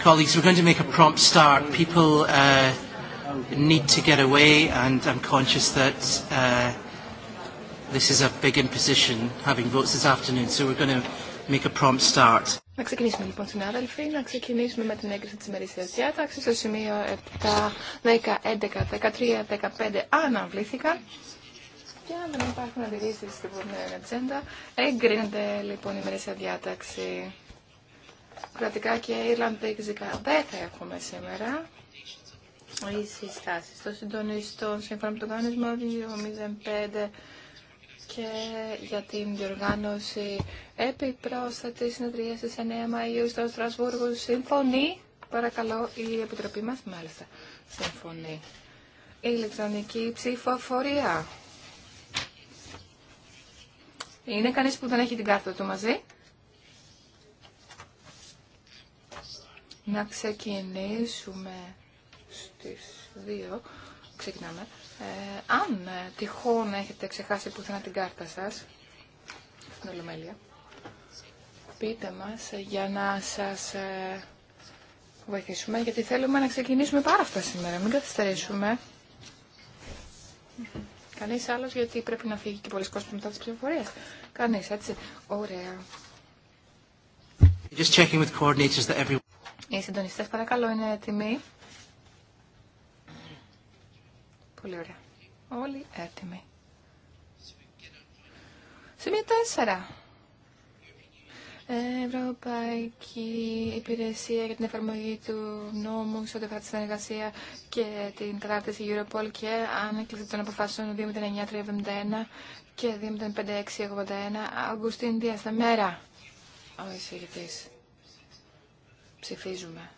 Colleagues, we're going to make a prompt start. People uh, need to get away, and I'm conscious that uh, this is a big imposition, having votes this afternoon, so we're going to make a prompt start. Να ξεκινήσουμε λοιπόν συνάδελφοι, να ξεκινήσουμε με την έγκριση της ημερήσιας διάταξης. Στο σημείο 7, 10, 11, 13, 15 αναβλήθηκαν. Και αν δεν υπάρχουν αντιρρήσεις στην ατζέντα, εγκρίνεται λοιπόν η ημερήσια διάταξη κρατικά και Ιρλανδικά δεν θα έχουμε σήμερα. Οι συστάσει των συντονιστών σύμφωνα με τον κανονισμό 205 και για την διοργάνωση επιπρόσθετη συνεδρία στι 9 Μαου στο Στρασβούργο. Συμφωνεί, παρακαλώ, η Επιτροπή μα μάλιστα. Συμφωνεί. Η ηλεκτρονική ψηφοφορία. Είναι κανείς που δεν έχει την κάρτα του μαζί. να ξεκινήσουμε στις δύο. Ξεκινάμε. Ε, αν ε, τυχόν έχετε ξεχάσει πουθενά την κάρτα σας, στην Ολομέλεια, πείτε μας για να σας ε, βοηθήσουμε, γιατί θέλουμε να ξεκινήσουμε πάρα αυτά σήμερα, μην καθυστερήσουμε. Κανείς άλλος, γιατί πρέπει να φύγει και πολλοί κόσμοι μετά τις ψηφοφορίε. Κανείς, έτσι. Ωραία. Just checking with coordinators that everyone... Οι συντονιστές παρακαλώ είναι έτοιμοι. Πολύ ωραία. Όλοι έτοιμοι. Σημείο 4. Ευρωπαϊκή Υπηρεσία για την εφαρμογή του νόμου σε ό,τι αφορά τη συνεργασία και την κατάρτιση Europol και έκλεισε των αποφάσεων 2.09.371 και 2.05.681 Αγκουστίν Δία Μέρα. Ο εισηγητής. Ψηφίζουμε.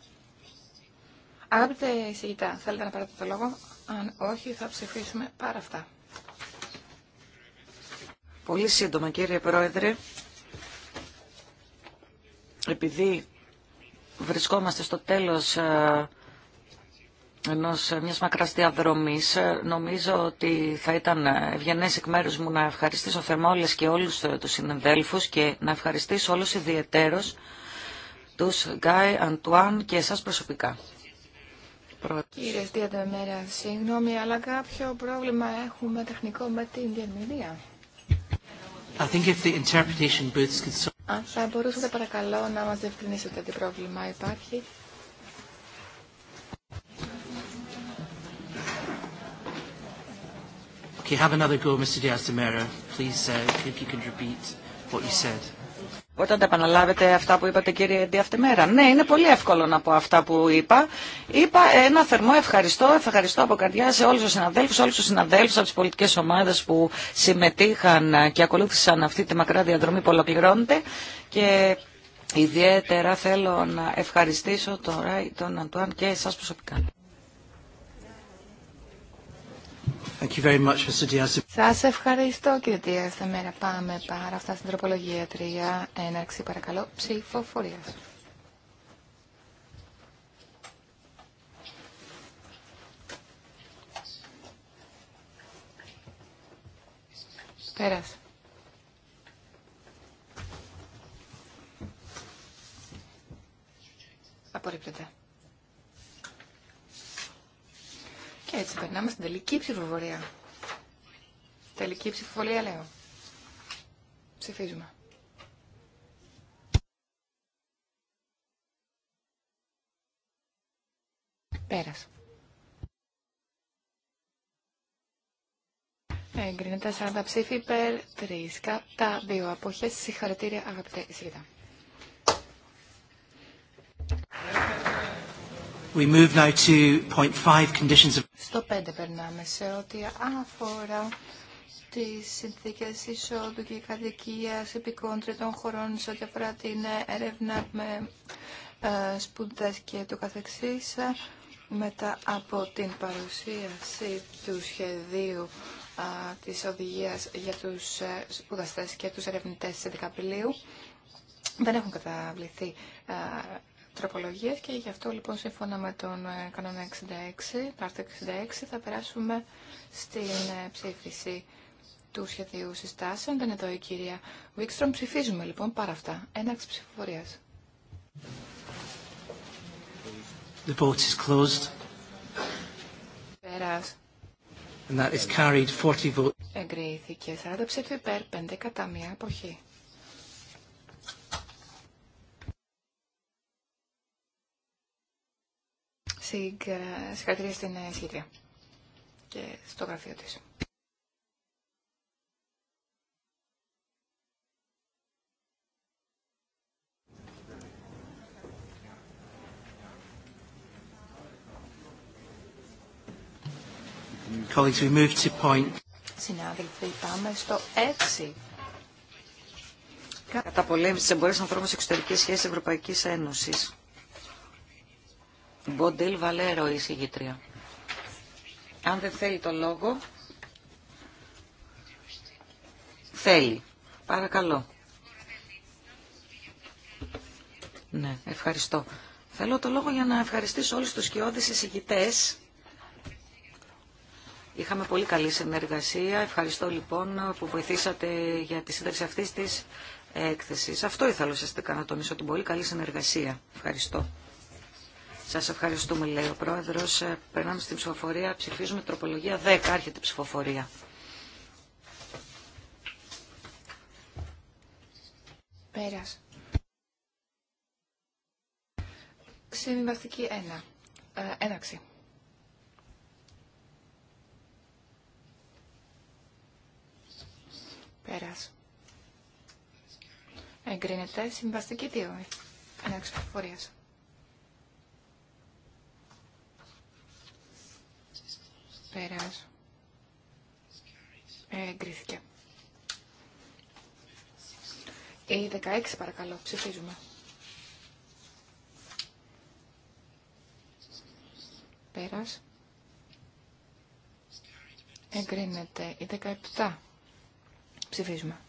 Αγαπητέ εισηγητά, θέλετε να πάρετε το λόγο. Αν όχι, θα ψηφίσουμε πάρα αυτά. Πολύ σύντομα, κύριε Πρόεδρε. Επειδή βρισκόμαστε στο τέλος ε, ενός ε, μιας μακράς διαδρομής. Ε, νομίζω ότι θα ήταν ευγενές εκ μέρους μου να ευχαριστήσω θερμόλες και όλους τους συνεδέλφους και να ευχαριστήσω όλους ιδιαιτέρως τους Γκάι, Αντουάν και εσάς προσωπικά. Κύριε Διαδεμέρα, συγγνώμη, αλλά κάποιο πρόβλημα έχουμε τεχνικό με την διερμηνία. Αν θα μπορούσατε παρακαλώ να μας διευκρινίσετε τι πρόβλημα υπάρχει. Okay, have another go, Mr. Diaz de Mera. Please, uh, if you can repeat what you said όταν τα επαναλάβετε αυτά που είπατε κύριε Εντή Ναι, είναι πολύ εύκολο να πω αυτά που είπα. Είπα ένα θερμό ευχαριστώ, ευχαριστώ από καρδιά σε όλους τους συναδέλφους, όλους τους συναδέλφους από τις πολιτικές ομάδες που συμμετείχαν και ακολούθησαν αυτή τη μακρά διαδρομή που ολοκληρώνεται. Και ιδιαίτερα θέλω να ευχαριστήσω τώρα τον Αντουάν και εσάς προσωπικά. Thank Σας ευχαριστώ κύριε Δίας. Θα μέρα πάμε πάρα αυτά στην τροπολογία 3. Έναρξη παρακαλώ ψηφοφορίας. Πέρασε. Απορρίπτεται. Και έτσι περνάμε στην τελική ψηφοφορία. Τελική ψηφοφορία λέω. Ψηφίζουμε. Πέρασε. Εγκρίνεται 40 ψήφοι υπέρ 3 κατά 2 αποχές. Συγχαρητήρια αγαπητέ Ισίδα. Στο 5 περνάμε σε ό,τι αφορά τι συνθήκε εισόδου και κατοικία επικών τριτών χωρών σε ό,τι αφορά την έρευνα με ε, και το καθεξής ε, Μετά από την παρουσίαση του σχεδίου α, ε, της οδηγίας για τους ε, σπουδαστές και τους ερευνητές της 11 Απριλίου, δεν έχουν καταβληθεί ε, τροπολογίες και γι' αυτό λοιπόν σύμφωνα με τον ε, κανόνα 66, άρθρο 66 θα περάσουμε στην ε, ψήφιση του σχεδίου συστάσεων. Δεν είναι εδώ η κυρία Βίξτρομ. Ψηφίζουμε λοιπόν πάρα αυτά. Έναξη ψηφοφορίας. The vote is closed. And that is carried 40 votes. Εγκρίθηκε 40 ψήφοι υπέρ, 5 κατά μία εποχή. Ε, συγχαρητήρια στην ε, εισηγήτρια και στο γραφείο της. Συνάδελφοι, πάμε στο 6. Καταπολέμηση τη εμπορία ανθρώπων σε εξωτερικέ σχέσει Ευρωπαϊκή Ένωση. Μποντήλ Βαλέρο, η συγγήτρια. Αν δεν θέλει το λόγο, θέλει. Παρακαλώ. Ναι, ευχαριστώ. Θέλω το λόγο για να ευχαριστήσω όλους τους σκιώδεις εισηγητές. Είχαμε πολύ καλή συνεργασία. Ευχαριστώ λοιπόν που βοηθήσατε για τη σύνταξη αυτής της έκθεσης. Αυτό ήθελα ουσιαστικά να τονίσω, την πολύ καλή συνεργασία. Ευχαριστώ. Σας ευχαριστούμε, λέει ο πρόεδρο. Ε, περνάμε στην ψηφοφορία. Ψηφίζουμε τροπολογία 10. Άρχεται η ψηφοφορία. Πέρας. Συμβαστική 1. Ε, έναξη. Πέρας. Εγκρίνεται συμβαστική 2. Έναξη ψηφοφορίας. Πέρας. Εγκρίθηκε. Η 16 παρακαλώ, ψηφίζουμε. Πέρας. Εγκρίνεται η 17. Ψηφίζουμε.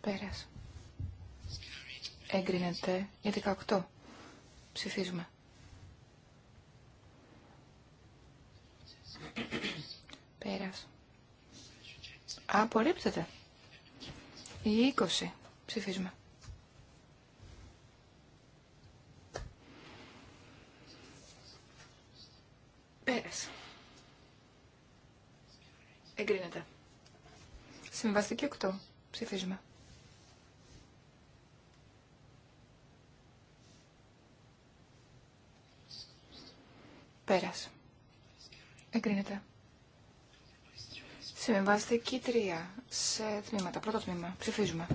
Πέρας. Εγκρίνεται η 18. Ψηφίζουμε. Πέρας. Απορρίπτεται. Η 20. Ψηφίζουμε. Πέρας. Εγκρίνεται. Συμβαστική 8. Ψηφίζουμε. Πέρας. Εγκρίνεται. Συμβαστική τρία Σε τμήματα. Πρώτο τμήμα. Ψηφίζουμε.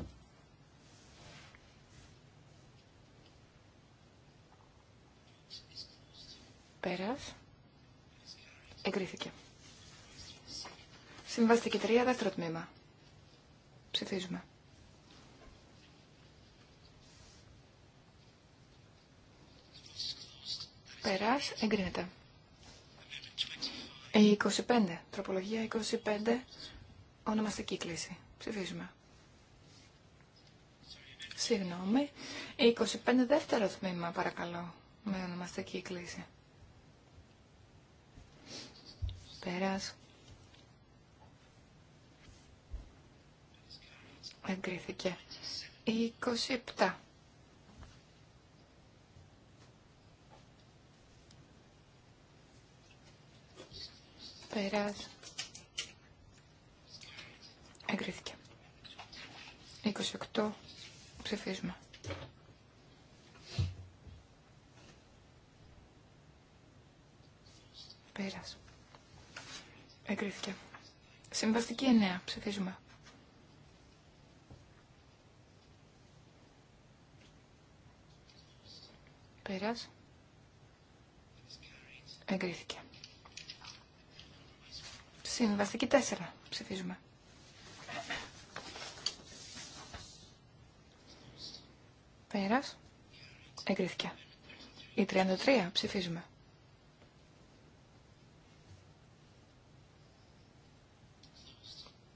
Πέρας. Εγκρίθηκε. Συμβαστική 3. Δεύτερο τμήμα. Ψηφίζουμε. Πέρας. Εγκρίνεται. 25. Ε, Τροπολογία 25. Ονομαστική κλίση. Ψηφίζουμε. Συγγνώμη. 25 δεύτερο τμήμα, παρακαλώ, με ονομαστική κλίση. Πέρας. Εγκρίθηκε. 27. Πέρας. Εγκρίθηκε. 28 ψηφίσμα. Πέρας. Εγκρίθηκε. Συμβαστική 9 ψηφίσμα. Πέρας. Εγκρίθηκε. Συμβαστική 4. Ψηφίζουμε. Πέρας. Εγκρίθηκε. Η 33. Ψηφίζουμε.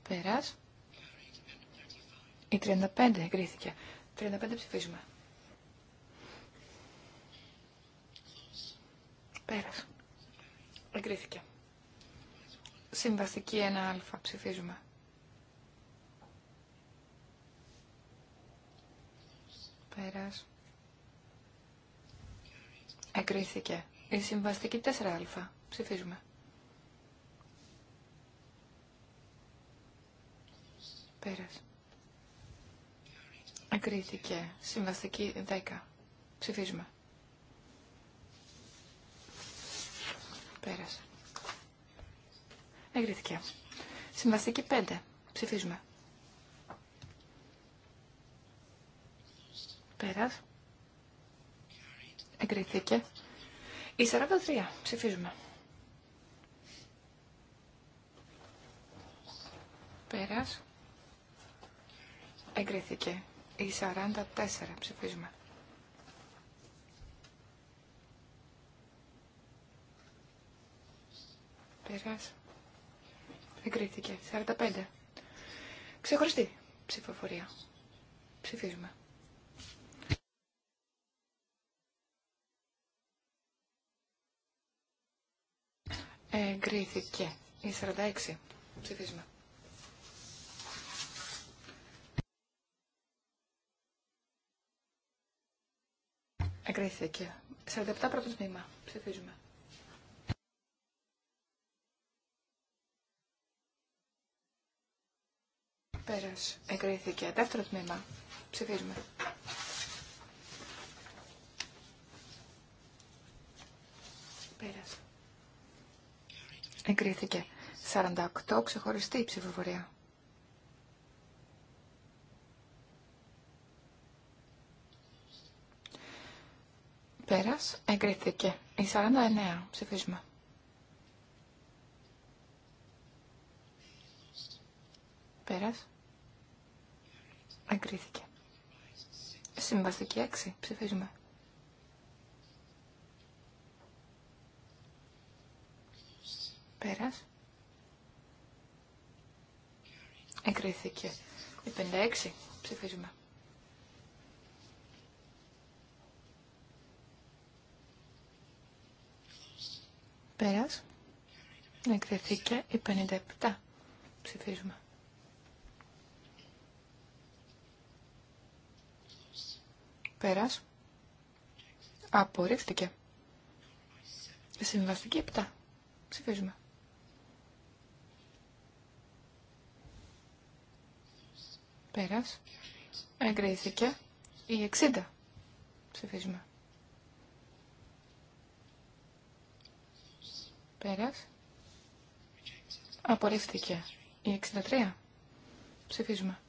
Πέρας. Η 35. Εγκρίθηκε. 35 ψηφίζουμε. Πέρας. Εγκρίθηκε. Συμβαστική 1α ψηφίζουμε. Πέρας. Εκρίθηκε. Η συμβαστική 4α. Ψηφίζουμε. Πέρας. Εκρίθηκε. Συμβαστική 10. Ψηφίζουμε. Πέρασε. Εγκρίθηκε. Συμβαστική 5. Ψηφίζουμε. Πέρας. Εγκρίθηκε. Η 43. Ψηφίζουμε. Πέρας. Εγκρίθηκε. Η 44. Ψηφίζουμε. Πέρας. Εγκρίθηκε. 45. Ξεχωριστή ψηφοφορία. Ψηφίζουμε. Εγκρίθηκε. Η 46. Ψηφίζουμε. Εγκρίθηκε. 47 πρώτο τμήμα. Ψηφίζουμε. Πέρας. Εγκρίθηκε. Δεύτερο τμήμα. Ψηφίζουμε. Πέρας. Εγκρίθηκε. 48 ξεχωριστή ψηφοφορία. Πέρας. Εγκρίθηκε. Η 49. Ψηφίζουμε. Πέρας. Εγκρίθηκε. Συμβαστική 6. Ψηφίζουμε. Πέρας. Εγκρίθηκε. Η 56. Ψηφίζουμε. Πέρας. Εγκριθήκε η 57. Ψηφίζουμε. Πέρας. Απορρίφθηκε. Συμβαστική 7. Ψηφίζουμε. Πέρας. Εγκρίθηκε. Η 60. Ψηφίζουμε. Πέρας. Απορρίφθηκε. Η 63. Ψηφίζουμε.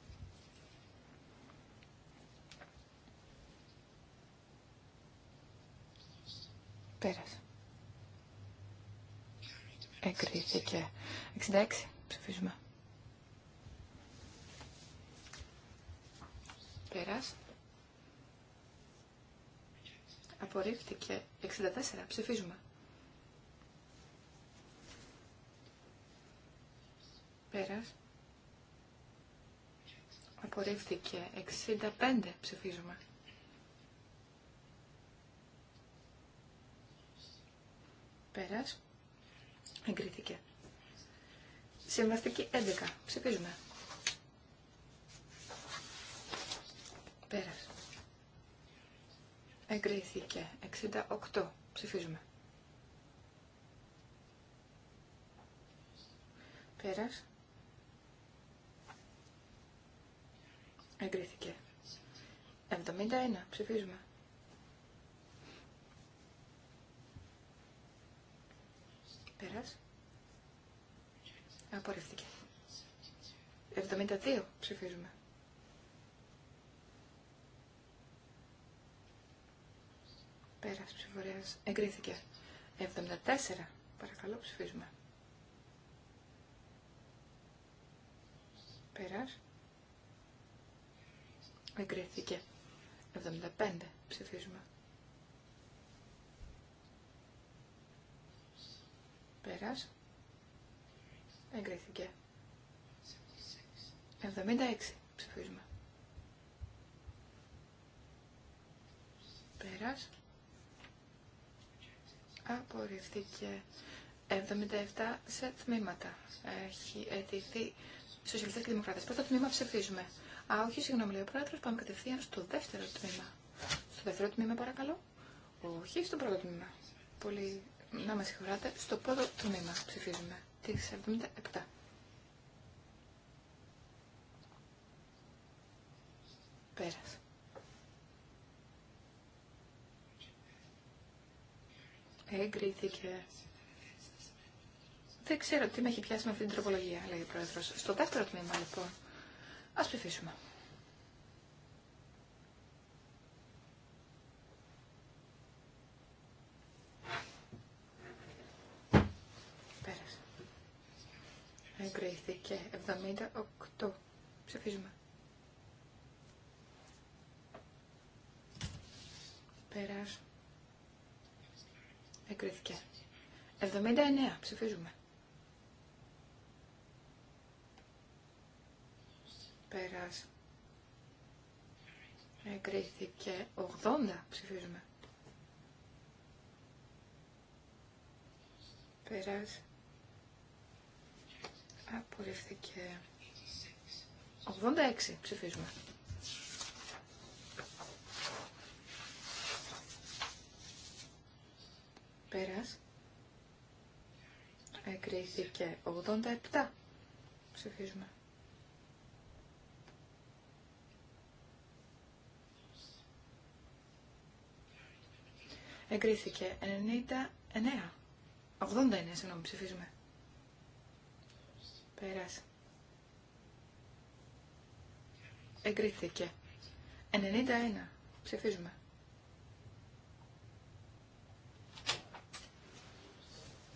Πέρας. Εγκρίθηκε. 66. Ψηφίζουμε. Πέρας. Απορρίφθηκε. 64. Ψηφίζουμε. Πέρας. Απορρίφθηκε. 65. Ψηφίζουμε. Πέρας. Εγκρίθηκε. Συμβαστική 11. Ψηφίζουμε. Πέρας. Εγκρίθηκε. 68. Ψηφίζουμε. Πέρας. Εγκρίθηκε. 71. Ψηφίζουμε. Πέρας. Απορρίφθηκε. 72 ψηφίζουμε. Πέρας ψηφορίας. Εγκρίθηκε. 74. Παρακαλώ ψηφίζουμε. Πέρας. Εγκρίθηκε. 75 ψηφίζουμε. Πέρας. Εγκρίθηκε. 76 ψηφίζουμε. Πέρας. Απορριφθήκε. 77 σε τμήματα. Έχει αιτηθεί σοσιαλιστές και δημοκράτες. Πρώτο τμήμα ψηφίζουμε. Α, όχι, συγγνώμη, λέει ο πρόεδρος, πάμε κατευθείαν στο δεύτερο τμήμα. Στο δεύτερο τμήμα, παρακαλώ. Όχι, στο πρώτο τμήμα. Πολύ να με συγχωράτε, στο πρώτο τμήμα ψηφίζουμε, Τη 77. Πέρασε. Εγκρίθηκε. Δεν ξέρω τι με έχει πιάσει με αυτή την τροπολογία, λέει ο Πρόεδρος. Στο δεύτερο τμήμα, λοιπόν, ας ψηφίσουμε. 79. Ψηφίζουμε. Πέρας. Εγκρίθηκε 80. Ψηφίζουμε. Πέρας. Απορρίφθηκε 86. Ψηφίζουμε. Πέρας. Εγκρίθηκε. 87. Ψηφίζουμε. Εγκρίθηκε. 99. 80 είναι, συγγνώμη, ψηφίζουμε. Πέρασε. Εγκρίθηκε. 91. Ψηφίζουμε.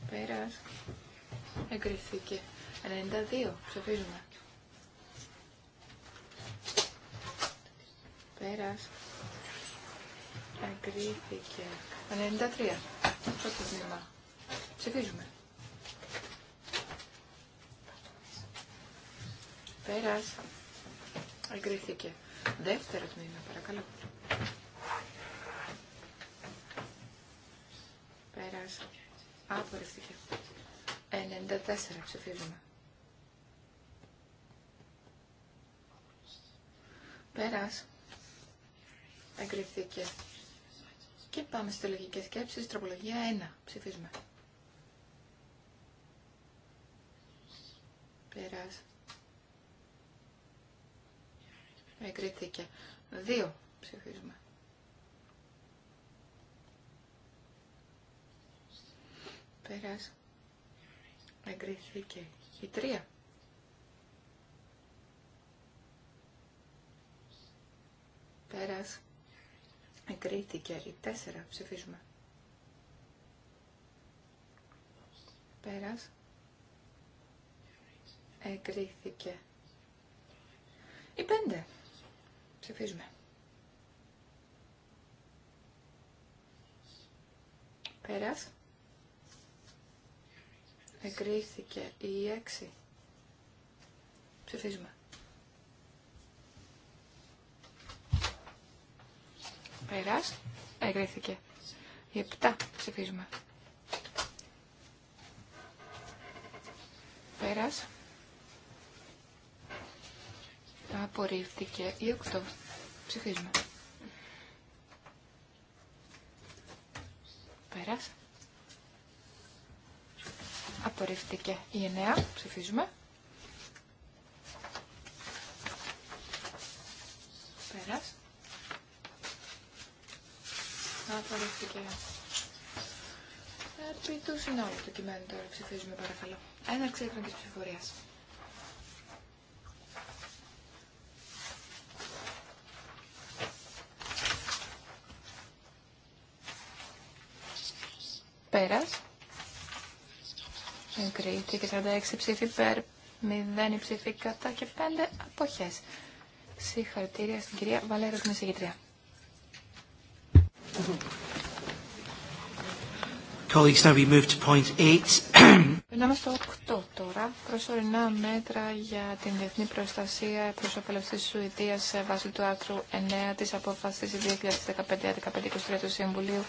Πέρασε. Εγκριθήκε. 92. Ψηφίζουμε. Πέρας. Εγκρίθηκε. 93. Πρώτο τμήμα. Ψηφίζουμε. Πέρας. Εγκρίθηκε. Δεύτερο τμήμα, παρακαλώ. Πέρας. Απορρίφθηκε. 94 ψηφίζουμε. Πέρας. Εγκριθήκε. Και πάμε στις λογικές σκέψεις. Τροπολογία 1. Ψηφίζουμε. Πέρας. Εγκρίθηκε. 2. Ψηφίζουμε. Πέρας. Εγκρίθηκε η τρία. Πέρας. Εγκρίθηκε η τέσσερα. Ψηφίζουμε. Πέρας. Εγκρίθηκε η πέντε. Ψηφίζουμε. Πέρας. Εγκρίθηκε η 6. Ψηφίζουμε. Πέρας. Εγκρίθηκε. Η 7. Ψηφίζουμε. Πέρας. Απορρίφθηκε η 8. Ψηφίζουμε. Πέρας. Απορρίφθηκε η εννέα. Ψηφίζουμε. Πέρας. Απορρίφθηκε. Επί του συνόλου του κειμένου τώρα ψηφίζουμε παρακαλώ. Έναρξη έκτακτης ψηφορίας. Πέρας εγκρίθηκε 46 ψήφοι υπέρ, 0 ψήφοι κατά και 5 αποχές. Συγχαρητήρια στην κυρία Βαλέρο, την εισηγητρία. Colleagues, now we move to point 8. Περνάμε στο 8 τώρα. Προσωρινά μέτρα για την διεθνή προστασία προ όφελο τη Σουηδία βάσει του άρθρου 9 τη απόφαση 2015-1523 του Συμβουλίου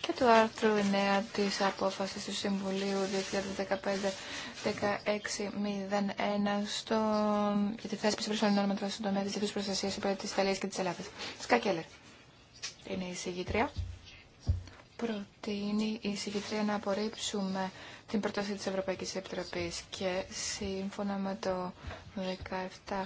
και του άρθρου 9 της απόφασης του Συμβουλίου 2015-1601 στο για τη θέσπιση προσωρινών μέτρων στον τομέα της διεθνούς προστασίας υπέρ της Ιταλίας και της Ελλάδας. Σκακέλερ είναι η συγγήτρια. Προτείνει η συγγήτρια να απορρίψουμε την πρόταση της Ευρωπαϊκής Επιτροπής και σύμφωνα με το 17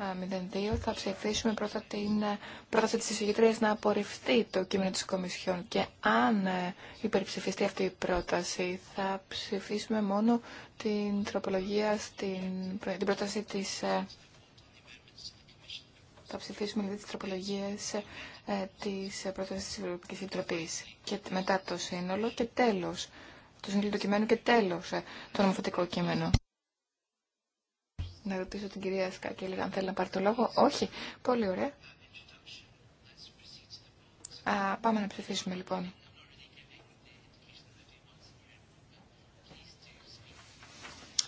02 θα ψηφίσουμε πρώτα την ε, πρόταση της εισηγητρίας να απορριφθεί το κείμενο της Κομισιόν και αν ε, υπερψηφιστεί αυτή η πρόταση θα ψηφίσουμε μόνο την τροπολογία στην την πρόταση της ε, θα ψηφίσουμε δηλαδή τις τροπολογίες της πρότασης της Ευρωπαϊκής Επιτροπής και μετά το σύνολο και τέλος το σύνολο του κειμένου και τέλος το νομοθετικό κείμενο να ρωτήσω την κυρία Σκάκελη αν θέλει να πάρει το λόγο. Όχι. Πολύ ωραία. Α, πάμε να ψηφίσουμε λοιπόν.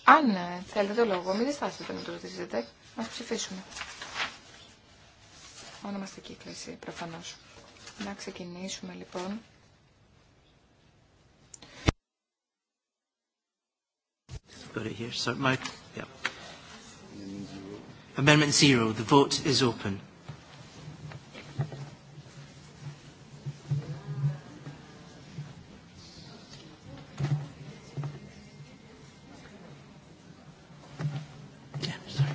Αν ε, θέλετε το λόγο, μην διστάσετε να το ρωτήσετε. Ας ψηφίσουμε. Ονομαστική κλίση, προφανώς. Να ξεκινήσουμε λοιπόν. here. So Amendment zero. The vote is open. Yeah, sorry.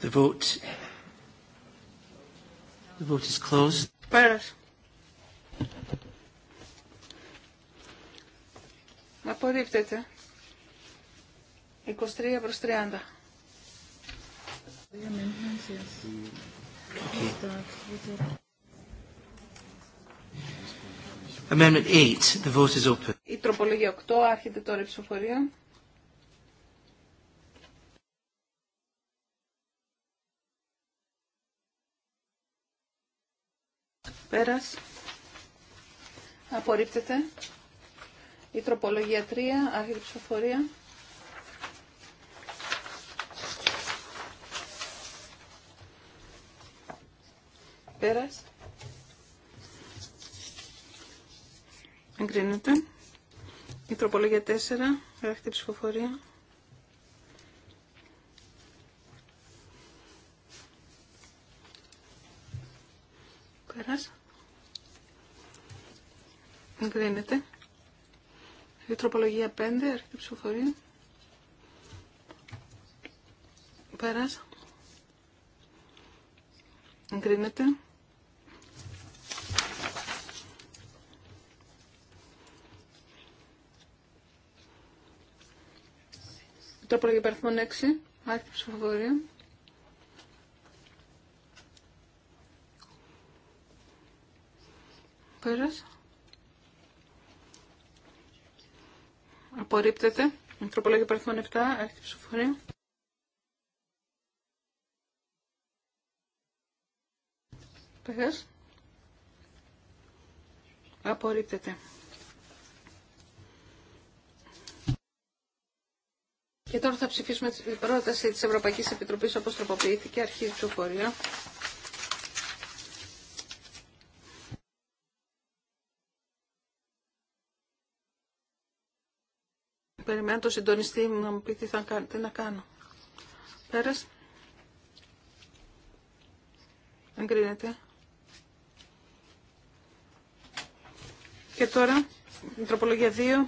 The vote. The vote is closed. Να Απορρίπτεται. 23 προς 30. Amendment 8. The vote is open. Η τροπολογία 8 άρχεται τώρα η ψηφοφορία. Πέρας. Απορρίπτεται. Η τροπολογία 3 άρχεται η ψηφοφορία. Πέρας. Εγκρίνεται. Η τροπολογία 4. Γράφεται ψηφοφορία. Πέρας. Εγκρίνεται. Η τροπολογία 5. Έρχεται ψηφοφορία. Πέρας. Εγκρίνεται. Τροπολογία υπαριθμών 6. Άρχιτε ψηφοφορία. Πέρας. Απορρίπτεται. Τροπολογία υπαριθμών 7. Άρχιτε ψηφοφορία. Πέρας. Απορρίπτεται. Και τώρα θα ψηφίσουμε την πρόταση της Ευρωπαϊκής Επιτροπής όπως τροποποιήθηκε αρχή ψηφοφορία. Περιμένω το συντονιστή μου να μου πει τι, θα, κάνω, τι να κάνω. Και τώρα, η τροπολογία 2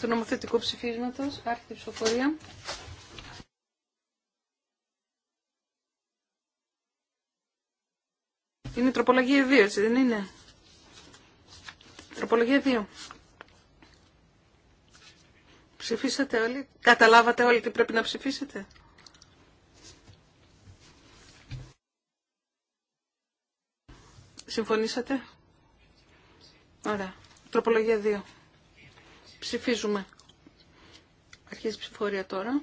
το νομοθετικού ψηφίσματος, η ψηφοφορία. Είναι τροπολογία 2, έτσι δεν είναι. Τροπολογία 2. Ψηφίσατε όλοι. Καταλάβατε όλοι τι πρέπει να ψηφίσετε. Συμφωνήσατε. Ωραία. Τροπολογία 2. Ψηφίζουμε. Αρχίζει η ψηφοφορία τώρα.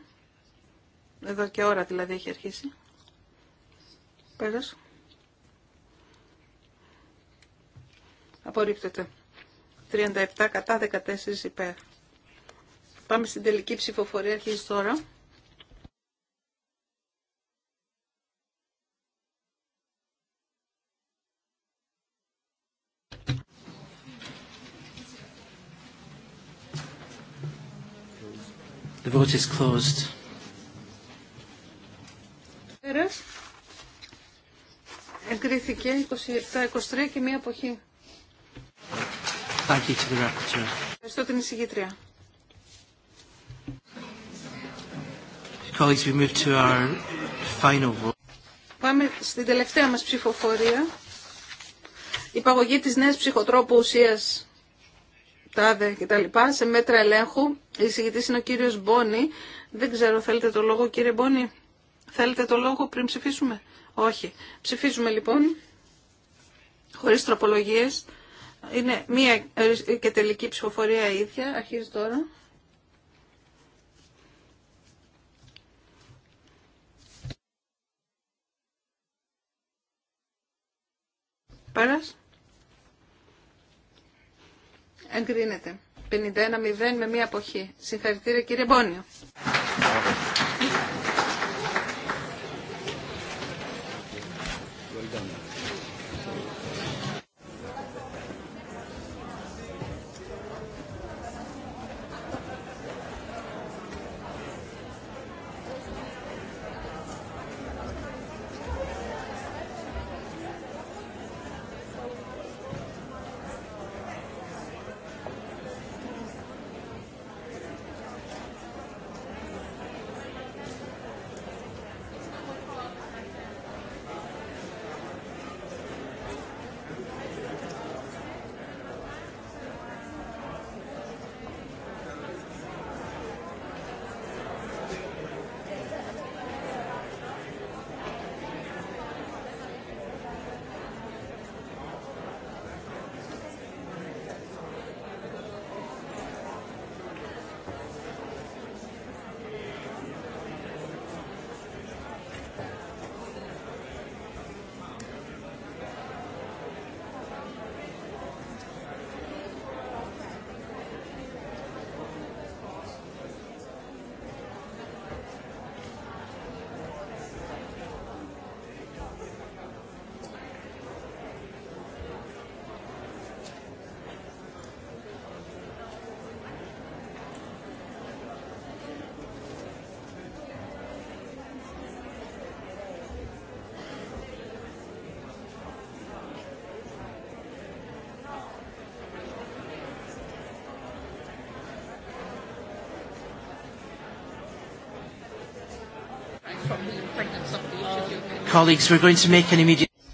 Εδώ και ώρα δηλαδή έχει αρχίσει. Πέρας. Απορρίπτεται. 37 κατά 14 υπέρ. Πάμε στην τελική ψηφοφορία. Αρχίζει τώρα. vote is closed. Εγκρίθηκε 27-23 και μία αποχή. Thank you to the rapporteur. Ευχαριστώ την εισηγήτρια. Colleagues, we move to our final vote. Πάμε στην τελευταία μας ψηφοφορία. Η παγωγή της νέας ψυχοτρόπου ουσίας ΤΑΔΕ κτλ. σε μέτρα ελέγχου. Η συγκητής είναι ο κύριο Μπόνι. Δεν ξέρω, θέλετε το λόγο κύριε Μπόνι. Θέλετε το λόγο πριν ψηφίσουμε. Όχι. Ψηφίζουμε λοιπόν, χωρίς τροπολογίες. Είναι μία και τελική ψηφοφορία ίδια, αρχίζει τώρα. Πέρας. Εγκρίνεται. 51-0 με μία αποχή. Συγχαρητήρια κύριε Μπόνιο.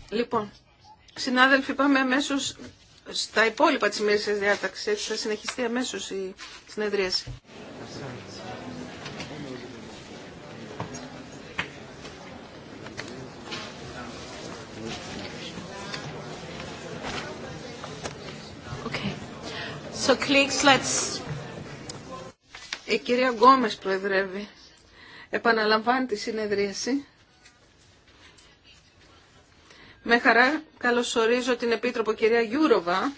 Λοιπόν, συνάδελφοι, πάμε αμέσω στα υπόλοιπα της μέσης διάταξης. διάταξη. θα συνεχιστεί αμέσω η συνεδρίαση. So, let's... Η κυρία Γκόμες προεδρεύει. Επαναλαμβάνει τη συνεδρίαση. Με χαρά καλωσορίζω την Επίτροπο κυρία Γιούροβα.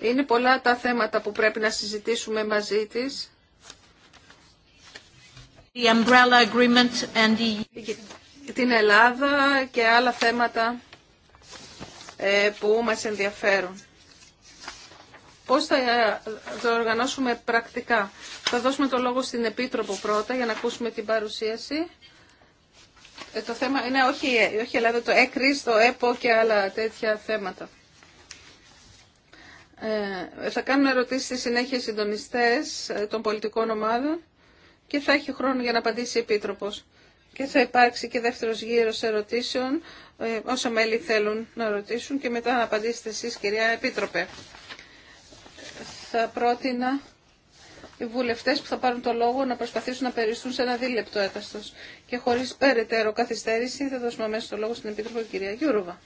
Είναι πολλά τα θέματα που πρέπει να συζητήσουμε μαζί της. The umbrella agreement and Την Ελλάδα και άλλα θέματα ε, που μας ενδιαφέρουν. Πώς θα το ε, οργανώσουμε πρακτικά. Θα δώσουμε το λόγο στην Επίτροπο πρώτα για να ακούσουμε την παρουσίαση. Ε, το θέμα είναι όχι, όχι Ελλάδα, το ΕΚΡΙΣ, το ΕΠΟ και άλλα τέτοια θέματα. Ε, θα κάνουμε ερωτήσεις στη συνέχεια συντονιστές ε, των πολιτικών ομάδων και θα έχει χρόνο για να απαντήσει η Επίτροπος. Και θα υπάρξει και δεύτερος γύρος ερωτήσεων, ε, όσα μέλη θέλουν να ρωτήσουν και μετά να απαντήσετε εσείς κυρία Επίτροπε. Θα πρότεινα οι βουλευτέ που θα πάρουν το λόγο να προσπαθήσουν να περιστούν σε ένα δίλεπτο έταστος Και χωρίς περαιτέρω καθυστέρηση θα δώσουμε αμέσω το λόγο στην Επίτροπο κυρία Γιούροβα.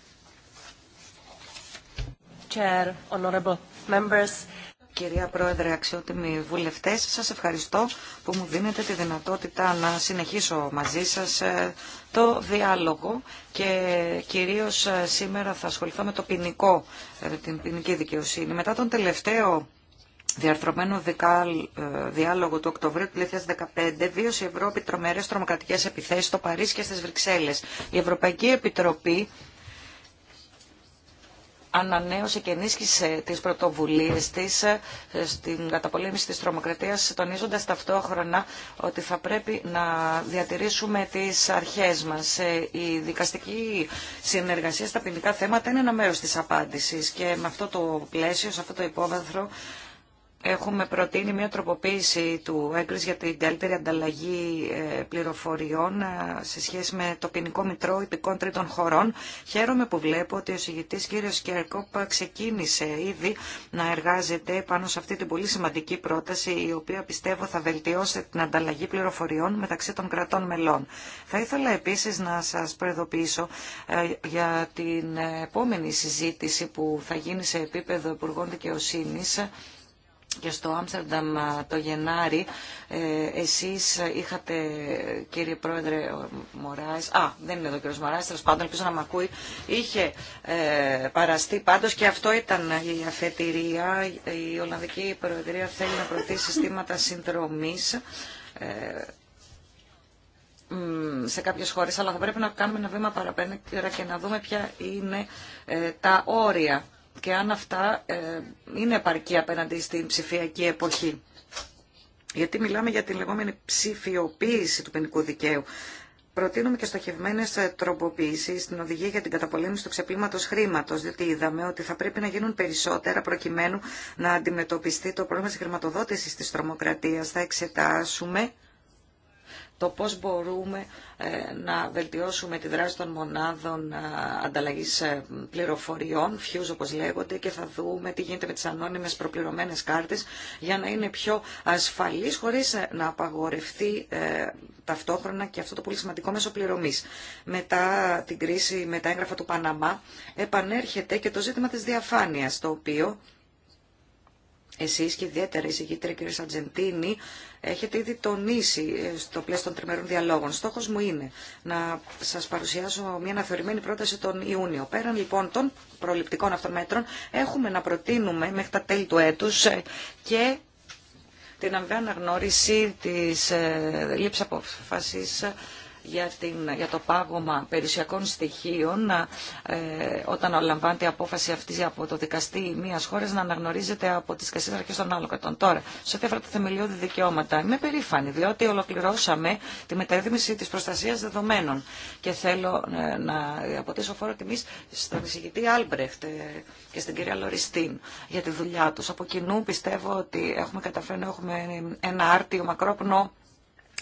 Κυρία Πρόεδρε, αξιότιμοι βουλευτέ, σας ευχαριστώ που μου δίνετε τη δυνατότητα να συνεχίσω μαζί σας ε, το διάλογο και κυρίως ε, σήμερα θα ασχοληθώ με το ποινικό, ε, την ποινική δικαιοσύνη. Μετά τον τελευταίο Διαρθρωμένο ε, διάλογο του Οκτωβρίου του 2015 βίωσε η Ευρώπη τρομερές τρομοκρατικές επιθέσεις στο Παρίσι και στις Βρυξέλλες. Η Ευρωπαϊκή Επιτροπή ανανέωσε και ενίσχυσε τις πρωτοβουλίες της ε, στην καταπολέμηση της τρομοκρατίας, τονίζοντας ταυτόχρονα ότι θα πρέπει να διατηρήσουμε τις αρχές μας. Ε, η δικαστική συνεργασία στα ποινικά θέματα είναι ένα μέρος της απάντησης και με αυτό το πλαίσιο, σε αυτό το υπόβαθρο, έχουμε προτείνει μια τροποποίηση του έγκρις για την καλύτερη ανταλλαγή ε, πληροφοριών ε, σε σχέση με το ποινικό μητρό υπηκών τρίτων χωρών. Χαίρομαι που βλέπω ότι ο συγητής κύριος Κέρκοπ ξεκίνησε ήδη να εργάζεται πάνω σε αυτή την πολύ σημαντική πρόταση η οποία πιστεύω θα βελτιώσει την ανταλλαγή πληροφοριών μεταξύ των κρατών μελών. Θα ήθελα επίσης να σας προειδοποιήσω ε, για την επόμενη συζήτηση που θα γίνει σε επίπεδο Υπουργών Δικαιοσύνη και στο Άμστερνταμ ε, το Γενάρη ε, εσείς είχατε κύριε Πρόεδρε Μωράης α δεν είναι εδώ ο κύριος Μωράης τέλος πάντων ελπίζω να με ακούει είχε ε, παραστεί πάντως και αυτό ήταν η αφετηρία η Ολλανδική Προεδρία θέλει να προωθεί συστήματα συνδρομής σε κάποιες χώρες αλλά θα πρέπει να κάνουμε ένα βήμα παραπέρα και να δούμε ποια είναι τα όρια και αν αυτά ε, είναι επαρκή απέναντι στην ψηφιακή εποχή. Γιατί μιλάμε για την λεγόμενη ψηφιοποίηση του ποινικού δικαίου. Προτείνουμε και στοχευμένε τροποποιήσει στην οδηγία για την καταπολέμηση του ξεπλήματο χρήματο, διότι είδαμε ότι θα πρέπει να γίνουν περισσότερα προκειμένου να αντιμετωπιστεί το πρόβλημα τη χρηματοδότηση τη τρομοκρατία. Θα εξετάσουμε το πώς μπορούμε ε, να βελτιώσουμε τη δράση των μονάδων ε, ανταλλαγής ε, πληροφοριών, fuse όπως λέγονται, και θα δούμε τι γίνεται με τις ανώνυμες προπληρωμένες κάρτες για να είναι πιο ασφαλής χωρίς να απαγορευτεί ταυτόχρονα και αυτό το πολύ σημαντικό μέσο πληρωμής. Μετά την κρίση με τα έγγραφα του Παναμά επανέρχεται και το ζήτημα της διαφάνειας, το οποίο εσείς και ιδιαίτερα η συγκίτρια κ. Σατζεντίνη έχετε ήδη τονίσει ε, στο πλαίσιο των τριμερών διαλόγων. Στόχος μου είναι να σας παρουσιάσω μια αναθεωρημένη πρόταση τον Ιούνιο. Πέραν λοιπόν των προληπτικών αυτών μέτρων έχουμε να προτείνουμε μέχρι τα τέλη του έτους ε, και την αμοιβαία αναγνώριση της ε, λήψης απόφασης για, την, για το πάγωμα περιουσιακών στοιχείων ε, όταν λαμβάνεται η απόφαση αυτή από το δικαστή μιας χώρας να αναγνωρίζεται από τις κασίε αρχές των άλλων κρατών. Τώρα, σε ό,τι αφορά τα θεμελιώδη δικαιώματα, είμαι περήφανη διότι ολοκληρώσαμε τη μεταρρύθμιση της προστασίας δεδομένων και θέλω ε, να αποτίσω φόρο τιμής στον εισηγητή Άλμπρεχτ ε, και στην κυρία Λοριστίν για τη δουλειά τους. Από κοινού πιστεύω ότι έχουμε καταφέρει να έχουμε ένα άρτιο μακρόπνο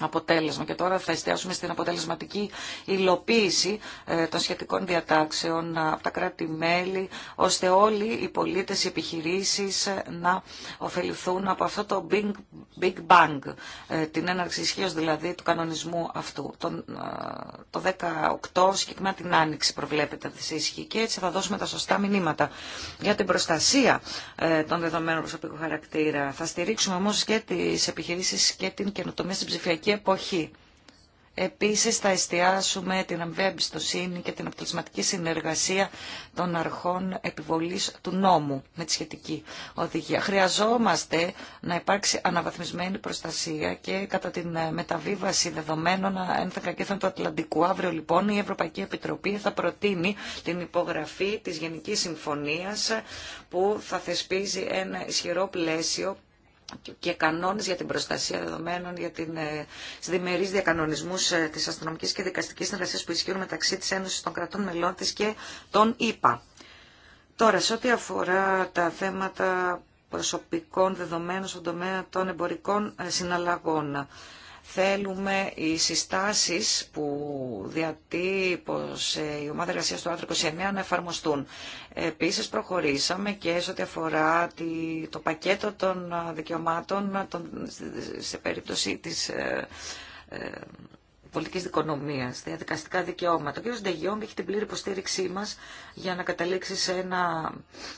αποτέλεσμα. Και τώρα θα εστιάσουμε στην αποτελεσματική υλοποίηση ε, των σχετικών διατάξεων ε, από τα κράτη-μέλη, ώστε όλοι οι πολίτες, οι επιχειρήσεις ε, να ωφεληθούν από αυτό το Big, Bang, την έναρξη ισχύω δηλαδή του κανονισμού αυτού. το 18 συγκεκριμένα την Άνοιξη προβλέπεται η ισχύ και έτσι θα δώσουμε τα σωστά μηνύματα για την προστασία των δεδομένων προσωπικού χαρακτήρα. Θα στηρίξουμε όμως και τις επιχειρήσεις και την καινοτομία στην ψηφιακή ιστορική εποχή. Επίσης θα εστιάσουμε την αμοιβαία και την αποτελεσματική συνεργασία των αρχών επιβολής του νόμου με τη σχετική οδηγία. Χρειαζόμαστε να υπάρξει αναβαθμισμένη προστασία και κατά την ε, μεταβίβαση δεδομένων ε, ένθεκα και του Ατλαντικού. Αύριο λοιπόν η Ευρωπαϊκή Επιτροπή θα προτείνει την υπογραφή της Γενικής Συμφωνίας ε, που θα θεσπίζει ένα ισχυρό πλαίσιο και κανόνες για την προστασία δεδομένων, για την ε, διμερείς διακανονισμούς ε, της αστυνομικής και δικαστικής συνεργασίας που ισχύουν μεταξύ της Ένωσης των κρατών μελών της και των ΗΠΑ. Τώρα, σε ό,τι αφορά τα θέματα προσωπικών δεδομένων στον τομέα των εμπορικών ε, συναλλαγών, Θέλουμε οι συστάσεις που διατύπωσε η ομάδα εργασίας του Άντρου 29 να εφαρμοστούν. Επίσης προχωρήσαμε και σε ό,τι αφορά το πακέτο των δικαιωμάτων σε περίπτωση της ε, ε, πολιτικής δικονομίας, διαδικαστικά δικαιώματα. Ο κ. Ντεγιόγκ έχει την πλήρη υποστήριξή μας για να καταλήξει σε ένα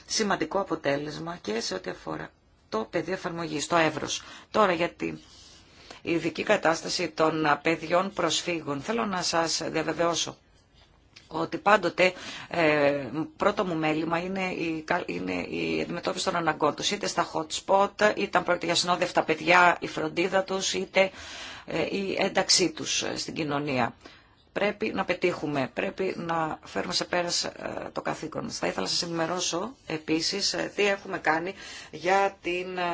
σημαντικό αποτέλεσμα και σε ό,τι αφορά το πεδίο εφαρμογής, το εύρος. Τώρα γιατί ειδική κατάσταση των παιδιών προσφύγων. Θέλω να σας διαβεβαιώσω ότι πάντοτε ε, πρώτο μου μέλημα είναι η, είναι η αντιμετώπιση των αναγκών τους, είτε στα hot spot, είτε αν για συνόδευτα παιδιά η φροντίδα τους, είτε ε, η ένταξή τους ε, στην κοινωνία πρέπει να πετύχουμε, πρέπει να φέρουμε σε πέρα ε, το καθήκον Θα ήθελα να σας ενημερώσω επίσης ε, τι έχουμε κάνει για την ε,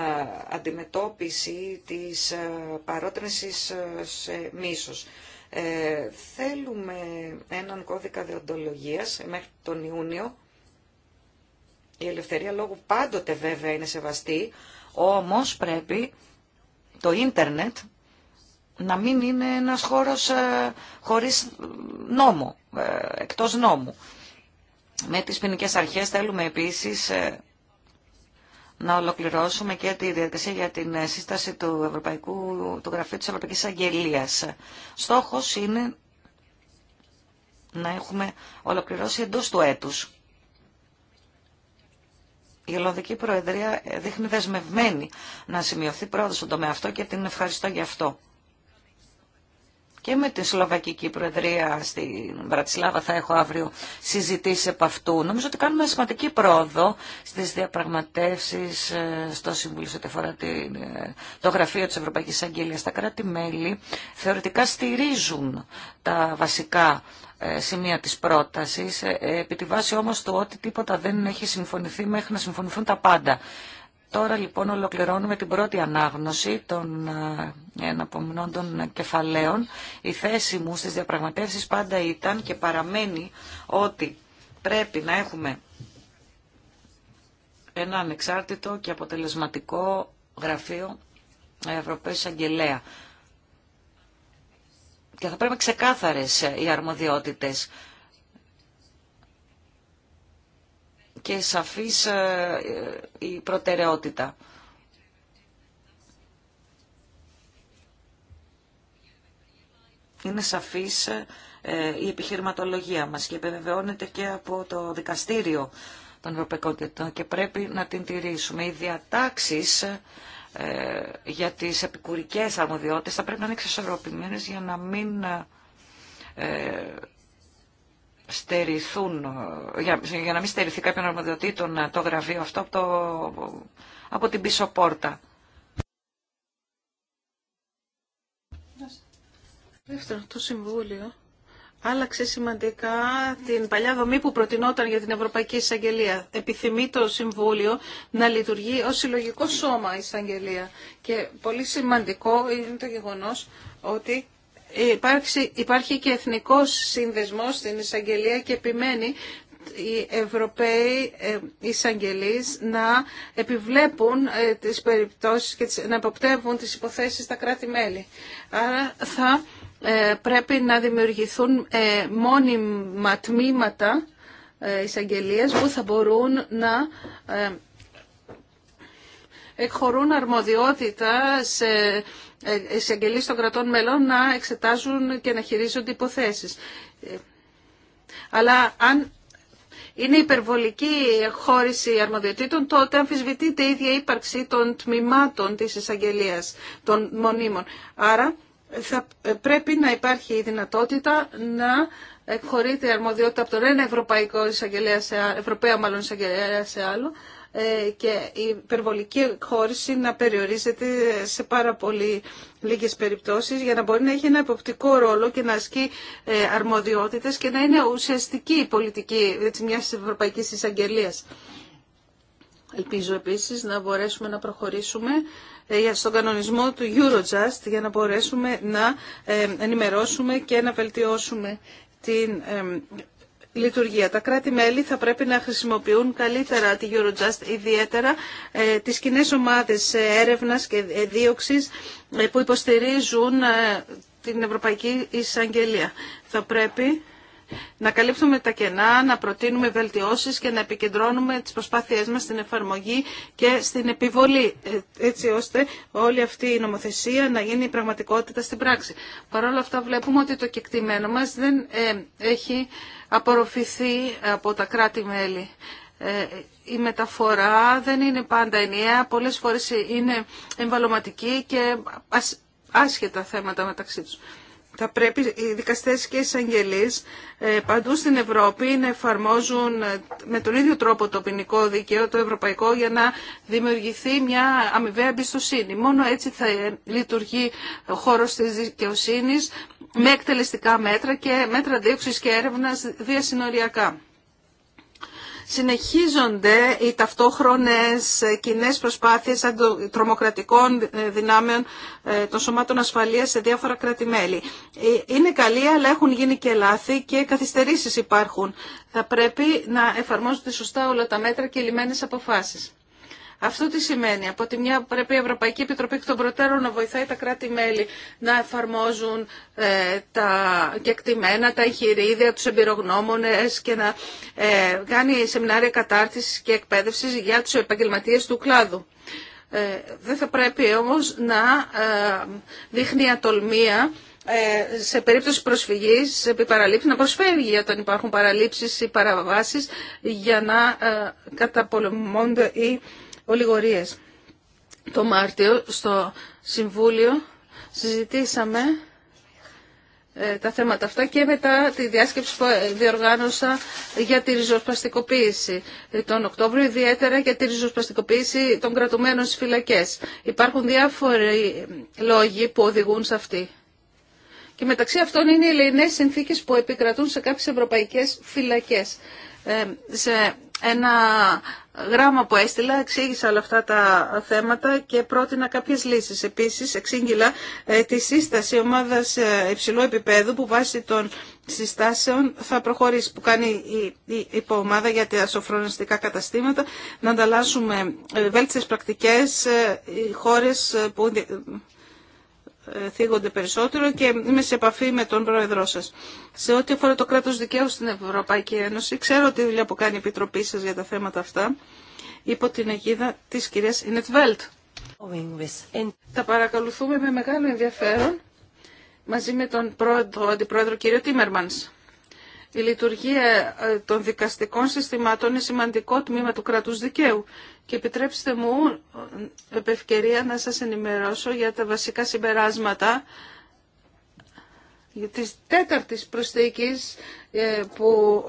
αντιμετώπιση της παρότρινσης σε μίσος. Ε, θέλουμε έναν κώδικα διοντολογίας μέχρι τον Ιούνιο. Η ελευθερία λόγου πάντοτε βέβαια είναι σεβαστή, όμως πρέπει το ίντερνετ να μην είναι ένας χώρος ε, χωρίς νόμο, ε, εκτός νόμου. Με τις ποινικέ αρχές θέλουμε επίσης ε, να ολοκληρώσουμε και τη διαδικασία για την σύσταση του, Ευρωπαϊκού, του Γραφείου της Ευρωπαϊκής Αγγελίας. Στόχος είναι να έχουμε ολοκληρώσει εντός του έτους. Η Ολλανδική Προεδρία δείχνει δεσμευμένη να σημειωθεί πρόοδος στον τομέα αυτό και την ευχαριστώ για αυτό και με τη Σλοβακική Προεδρία στην Βρατισλάβα θα έχω αύριο συζητήσει επ' αυτού. Νομίζω ότι κάνουμε σημαντική πρόοδο στις διαπραγματεύσεις ε, στο Συμβούλιο σε αφορά ε, το γραφείο της Ευρωπαϊκής Αγγελίας. Τα κράτη-μέλη θεωρητικά στηρίζουν τα βασικά ε, σημεία της πρότασης, επί τη βάση όμως του ότι τίποτα δεν έχει συμφωνηθεί μέχρι να συμφωνηθούν τα πάντα. Τώρα λοιπόν ολοκληρώνουμε την πρώτη ανάγνωση των ε, εναπομεινών των κεφαλαίων. Η θέση μου στις διαπραγματεύσεις πάντα ήταν και παραμένει ότι πρέπει να έχουμε ένα ανεξάρτητο και αποτελεσματικό γραφείο ε, Ευρωπαίου Αγγελέα. Και θα πρέπει να ξεκάθαρες ε, οι αρμοδιότητες και σαφής ε, η προτεραιότητα. Είναι σαφής ε, η επιχειρηματολογία μας και επιβεβαιώνεται και από το δικαστήριο των Ευρωπαϊκών και πρέπει να την τηρήσουμε. Οι διατάξεις ε, για τις επικουρικές αρμοδιότητες θα πρέπει να είναι εξισορροπημένες για να μην στερηθούν, για, για να μην στερηθεί κάποιον αρμοδιοτήτων ε, το γραφείο αυτό από, το, την πίσω πόρτα. Δεύτερον, το Συμβούλιο άλλαξε σημαντικά την παλιά δομή που προτινόταν για την Ευρωπαϊκή Εισαγγελία. Επιθυμεί το Συμβούλιο να λειτουργεί ως συλλογικό σώμα η Εισαγγελία. Και πολύ σημαντικό είναι το γεγονός ότι Υπάρχει, και εθνικός σύνδεσμος στην εισαγγελία και επιμένει οι Ευρωπαίοι ε, εισαγγελείς να επιβλέπουν ε, τις περιπτώσεις και να αποπτεύουν τις υποθέσεις στα κράτη-μέλη. Άρα θα ε, πρέπει να δημιουργηθούν μόνιμα τμήματα εισαγγελίας που θα μπορούν να εκχωρούν αρμοδιότητα σε εισαγγελείς των κρατών μελών να εξετάζουν και να χειρίζονται υποθέσεις. Αλλά αν είναι υπερβολική χώρηση αρμοδιοτήτων, τότε αμφισβητείται η ίδια ύπαρξη των τμήματων της εισαγγελία των μονίμων. Άρα θα πρέπει να υπάρχει η δυνατότητα να εκχωρείται η αρμοδιότητα από τον ένα ευρωπαϊκό σε, μάλλον εισαγγελέα σε άλλο, ε, και η υπερβολική χώρηση να περιορίζεται σε πάρα πολύ λίγες περιπτώσεις για να μπορεί να έχει ένα εποπτικό ρόλο και να ασκεί ε, αρμοδιότητες και να είναι ουσιαστική η πολιτική μιας Ευρωπαϊκής Εισαγγελίας. Ελπίζω επίσης να μπορέσουμε να προχωρήσουμε ε, στον κανονισμό του Eurojust για να μπορέσουμε να ενημερώσουμε και να βελτιώσουμε την λειτουργία. Τα κράτη-μέλη θα πρέπει να χρησιμοποιούν καλύτερα τη Eurojust, ιδιαίτερα ε, τις κοινέ ομάδες έρευνας και δίωξης ε, που υποστηρίζουν ε, την Ευρωπαϊκή Εισαγγελία. Θα πρέπει να καλύπτουμε τα κενά, να προτείνουμε βελτιώσεις και να επικεντρώνουμε τις προσπάθειές μας στην εφαρμογή και στην επιβολή, ε, έτσι ώστε όλη αυτή η νομοθεσία να γίνει πραγματικότητα στην πράξη. Παρ' όλα αυτά βλέπουμε ότι το κεκτημένο μας δεν ε, έχει απορροφηθεί από τα κράτη-μέλη. Ε, η μεταφορά δεν είναι πάντα ενιαία, πολλές φορές είναι εμβαλωματική και άσχετα θέματα μεταξύ τους θα πρέπει οι δικαστές και οι εισαγγελείς ε, παντού στην Ευρώπη να εφαρμόζουν ε, με τον ίδιο τρόπο το ποινικό δίκαιο, το ευρωπαϊκό, για να δημιουργηθεί μια αμοιβαία εμπιστοσύνη. Μόνο έτσι θα λειτουργεί ο χώρος της δικαιοσύνης με εκτελεστικά μέτρα και μέτρα δίωξης και έρευνας διασυνοριακά συνεχίζονται οι ταυτόχρονες κοινέ προσπάθειες τρομοκρατικών δυνάμεων ε, των σωμάτων ασφαλείας σε διάφορα ε, Είναι καλή, αλλά έχουν γίνει και λάθη και καθυστερήσεις υπάρχουν. Θα πρέπει να εφαρμόζονται σωστά όλα τα μέτρα και λιμένες αποφάσεις. Αυτό τι σημαίνει. Από τη μια πρέπει η Ευρωπαϊκή Επιτροπή εκ των προτέρων να βοηθάει τα κράτη-μέλη να εφαρμόζουν ε, τα κεκτημένα, τα εγχειρίδια, τους εμπειρογνώμονες και να ε, κάνει σεμινάρια κατάρτισης και εκπαίδευσης για τους επαγγελματίες του κλάδου. Ε, δεν θα πρέπει όμως να ε, δείχνει ατολμία σε περίπτωση προσφυγής επί να προσφέρει όταν υπάρχουν παραλήψεις ή παραβάσεις για να καταπολεμώνται οι ολιγορίες. Το Μάρτιο στο Συμβούλιο συζητήσαμε ε, τα θέματα αυτά και μετά τη διάσκεψη που ε, διοργάνωσα για τη ριζοσπαστικοποίηση ε, τον Οκτώβριο, ιδιαίτερα για τη ριζοσπαστικοποίηση των κρατουμένων στις φυλακές. Υπάρχουν διάφοροι λόγοι που οδηγούν σε αυτή. Και μεταξύ αυτών είναι οι ελληνές συνθήκες που επικρατούν σε κάποιες ευρωπαϊκές φυλακές. σε ένα γράμμα που έστειλα, εξήγησα όλα αυτά τα θέματα και πρότεινα κάποιες λύσεις. Επίσης, εξήγηλα ε, τη σύσταση ομάδας ε, υψηλού επίπεδου που βάσει των συστάσεων θα προχωρήσει, που κάνει η υποομάδα για τα σοφρονιστικά καταστήματα, να ανταλλάσσουμε ε, βέλτιστες πρακτικές, οι χώρες που θίγονται περισσότερο και είμαι σε επαφή με τον πρόεδρό σα. Σε ό,τι αφορά το κράτο δικαίου στην Ευρωπαϊκή Ένωση, ξέρω τη δουλειά που κάνει η Επιτροπή σα για τα θέματα αυτά, υπό την αιγίδα της κυρίας Ινετβέλτ. Τα παρακολουθούμε με μεγάλο ενδιαφέρον μαζί με τον πρόεδρο, αντιπρόεδρο κύριο Τίμερμανς. Η λειτουργία ε, των δικαστικών συστημάτων είναι σημαντικό τμήμα του κρατούς δικαίου και επιτρέψτε μου ε, επευκαιρία να σας ενημερώσω για τα βασικά συμπεράσματα της τέταρτης προσθήκης ε, που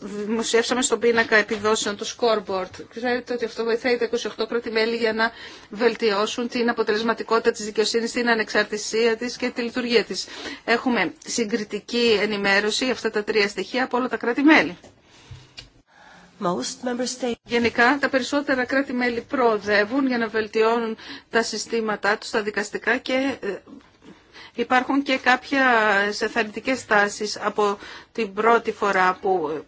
δημοσιεύσαμε στον πίνακα επιδόσεων το scoreboard. Ξέρετε ότι αυτό βοηθάει τα 28 κράτη-μέλη για να βελτιώσουν την αποτελεσματικότητα της δικαιοσύνης, την ανεξαρτησία της και τη λειτουργία της. Έχουμε συγκριτική ενημέρωση, αυτά τα τρία στοιχεία από όλα τα κράτη-μέλη. Γενικά, τα περισσότερα κράτη-μέλη προοδεύουν για να βελτιώνουν τα συστήματά τους, τα δικαστικά και ε, Υπάρχουν και κάποια σεθαρρυντικές τάσεις από την πρώτη φορά που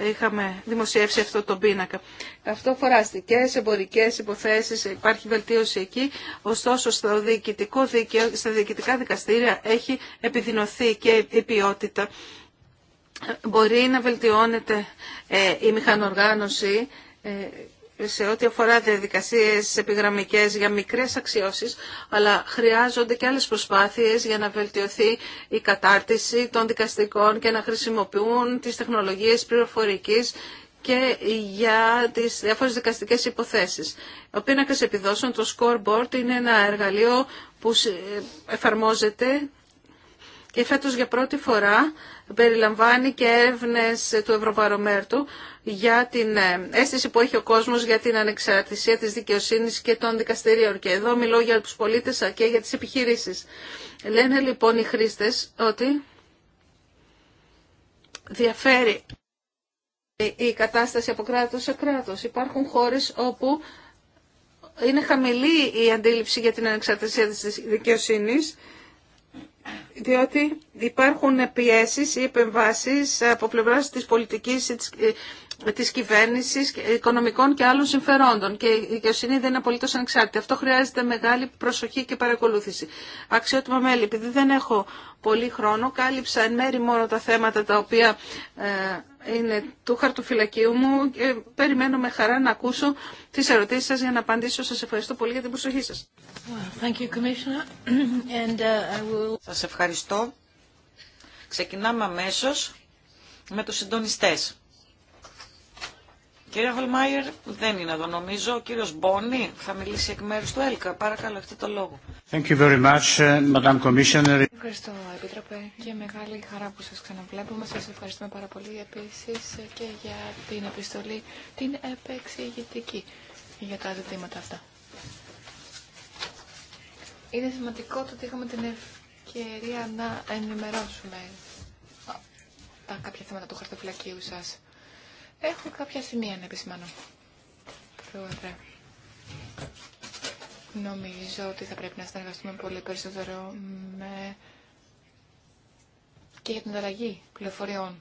είχαμε δημοσιεύσει αυτό το πίνακα. Αυτό φορά αστικές, εμπορικές υποθέσεις, υπάρχει βελτίωση εκεί, ωστόσο στο διοικητικό στα διοικητικά δικαστήρια έχει επιδεινωθεί και η ποιότητα. Μπορεί να βελτιώνεται ε, η μηχανοργάνωση ε, σε ό,τι αφορά διαδικασίες επιγραμμικές για μικρές αξιώσεις, αλλά χρειάζονται και άλλες προσπάθειες για να βελτιωθεί η κατάρτιση των δικαστικών και να χρησιμοποιούν τις τεχνολογίες πληροφορικής και για τις διάφορες δικαστικές υποθέσεις. Ο πίνακας επιδόσεων, το scoreboard, είναι ένα εργαλείο που εφαρμόζεται και φέτος για πρώτη φορά περιλαμβάνει και έρευνες του Ευρωβαρομέρτου για την ε, αίσθηση που έχει ο κόσμος για την ανεξαρτησία της δικαιοσύνης και των δικαστηρίων. Και εδώ μιλώ για τους πολίτες και για τις επιχειρήσεις. Λένε λοιπόν οι χρήστες ότι διαφέρει η κατάσταση από κράτος σε κράτος. Υπάρχουν χώρες όπου είναι χαμηλή η αντίληψη για την ανεξαρτησία της δικαιοσύνης διότι υπάρχουν πιέσεις ή επεμβάσεις από πλευράς της πολιτικής ή της κυβέρνησης, οικονομικών και άλλων συμφερόντων και η δικαιοσύνη δεν είναι απολύτως ανεξάρτητη. Αυτό χρειάζεται μεγάλη προσοχή και παρακολούθηση. Αξιότιμα μέλη, επειδή δεν έχω πολύ χρόνο, κάλυψα εν μέρη μόνο τα θέματα τα οποία ε, είναι του χαρτοφυλακίου μου και περιμένω με χαρά να ακούσω τις ερωτήσεις σας για να απαντήσω. Σας ευχαριστώ πολύ για την προσοχή σας. Thank uh, Σας ευχαριστώ. Ξεκινάμε αμέσως με τους συντονιστές. Κύριε Χολμάιερ, δεν είναι εδώ νομίζω. Ο κύριος Μπόνι θα μιλήσει εκ μέρους του ΕΛΚΑ. Παρακαλώ, έχετε το λόγο. Ε, Ευχαριστώ, Επίτροπε, και μεγάλη χαρά που σας ξαναβλέπουμε. Σας ευχαριστούμε πάρα πολύ επίσης ε, και για την επιστολή, την επεξηγητική για τα ζητήματα αυτά. Είναι σημαντικό το ότι είχαμε την ευκαιρία να ενημερώσουμε τα κάποια θέματα του χαρτοφυλακίου σας. Έχω κάποια σημεία να επισημάνω. Πρόεδρε. Νομίζω ότι θα πρέπει να συνεργαστούμε πολύ περισσότερο με... και για την ανταλλαγή πληροφοριών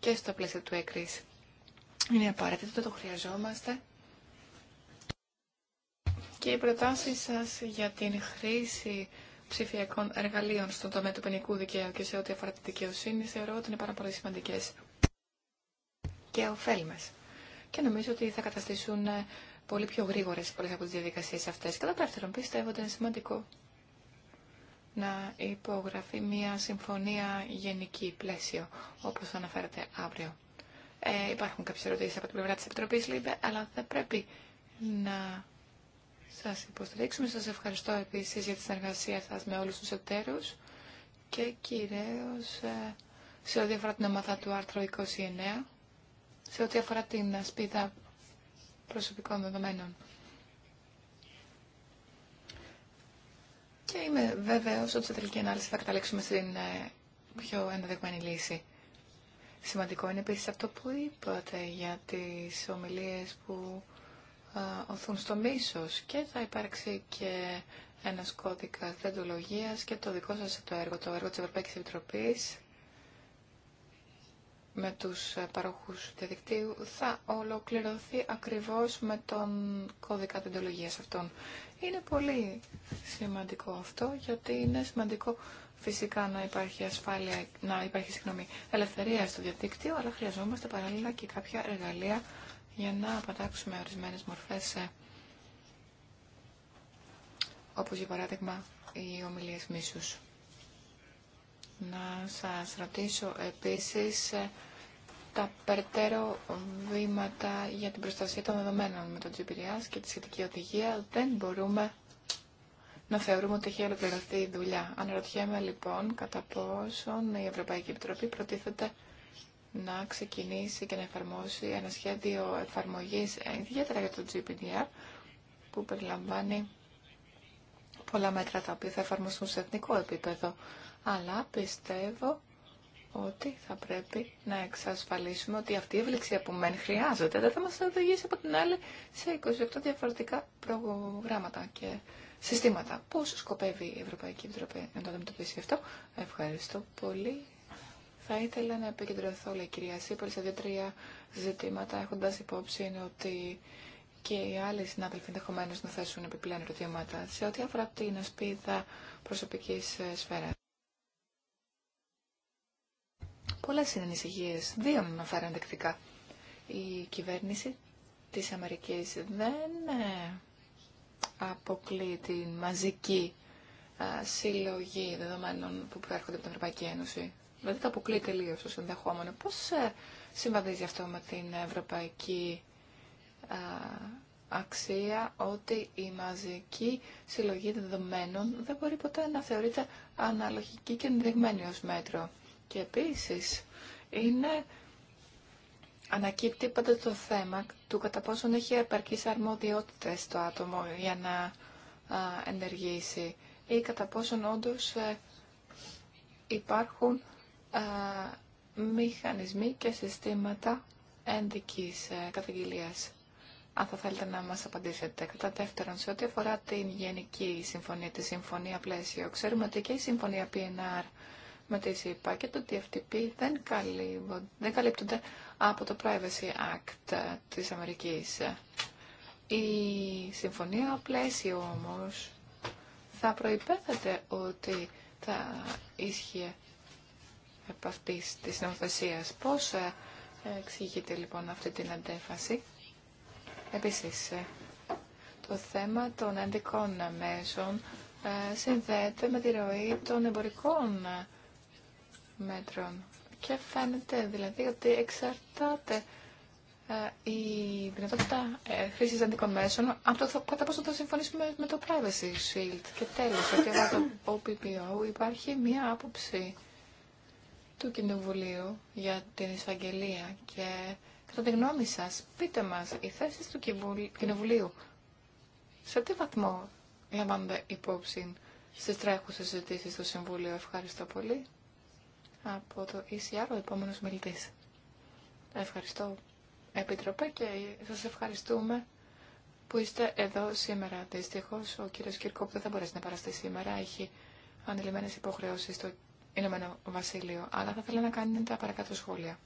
και στο πλαίσιο του έκρης. Είναι απαραίτητο, το χρειαζόμαστε. Και οι προτάσει σας για την χρήση ψηφιακών εργαλείων στον τομέα του ποινικού δικαίου και σε ό,τι αφορά τη δικαιοσύνη θεωρώ ότι είναι πάρα πολύ σημαντικέ και Και νομίζω ότι θα καταστήσουν ε, πολύ πιο γρήγορε πολλέ από τι διαδικασίε αυτέ. Κατά δεύτερον, πιστεύω ότι είναι σημαντικό να υπογραφεί μια συμφωνία γενική πλαίσιο, όπως αναφέρεται αύριο. Ε, υπάρχουν κάποιε ερωτήσει από την πλευρά τη Επιτροπή, Λίμπε, αλλά θα πρέπει να σα υποστηρίξουμε. Σα ευχαριστώ επίση για τη συνεργασία σα με όλου του εταίρου και κυρίω ε, σε ό,τι αφορά την ομάδα του άρθρου 29 σε ό,τι αφορά την ασπίδα προσωπικών δεδομένων. Και είμαι βέβαιος ότι σε τελική ανάλυση θα καταλήξουμε στην ε, πιο ενδεδειγμένη λύση. Σημαντικό είναι επίση αυτό που είπατε για τι ομιλίες που ε, οθούν στο μίσος και θα υπάρξει και ένα κώδικα θετολογίας και το δικό σας το έργο, το έργο της Ευρωπαϊκής Επιτροπή με τους παροχούς διαδικτύου θα ολοκληρωθεί ακριβώς με τον κώδικα τεντολογίας αυτών. Είναι πολύ σημαντικό αυτό γιατί είναι σημαντικό φυσικά να υπάρχει ασφάλεια, να υπάρχει συγγνώμη, ελευθερία στο διαδίκτυο αλλά χρειαζόμαστε παράλληλα και κάποια εργαλεία για να πατάξουμε ορισμένες μορφές όπως για παράδειγμα οι ομιλίες μίσους. Να σας ρωτήσω επίσης ε, τα περαιτέρω βήματα για την προστασία των δεδομένων με το GPS και τη σχετική οδηγία δεν μπορούμε να θεωρούμε ότι έχει ολοκληρωθεί η δουλειά. Αναρωτιέμαι λοιπόν κατά πόσον η Ευρωπαϊκή Επιτροπή προτίθεται να ξεκινήσει και να εφαρμόσει ένα σχέδιο εφαρμογής ιδιαίτερα για το GPDR που περιλαμβάνει πολλά μέτρα τα οποία θα εφαρμοστούν σε εθνικό επίπεδο. Αλλά πιστεύω ότι θα πρέπει να εξασφαλίσουμε ότι αυτή η ευελιξία που μεν χρειάζεται δεν θα μας οδηγήσει από την άλλη σε 28 διαφορετικά προγράμματα και συστήματα. Πώς σκοπεύει η Ευρωπαϊκή Επιτροπή να το αντιμετωπίσει αυτό. Ευχαριστώ πολύ. Θα ήθελα να επικεντρωθώ, λέει η κυρία Σύπολη, σε δύο-τρία ζητήματα, έχοντας υπόψη ότι και οι άλλοι συνάδελφοι ενδεχομένω να θέσουν επιπλέον ερωτήματα σε ό,τι αφορά την ασπίδα προσωπική ε, σφαίρα. Πολλέ είναι ανησυχίε. Δύο με αναφέρω δεκτικά. Η κυβέρνηση τη Αμερική δεν ε, αποκλεί την μαζική ε, συλλογή δεδομένων που προέρχονται από την Ευρωπαϊκή Ένωση. Δηλαδή το αποκλεί τελείω το ενδεχόμενο. Πώ ε, συμβαδίζει αυτό με την ευρωπαϊκή αξία ότι η μαζική συλλογή δεδομένων δεν μπορεί ποτέ να θεωρείται αναλογική και ενδεδειγμένη ω μέτρο. Και επίσης είναι ανακύπτει πάντα το θέμα του κατά πόσον έχει επαρκείς αρμοδιότητες το άτομο για να ενεργήσει ή κατά πόσον όντως ε, υπάρχουν μηχανισμοί και συστήματα ένδικης ε, καταγγελίας. Αν θα θέλετε να μας απαντήσετε. Κατά δεύτερον, σε ό,τι αφορά την Γενική Συμφωνία, τη Συμφωνία Πλαίσιο, ξέρουμε ότι και η Συμφωνία PNR με τη ΣΥΠΑ και το TFTP δεν, δεν καλύπτονται από το Privacy Act της Αμερικής. Η συμφωνία πλαίσιο όμως θα προϋπέθεται ότι θα ίσχυε από αυτή της νομοθεσίας. Πώς ε, εξηγείται λοιπόν αυτή την αντέφαση. Επίσης, ε, το θέμα των ενδικών μέσων ε, συνδέεται με τη ροή των εμπορικών μέτρων. Και φαίνεται δηλαδή ότι εξαρτάται ε, η δυνατότητα ε, χρήση αντικών μέσων από το κατά πόσο θα συμφωνήσουμε με το Privacy Shield. Και τέλο. ότι εδώ το OPPO υπάρχει μία άποψη του Κοινοβουλίου για την εισαγγελία και κατά τη γνώμη σας, πείτε μας, οι θέσει του Κοινοβουλίου σε τι βαθμό λαμβάνονται υπόψη στι τρέχουσε συζητήσει του Συμβουλίου. Ευχαριστώ πολύ από το ECR ο επόμενο μιλητή. Ευχαριστώ, Επιτροπέ, και σα ευχαριστούμε που είστε εδώ σήμερα. Δυστυχώ, ο κύριος Κύρκοπ δεν θα μπορέσει να παραστεί σήμερα. Έχει ανελημμένε υποχρεώσει στο Ηνωμένο Βασίλειο, αλλά θα ήθελα να κάνει τα παρακάτω σχόλια.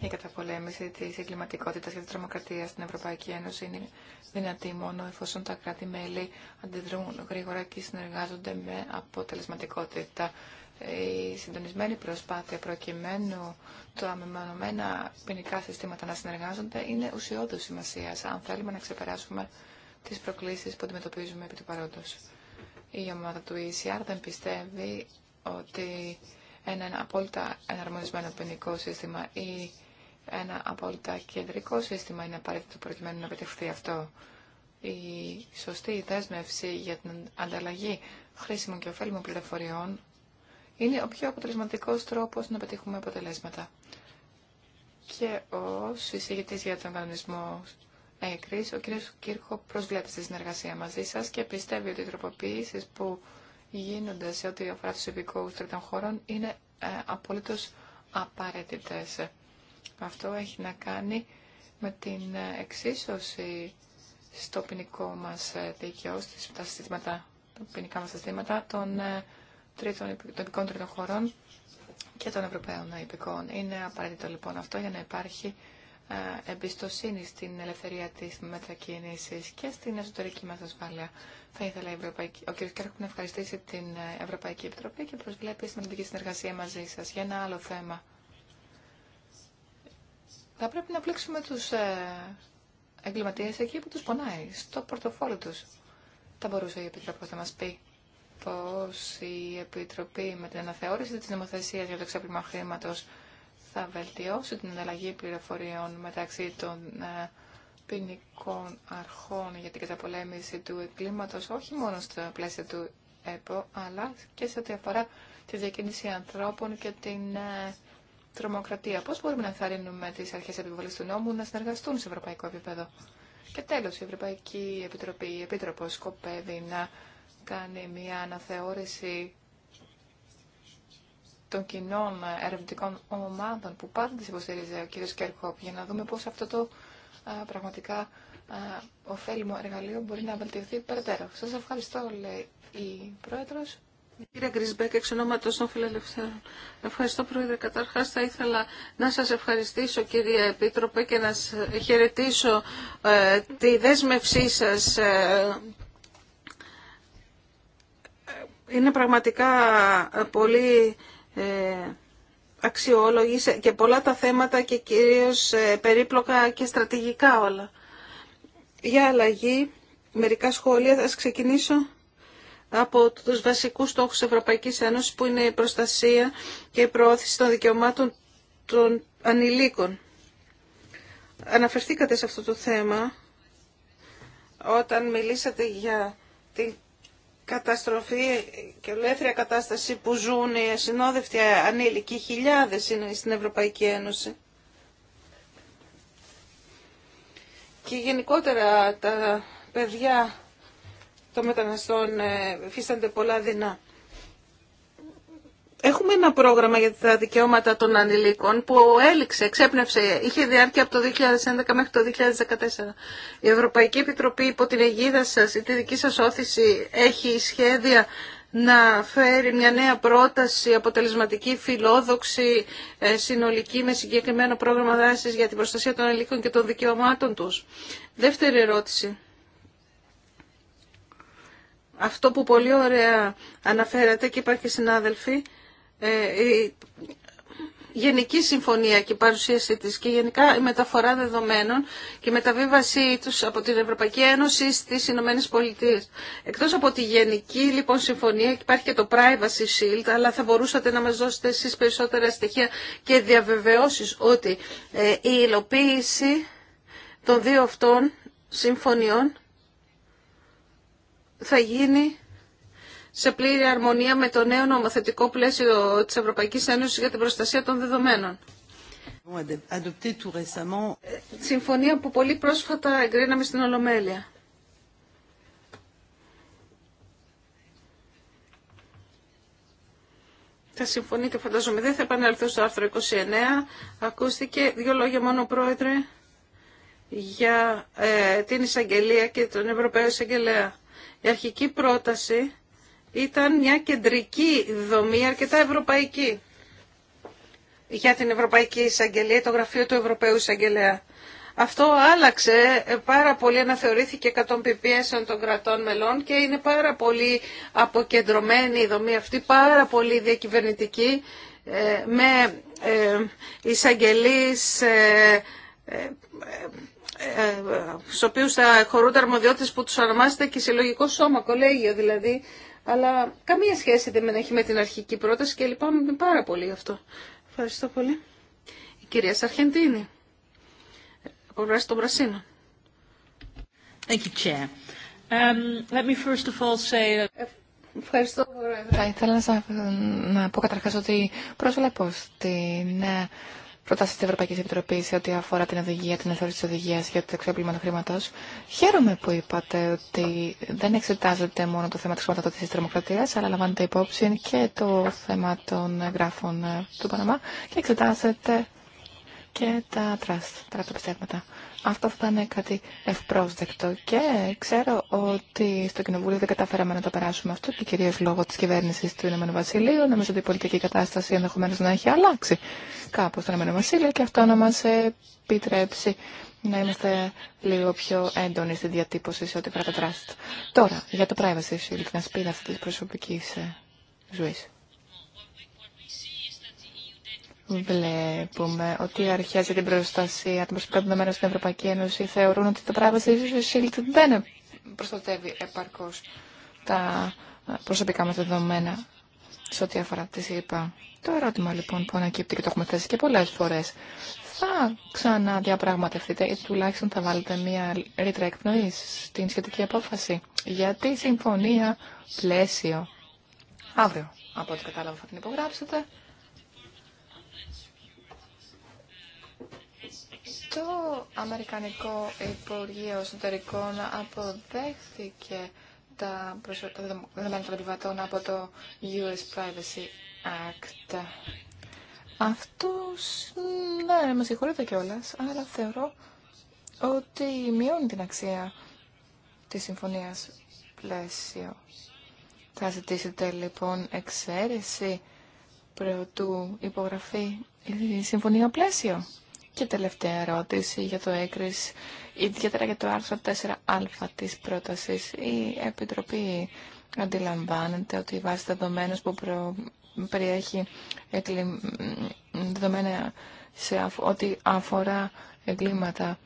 Η καταπολέμηση τη εγκληματικότητα και τη τρομοκρατία στην Ευρωπαϊκή Ένωση είναι δυνατή μόνο εφόσον τα κράτη-μέλη αντιδρούν γρήγορα και συνεργάζονται με αποτελεσματικότητα η συντονισμένη προσπάθεια προκειμένου τα μεμονωμένα ποινικά συστήματα να συνεργάζονται είναι ουσιώδου σημασία αν θέλουμε να ξεπεράσουμε τι προκλήσει που αντιμετωπίζουμε επί του παρόντο. Η ομάδα του ECR δεν πιστεύει ότι ένα απόλυτα εναρμονισμένο ποινικό σύστημα ή ένα απόλυτα κεντρικό σύστημα είναι απαραίτητο προκειμένου να επιτευχθεί αυτό. Η σωστή δέσμευση για την ανταλλαγή χρήσιμων και ωφέλιμων πληροφοριών είναι ο πιο αποτελεσματικό τρόπο να πετύχουμε αποτελέσματα. Και ω εισηγητή για τον κανονισμό έκρι, ο κ. Κύρχο προσβλέπει στη συνεργασία μαζί σα και πιστεύει ότι οι τροποποιήσεις που γίνονται σε ό,τι αφορά του υπηκόου τρίτων χωρών είναι ε, απολύτως απαραίτητες. Αυτό έχει να κάνει με την ε, εξίσωση στο ποινικό μας ε, δίκαιο, στις, ποινικά μας συστήματα των ε, τρίτων, τοπικών τρίτων χωρών και των Ευρωπαίων υπηκών. Είναι απαραίτητο λοιπόν αυτό για να υπάρχει ε, εμπιστοσύνη στην ελευθερία τη μετακίνηση και στην εσωτερική μα ασφάλεια. Θα ήθελα Ευρωπαϊκή... ο κ. Κέρκου να ευχαριστήσει την ε, Ευρωπαϊκή Επιτροπή και προσβλέπει σημαντική συνεργασία μαζί σα για ένα άλλο θέμα. Θα πρέπει να πλήξουμε του ε, εγκληματίε εκεί που του πονάει, στο πορτοφόλι του, Θα μπορούσε η Επιτροπή να μα πει πώς η Επιτροπή με την αναθεώρηση της νομοθεσίας για το ξέπλυμα χρήματος θα βελτιώσει την ανταλλαγή πληροφοριών μεταξύ των ε, ποινικών αρχών για την καταπολέμηση του εγκλήματο όχι μόνο στο πλαίσιο του ΕΠΟ αλλά και σε ό,τι αφορά τη διακίνηση ανθρώπων και την ε, τρομοκρατία. Πώς μπορούμε να ενθαρρύνουμε τις αρχές επιβολής του νόμου να συνεργαστούν σε ευρωπαϊκό επίπεδο. Και τέλος, η Ευρωπαϊκή Επιτροπή, η Επίτροπος σκοπεύει να κάνει μια αναθεώρηση των κοινών ερευνητικών ομάδων που πάντα τις υποστηρίζει ο κ. Κέρκοπ για να δούμε πώς αυτό το α, πραγματικά α, ωφέλιμο εργαλείο μπορεί να βελτιωθεί περαιτέρω. Σας ευχαριστώ, λέει η Πρόεδρος. Κύριε Γκρισμπέκ, εξ ονόματο των Φιλελευθέρων. Ευχαριστώ, Πρόεδρε. Καταρχά, θα ήθελα να σα ευχαριστήσω, κυρία Επίτροπε, και να χαιρετήσω ε, τη δέσμευσή σα ε, είναι πραγματικά ε, πολύ ε, αξιόλογη και πολλά τα θέματα και κυρίως ε, περίπλοκα και στρατηγικά όλα. Για αλλαγή, μερικά σχόλια, θα ξεκινήσω από τους βασικούς στόχους Ευρωπαϊκής Ένωσης που είναι η προστασία και η προώθηση των δικαιωμάτων των ανηλίκων. Αναφερθήκατε σε αυτό το θέμα όταν μιλήσατε για την καταστροφή και ολέθρια κατάσταση που ζουν οι ασυνόδευτοι ανήλικοι χιλιάδες είναι στην Ευρωπαϊκή Ένωση. Και γενικότερα τα παιδιά των μεταναστών ε, φύστανται πολλά δεινά. Έχουμε ένα πρόγραμμα για τα δικαιώματα των ανηλίκων που έληξε, εξέπνευσε, είχε διάρκεια από το 2011 μέχρι το 2014. Η Ευρωπαϊκή Επιτροπή υπό την αιγίδα σας ή τη δική σας όθηση έχει σχέδια να φέρει μια νέα πρόταση αποτελεσματική, φιλόδοξη, ε, συνολική με συγκεκριμένο πρόγραμμα δράσης για την προστασία των ανηλίκων και των δικαιωμάτων τους. Δεύτερη ερώτηση. Αυτό που πολύ ωραία αναφέρατε και υπάρχει συνάδελφοι, ε, η γενική συμφωνία και η παρουσίαση της και γενικά η μεταφορά δεδομένων και η μεταβίβασή τους από την Ευρωπαϊκή Ένωση στις Ηνωμένε Πολιτείε. Εκτός από τη γενική λοιπόν συμφωνία υπάρχει και το Privacy Shield, αλλά θα μπορούσατε να μας δώσετε εσείς περισσότερα στοιχεία και διαβεβαιώσεις ότι ε, η υλοποίηση των δύο αυτών συμφωνιών θα γίνει σε πλήρη αρμονία με το νέο νομοθετικό πλαίσιο της Ευρωπαϊκής Ένωσης για την προστασία των δεδομένων. Ε, συμφωνία που πολύ πρόσφατα εγκρίναμε στην Ολομέλεια. Θα συμφωνείτε φαντάζομαι. Δεν θα επανέλθω στο άρθρο 29. Ακούστηκε δύο λόγια μόνο πρόεδρε για ε, την εισαγγελία και τον Ευρωπαίο εισαγγελέα. Η αρχική πρόταση ήταν μια κεντρική δομή αρκετά ευρωπαϊκή για την Ευρωπαϊκή Εισαγγελία, το γραφείο του Ευρωπαίου Εισαγγελέα. Αυτό άλλαξε πάρα πολύ, αναθεωρήθηκε 100 ppm των κρατών μελών και είναι πάρα πολύ αποκεντρωμένη η δομή αυτή, πάρα πολύ διακυβερνητική, ε, με ε, εισαγγελείς ε, στους οποίους θα χωρούνται αρμοδιότητες που τους ονομάζεται και συλλογικό σώμα, κολέγιο δηλαδή, αλλά καμία σχέση δεν έχει με την αρχική πρόταση και λυπάμαι πάρα πολύ γι' αυτό. Ευχαριστώ πολύ. Η κυρία Σαρχεντίνη, από των Πρασίνων. Thank Ευχαριστώ. Θα ήθελα να, πω καταρχάς ότι προσβλέπω στην ε, προτάσει τη Ευρωπαϊκή Επιτροπή σε ό,τι αφορά την οδηγία, την εθόρυση τη οδηγία για το εξέπλυμα του χρήματο. Χαίρομαι που είπατε ότι δεν εξετάζεται μόνο το θέμα τη χρηματοδότηση τη τρομοκρατία, αλλά λαμβάνεται υπόψη και το θέμα των γράφων του Παναμά και εξετάζεται και τα τραστ, τα αυτό θα είναι κάτι ευπρόσδεκτο και ξέρω ότι στο Κοινοβούλιο δεν καταφέραμε να το περάσουμε αυτό και κυρίω λόγω τη κυβέρνηση του Ηνωμένου Βασιλείου. Νομίζω ότι η πολιτική κατάσταση ενδεχομένω να έχει αλλάξει κάπω στο Ηνωμένο Βασίλειο και αυτό να μα επιτρέψει να είμαστε λίγο πιο έντονοι στη διατύπωση σε ό,τι δράσει. Τώρα, για το privacy shield, την αυτή τη προσωπική ε, ζωή. Βλέπουμε ότι οι αρχέ για την προστασία των προσωπικών δεδομένων στην Ευρωπαϊκή Ένωση θεωρούν ότι το Privacy Shield δεν προστατεύει επαρκώ τα προσωπικά μα δεδομένα σε ό,τι αφορά τη ΣΥΠΑ. Το ερώτημα λοιπόν που ανακύπτει και το έχουμε θέσει και πολλέ φορέ. Θα ξαναδιαπραγματευτείτε ή τουλάχιστον θα βάλετε μία ρήτρα εκπνοή στην σχετική απόφαση για τη συμφωνία πλαίσιο. Αύριο, από ό,τι κατάλαβα, θα την υπογράψετε. Το Αμερικανικό Υπουργείο Εσωτερικών αποδέχθηκε τα δεδομένα των επιβατών από το US Privacy Act. Αυτό, ναι, με συγχωρείτε κιόλα, αλλά θεωρώ ότι μειώνει την αξία της συμφωνίας πλαίσιο. Θα ζητήσετε λοιπόν εξαίρεση προτού υπογραφή η συμφωνία πλαίσιο. Και τελευταία ερώτηση για το έκρης, ιδιαίτερα για το άρθρο 4α της πρότασης. Η Επιτροπή αντιλαμβάνεται ότι βάσει δεδομένων που προ... περιέχει εκλη... δεδομένα σε... ότι αφορά εγκλήματα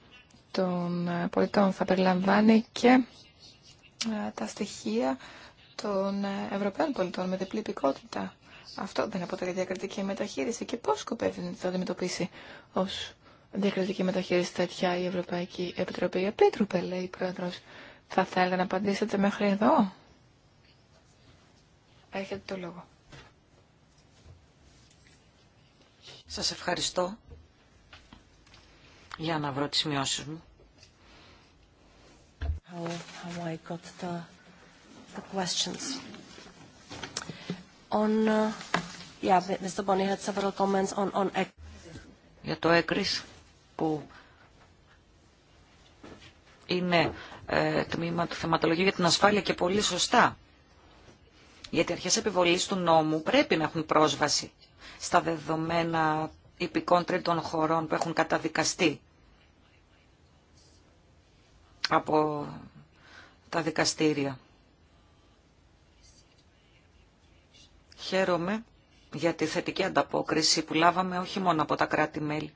των πολιτών θα περιλαμβάνει και ε, τα στοιχεία των Ευρωπαίων πολιτών με διπλή υπηκότητα. Αυτό δεν αποτελεί διακριτική μεταχείριση και πώς σκοπεύει να το αντιμετωπίσει ως διακριτική μεταχείριση τέτοια η Ευρωπαϊκή Επιτροπή. Επίτροπε, λέει η Πρόεδρος, θα θέλετε να απαντήσετε μέχρι εδώ. Έχετε το λόγο. Σας ευχαριστώ. Για να βρω τις σημειώσεις μου. How, how I got the, the questions. On, uh, yeah, Mr. several comments on, on... Για το έκρης που είναι ε, τμήμα του θεματολογίου για την ασφάλεια και πολύ σωστά. Γιατί αρχές επιβολής του νόμου πρέπει να έχουν πρόσβαση στα δεδομένα υπηκών τρίτων χωρών που έχουν καταδικαστεί από τα δικαστήρια. Χαίρομαι για τη θετική ανταπόκριση που λάβαμε όχι μόνο από τα κράτη-μέλη,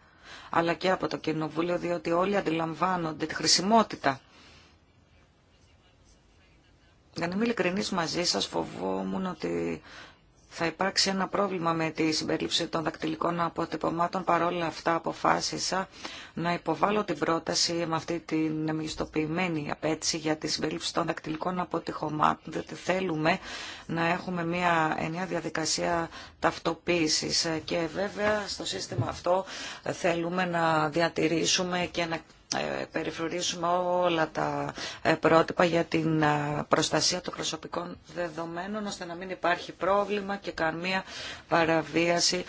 αλλά και από το Κοινοβούλιο, διότι όλοι αντιλαμβάνονται τη χρησιμότητα. Για να είμαι ειλικρινής μαζί σας, φοβόμουν ότι θα υπάρξει ένα πρόβλημα με τη συμπερίληψη των δακτυλικών αποτυπωμάτων. Παρόλα αυτά αποφάσισα να υποβάλω την πρόταση με αυτή την μεγιστοποιημένη απέτηση για τη συμπερίληψη των δακτυλικών αποτυπωμάτων, διότι θέλουμε να έχουμε μια ενιαία διαδικασία ταυτοποίησης και βέβαια στο σύστημα αυτό θέλουμε να διατηρήσουμε και να ε, περιφρουρήσουμε όλα τα ε, πρότυπα για την ε, προστασία των προσωπικών δεδομένων ώστε να μην υπάρχει πρόβλημα και καμία παραβίαση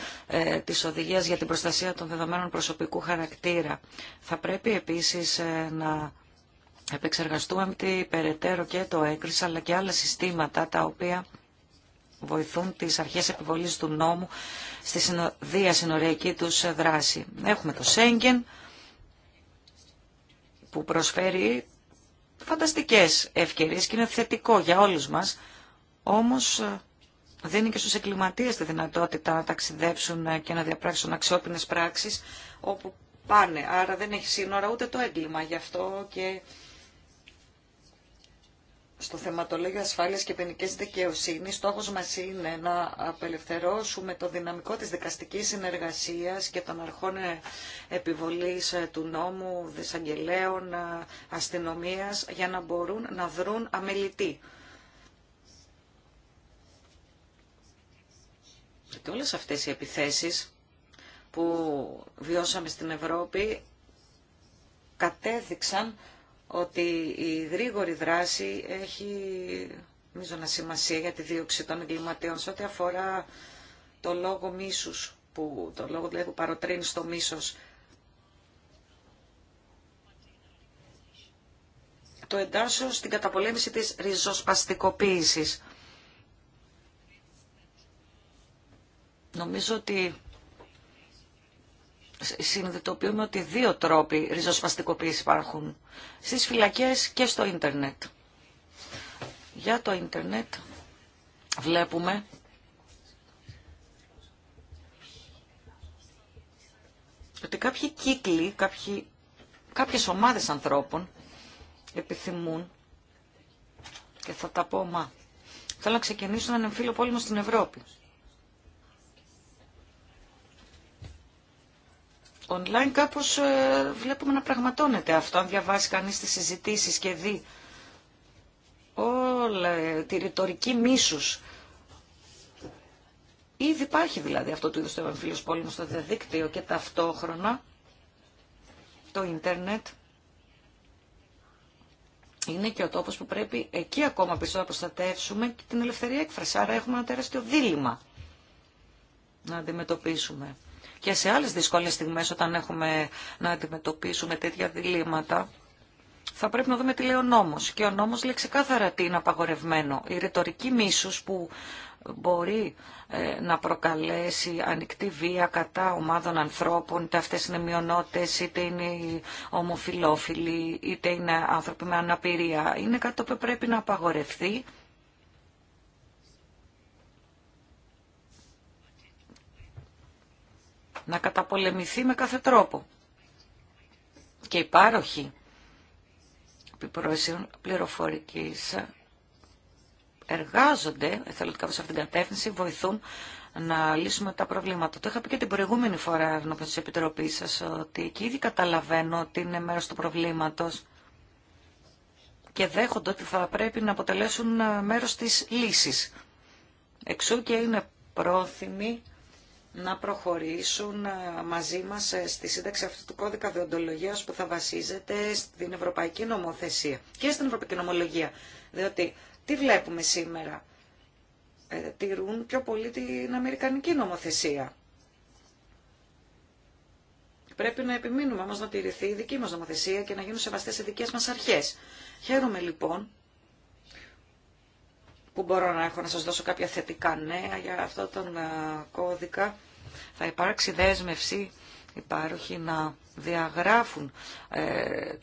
της οδηγίας για την προστασία των δεδομένων προσωπικού χαρακτήρα. Θα πρέπει επίσης να επεξεργαστούμε την περαιτέρω και το έγκριση αλλά και άλλα συστήματα τα οποία βοηθούν τις αρχές επιβολής του νόμου στη διασυνοριακή τους δράση. Έχουμε το Σέγγεν, που προσφέρει φανταστικές ευκαιρίες και είναι θετικό για όλους μας, όμως ε, δίνει και στους εγκληματίες τη δυνατότητα να ταξιδέψουν ε, και να διαπράξουν αξιόπινες πράξεις όπου πάνε. Άρα δεν έχει σύνορα ούτε το έγκλημα. Γι' αυτό και στο θεματολόγιο ασφάλειας και ποινικής δικαιοσύνης. Στόχος μας είναι να απελευθερώσουμε το δυναμικό της δικαστικής συνεργασίας και των αρχών επιβολής του νόμου, δισαγγελέων, αστυνομίας, για να μπορούν να δρουν αμελητή. Γιατί όλες αυτές οι επιθέσεις που βιώσαμε στην Ευρώπη κατέδειξαν ότι η γρήγορη δράση έχει να σημασία για τη δίωξη των εγκληματίων σε ό,τι αφορά το λόγο μίσους, που, το λόγο δηλαδή που παροτρύνει στο μίσος. Το εντάσσω στην καταπολέμηση της ριζοσπαστικοποίησης. Νομίζω ότι συνειδητοποιούμε ότι δύο τρόποι ριζοσπαστικοποίηση υπάρχουν. Στις φυλακές και στο ίντερνετ. Για το ίντερνετ βλέπουμε ότι κάποιοι κύκλοι, κάποιοι, κάποιες ομάδες ανθρώπων επιθυμούν και θα τα πω μα. Θέλω να ξεκινήσω έναν εμφύλιο πόλεμο στην Ευρώπη. online κάπως ε, βλέπουμε να πραγματώνεται αυτό. Αν διαβάσει κανείς τις συζητήσεις και δει όλα ε, τη ρητορική μίσους. Ήδη υπάρχει δηλαδή αυτό το είδος του εμφύλιος πόλεμο στο διαδίκτυο και ταυτόχρονα το ίντερνετ είναι και ο τόπος που πρέπει εκεί ακόμα περισσότερο να προστατεύσουμε και την ελευθερία έκφραση. Άρα έχουμε ένα τεράστιο δίλημα να αντιμετωπίσουμε και σε άλλες δύσκολες στιγμές όταν έχουμε να αντιμετωπίσουμε τέτοια διλήμματα, θα πρέπει να δούμε τι λέει ο νόμος. Και ο νόμος λέει ξεκάθαρα τι είναι απαγορευμένο. Η ρητορική μίσους που μπορεί ε, να προκαλέσει ανοιχτή βία κατά ομάδων ανθρώπων, είτε αυτές είναι μειονότητες, είτε είναι ομοφιλόφιλοι, είτε είναι άνθρωποι με αναπηρία. Είναι κάτι που πρέπει να απαγορευτεί να καταπολεμηθεί με κάθε τρόπο. Και οι πάροχοι επιπρόσεων πληροφορικής εργάζονται, εθελοντικά σε αυτήν την κατεύθυνση, βοηθούν να λύσουμε τα προβλήματα. Το είχα πει και την προηγούμενη φορά ενώπιον της επιτροπή σας, ότι εκεί ήδη καταλαβαίνω ότι είναι μέρος του προβλήματος και δέχονται ότι θα πρέπει να αποτελέσουν μέρος της λύσης. Εξού και είναι πρόθυμοι να προχωρήσουν ε, μαζί μας ε, στη σύνταξη αυτού του κώδικα διοντολογίας που θα βασίζεται στην Ευρωπαϊκή Νομοθεσία και στην Ευρωπαϊκή Νομολογία. Διότι τι βλέπουμε σήμερα, ε, τηρούν πιο πολύ την Αμερικανική νομοθεσία. Πρέπει να επιμείνουμε όμως να τηρηθεί η δική μας νομοθεσία και να γίνουν σεβαστές οι δικές μας αρχές. Χαίρομαι λοιπόν που μπορώ να έχω να σας δώσω κάποια θετικά νέα για αυτό τον ε, κώδικα θα υπάρξει δέσμευση υπάρχει να διαγράφουν ε,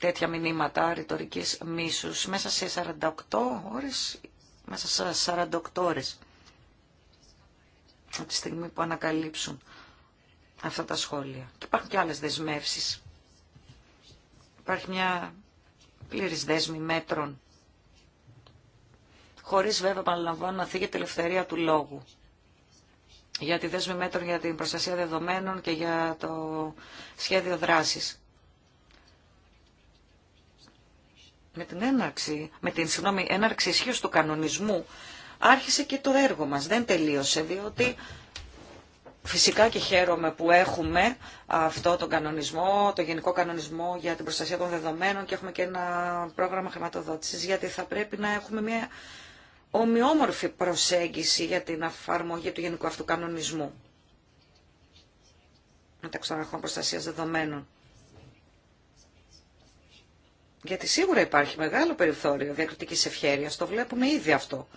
τέτοια μηνύματα ρητορική μίσους μέσα σε 48 ώρες, μέσα σε 48 ώρες από τη στιγμή που ανακαλύψουν αυτά τα σχόλια. Και υπάρχουν και άλλες δεσμεύσεις. Υπάρχει μια πλήρης δέσμη μέτρων, χωρίς βέβαια, παραλαμβάνω, να θίγεται ελευθερία του λόγου για τη δέσμη μέτρων για την προστασία δεδομένων και για το σχέδιο δράσης. Με την έναρξη, με την έναρξη ισχύω του κανονισμού άρχισε και το έργο μας. Δεν τελείωσε διότι Φυσικά και χαίρομαι που έχουμε αυτό τον κανονισμό, το γενικό κανονισμό για την προστασία των δεδομένων και έχουμε και ένα πρόγραμμα χρηματοδότησης γιατί θα πρέπει να έχουμε μια ομοιόμορφη προσέγγιση για την αφαρμογή του Γενικού Αυτού Κανονισμού μεταξύ των αρχών προστασίας δεδομένων. Γιατί σίγουρα υπάρχει μεγάλο περιθώριο διακριτικής ευχέρειας, το βλέπουμε ήδη αυτό.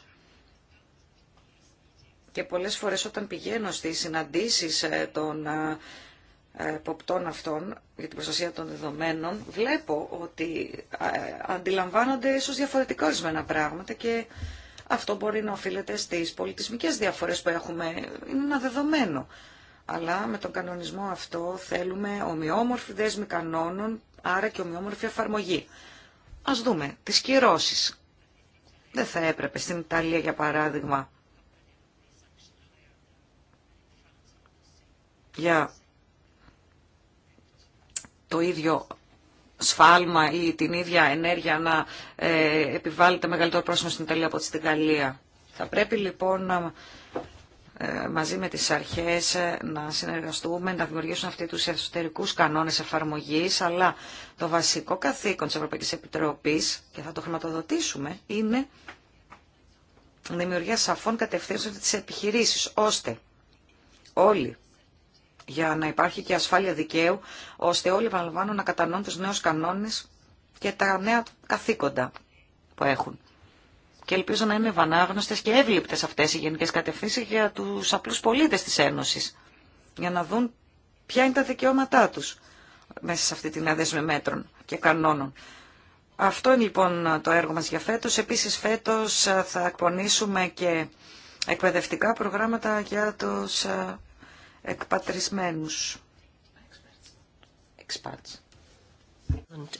Και πολλές φορές όταν πηγαίνω στις συναντήσεις ε, των ε, ε, ποπτών αυτών για την προστασία των δεδομένων, βλέπω ότι αντιλαμβάνονται ίσως διαφορετικά ορισμένα πράγματα και αυτό μπορεί να οφείλεται στις πολιτισμικές διαφορές που έχουμε. Είναι ένα δεδομένο. Αλλά με τον κανονισμό αυτό θέλουμε ομοιόμορφη δέσμη κανόνων, άρα και ομοιόμορφη εφαρμογή. Ας δούμε τις κυρώσεις. Δεν θα έπρεπε στην Ιταλία, για παράδειγμα, για το ίδιο σφάλμα ή την ίδια ενέργεια να ε, επιβάλλεται μεγαλύτερο πρόσημο στην Ιταλία από ό,τι στην Γαλλία. Θα πρέπει λοιπόν να ε, μαζί με τις αρχές ε, να συνεργαστούμε, να δημιουργήσουν αυτοί τους εσωτερικούς κανόνες εφαρμογής, αλλά το βασικό καθήκον της Ευρωπαϊκής Επιτροπής, και θα το χρηματοδοτήσουμε, είναι δημιουργία σαφών κατευθύνσεων της επιχειρήσεις, ώστε όλοι για να υπάρχει και ασφάλεια δικαίου, ώστε όλοι επαναλαμβάνω, να κατανοούν τους νέους κανόνες και τα νέα καθήκοντα που έχουν. Και ελπίζω να είναι βανάγνωστες και εύληπτες αυτές οι γενικές κατευθύνσεις για τους απλούς πολίτες της Ένωσης, για να δουν ποια είναι τα δικαιώματά τους μέσα σε αυτή την αδέσμη μέτρων και κανόνων. Αυτό είναι λοιπόν το έργο μας για φέτος. Επίσης φέτος θα εκπονήσουμε και εκπαιδευτικά προγράμματα για τους ε, εκπατρισμένους.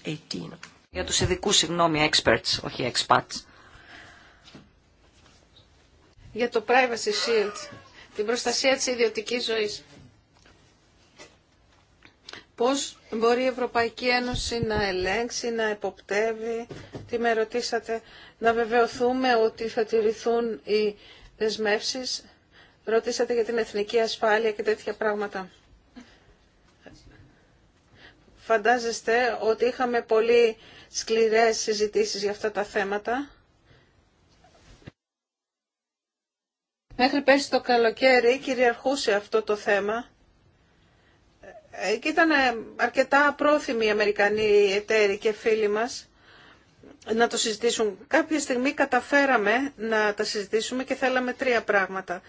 18. Για τους ειδικούς, συγγνώμη, experts, όχι expats. Για το privacy shield, την προστασία της ιδιωτικής ζωής. Πώς μπορεί η Ευρωπαϊκή Ένωση να ελέγξει, να εποπτεύει, τι με ρωτήσατε, να βεβαιωθούμε ότι θα τηρηθούν οι δεσμεύσεις Ρωτήσατε για την εθνική ασφάλεια και τέτοια πράγματα. Φαντάζεστε ότι είχαμε πολύ σκληρές συζητήσεις για αυτά τα θέματα. Μέχρι πέρσι το καλοκαίρι κυριαρχούσε αυτό το θέμα ε, και ήταν ε, αρκετά πρόθυμοι οι Αμερικανοί εταίροι και φίλοι μας να το συζητήσουν. Κάποια στιγμή καταφέραμε να τα συζητήσουμε και θέλαμε τρία πράγματα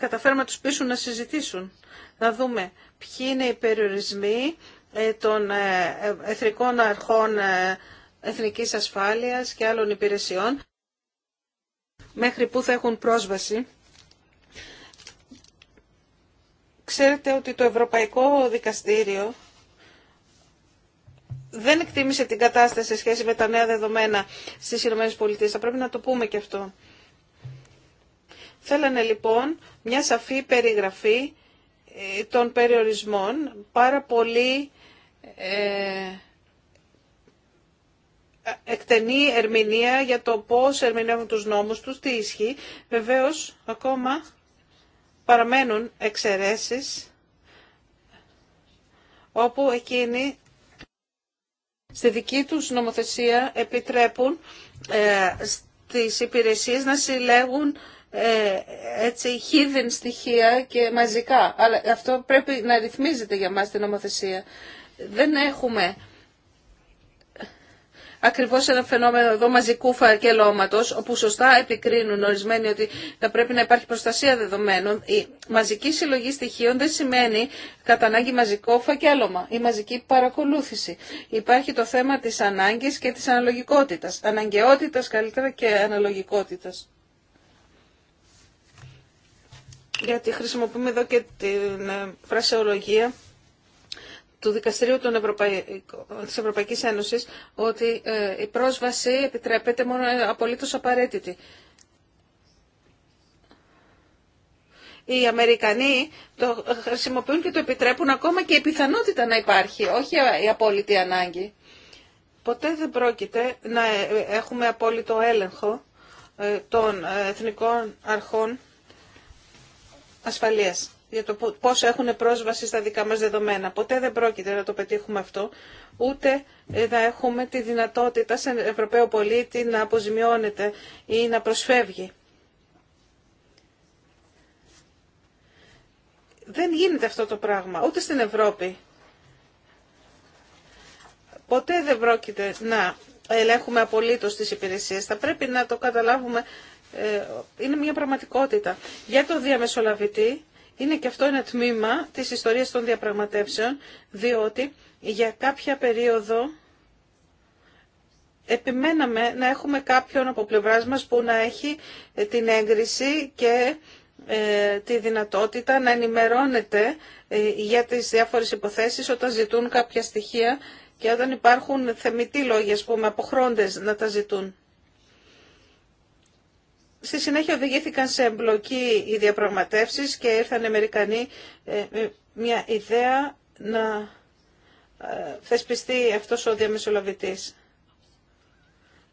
καταφέρουμε να τους πείσουν να συζητήσουν. Να δούμε ποιοι είναι οι περιορισμοί ε, των ε, εθνικών αρχών ε, εθνικής ασφάλειας και άλλων υπηρεσιών μέχρι που θα έχουν πρόσβαση. Ξέρετε ότι το Ευρωπαϊκό Δικαστήριο δεν εκτίμησε την κατάσταση σε σχέση με τα νέα δεδομένα στις ΗΠΑ. Θα πρέπει να το πούμε και αυτό. Θέλανε λοιπόν μια σαφή περιγραφή ε, των περιορισμών, πάρα πολύ ε, εκτενή ερμηνεία για το πώς ερμηνεύουν τους νόμους τους, τι ισχύει. Βεβαίως, ακόμα παραμένουν εξαιρέσεις όπου εκείνοι στη δική τους νομοθεσία επιτρέπουν ε, στις υπηρεσίες να συλλέγουν ε, έτσι hidden στοιχεία και μαζικά. Αλλά αυτό πρέπει να ρυθμίζεται για μας την νομοθεσία. Δεν έχουμε ακριβώς ένα φαινόμενο εδώ μαζικού φακελώματος, όπου σωστά επικρίνουν ορισμένοι ότι θα πρέπει να υπάρχει προστασία δεδομένων. Η μαζική συλλογή στοιχείων δεν σημαίνει κατά ανάγκη μαζικό φακέλωμα ή μαζική παρακολούθηση. Υπάρχει το θέμα της ανάγκης και της αναλογικότητας. Αναγκαιότητας καλύτερα και αναλογικότητας γιατί χρησιμοποιούμε εδώ και την ε, φρασεολογία του Δικαστηρίου των Ευρωπαϊ... της Ευρωπαϊκής Ένωσης ότι ε, η πρόσβαση επιτρέπεται μόνο ε, απολύτως απαραίτητη. Οι Αμερικανοί το χρησιμοποιούν και το επιτρέπουν ακόμα και η πιθανότητα να υπάρχει, όχι η απόλυτη ανάγκη. Ποτέ δεν πρόκειται να έχουμε απόλυτο έλεγχο των εθνικών αρχών ασφαλείας για το πώς έχουν πρόσβαση στα δικά μας δεδομένα. Ποτέ δεν πρόκειται να το πετύχουμε αυτό, ούτε ε, να έχουμε τη δυνατότητα σε Ευρωπαίο πολίτη να αποζημιώνεται ή να προσφεύγει. Δεν γίνεται αυτό το πράγμα, ούτε στην Ευρώπη. Ποτέ δεν πρόκειται να ελέγχουμε απολύτως τις υπηρεσίες. Θα πρέπει να το καταλάβουμε ε, είναι μια πραγματικότητα. Για το διαμεσολαβητή είναι και αυτό ένα τμήμα της ιστορίας των διαπραγματεύσεων, διότι για κάποια περίοδο επιμέναμε να έχουμε κάποιον από πλευρά μας που να έχει ε, την έγκριση και ε, τη δυνατότητα να ενημερώνεται για τις διάφορες υποθέσεις όταν ζητούν κάποια στοιχεία και όταν υπάρχουν θεμητοί λόγοι, ας πούμε, αποχρόντες να τα ζητούν. Στη συνέχεια οδηγήθηκαν σε εμπλοκή οι διαπραγματεύσεις και ήρθαν οι Αμερικανοί ε, μια ιδέα να ε, θεσπιστεί αυτός ο διαμεσολαβητής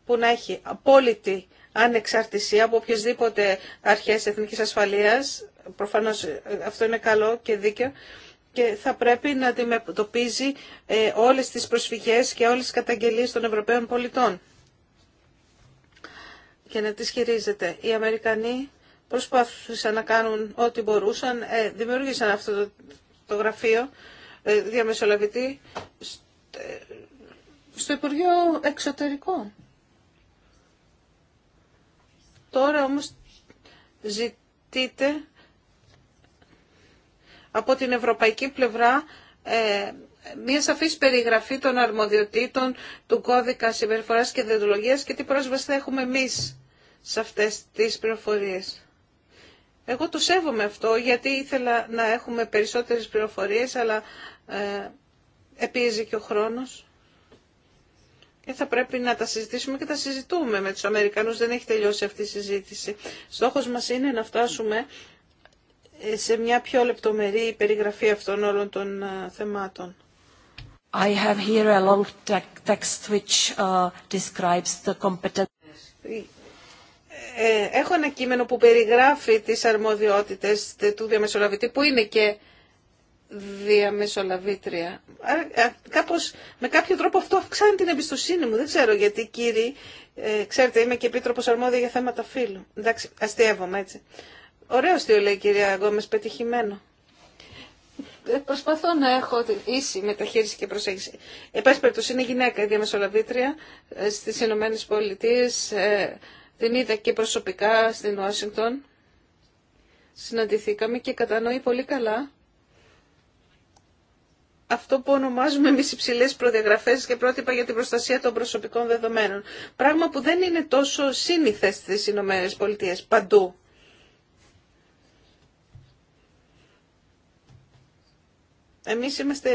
που να έχει απόλυτη ανεξαρτησία από οποιασδήποτε αρχές εθνικής ασφαλείας. Προφανώς ε, αυτό είναι καλό και δίκαιο και θα πρέπει να αντιμετωπίζει όλες τις προσφυγές και όλες τις καταγγελίες των Ευρωπαίων πολιτών και να τις χειρίζεται. Οι Αμερικανοί προσπάθησαν να κάνουν ό,τι μπορούσαν, ε, δημιούργησαν αυτό το, γραφείο ε, διαμεσολαβητή στο Υπουργείο Εξωτερικό. Τώρα όμως ζητείται από την ευρωπαϊκή πλευρά ε, μια σαφής περιγραφή των αρμοδιοτήτων του κώδικα συμπεριφοράς και διοντολογίας και τι πρόσβαση θα έχουμε εμείς σε αυτές τις πληροφορίες. Εγώ το σέβομαι αυτό γιατί ήθελα να έχουμε περισσότερες πληροφορίες αλλά ε, και ο χρόνος. Και θα πρέπει να τα συζητήσουμε και τα συζητούμε με τους Αμερικανούς. Δεν έχει τελειώσει αυτή η συζήτηση. Στόχος μας είναι να φτάσουμε ε, σε μια πιο λεπτομερή περιγραφή αυτών όλων των ε, θεμάτων. Έχω ένα κείμενο που περιγράφει τις αρμοδιότητες του διαμεσολαβητή που είναι και διαμεσολαβήτρια. Κάπως, με κάποιο τρόπο αυτό αυξάνει την εμπιστοσύνη μου. Δεν ξέρω γιατί κύριοι, ε, ξέρετε είμαι και επίτροπος αρμόδια για θέματα φύλου. Εντάξει, αστείευομαι έτσι. Ωραίο στείο λέει η κυρία Γκόμες, πετυχημένο. Ε, προσπαθώ να έχω ίση μεταχείριση και προσέγγιση. Επάς είναι γυναίκα, η διαμεσολαβήτρια ε, στις Ηνωμένες Πολιτείες. Ε, την είδα και προσωπικά στην Ουάσιγκτον. Συναντηθήκαμε και κατανοεί πολύ καλά αυτό που ονομάζουμε εμεί υψηλέ προδιαγραφέ και πρότυπα για την προστασία των προσωπικών δεδομένων. Πράγμα που δεν είναι τόσο σύνηθε στι Ηνωμένε Πολιτείε παντού. Εμείς είμαστε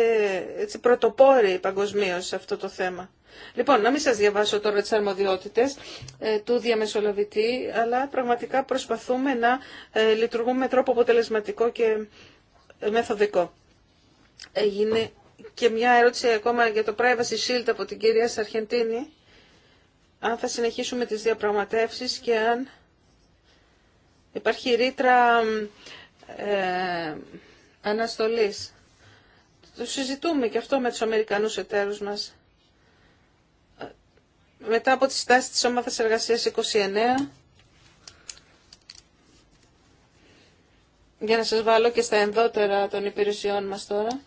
έτσι, πρωτοπόροι παγκοσμίω σε αυτό το θέμα. Λοιπόν, να μην σας διαβάσω τώρα τις αρμοδιότητες ε, του διαμεσολαβητή, αλλά πραγματικά προσπαθούμε να ε, λειτουργούμε με τρόπο αποτελεσματικό και ε, μεθοδικό. Έγινε και μια ερώτηση ακόμα για το Privacy Shield από την κυρία Σαρχεντίνη. Αν θα συνεχίσουμε τις διαπραγματεύσεις και αν υπάρχει ρήτρα αναστολής. Το συζητούμε και αυτό με τους Αμερικανούς εταίρους μας. Μετά από τη στάση της Ομάδας Εργασίας 29, για να σας βάλω και στα ενδότερα των υπηρεσιών μας τώρα,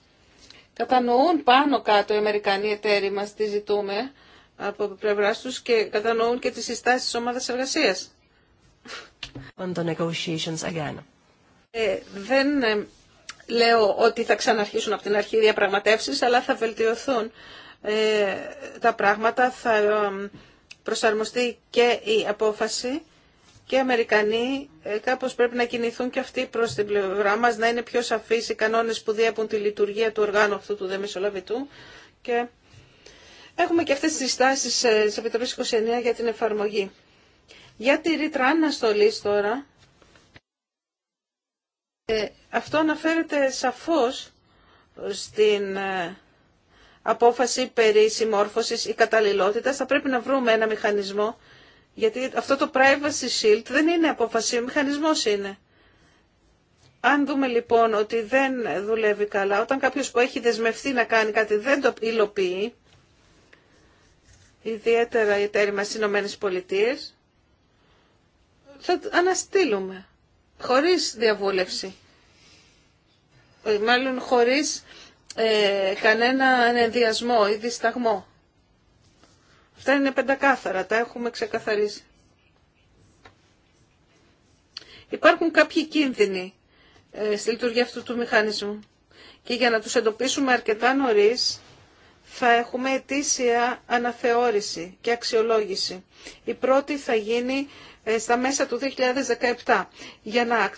κατανοούν πάνω κάτω οι Αμερικανοί εταίροι μας τι ζητούμε από πλευρά του και κατανοούν και τις στάσεις της Ομάδας Εργασίας. the Ε, ε λέω ότι θα ξαναρχίσουν από την αρχή διαπραγματεύσεις, αλλά θα βελτιωθούν ε, τα πράγματα, θα ε, προσαρμοστεί και η απόφαση και οι Αμερικανοί ε, κάπως πρέπει να κινηθούν και αυτοί προς την πλευρά μας, να είναι πιο σαφείς οι κανόνες που διέπουν τη λειτουργία του οργάνου αυτού του Δεμεσολαβητού και έχουμε και αυτές τις στάσεις της Επιτροπής 29 για την εφαρμογή. Για τη ρήτρα αναστολής τώρα, ε, αυτό αναφέρεται σαφώς στην ε, απόφαση περί συμμόρφωσης ή καταλληλότητας. Θα πρέπει να βρούμε ένα μηχανισμό, γιατί αυτό το Privacy Shield δεν είναι απόφαση, ο μηχανισμός είναι. Αν δούμε λοιπόν ότι δεν δουλεύει καλά, όταν κάποιος που έχει δεσμευτεί να κάνει κάτι δεν το υλοποιεί, ιδιαίτερα οι εταίροι μας στις Ηνωμένες Πολιτείες, θα αναστείλουμε χωρίς διαβούλευση. Μάλλον χωρίς ε, κανένα ενδιασμό ή δισταγμό. Αυτά είναι πεντακάθαρα, τα έχουμε ξεκαθαρίσει. Υπάρχουν κάποιοι κίνδυνοι ε, στη λειτουργία αυτού του μηχανισμού και για να τους εντοπίσουμε αρκετά νωρίς θα έχουμε ετήσια αναθεώρηση και αξιολόγηση. Η πρώτη θα γίνει ε, στα μέσα του 2017 για να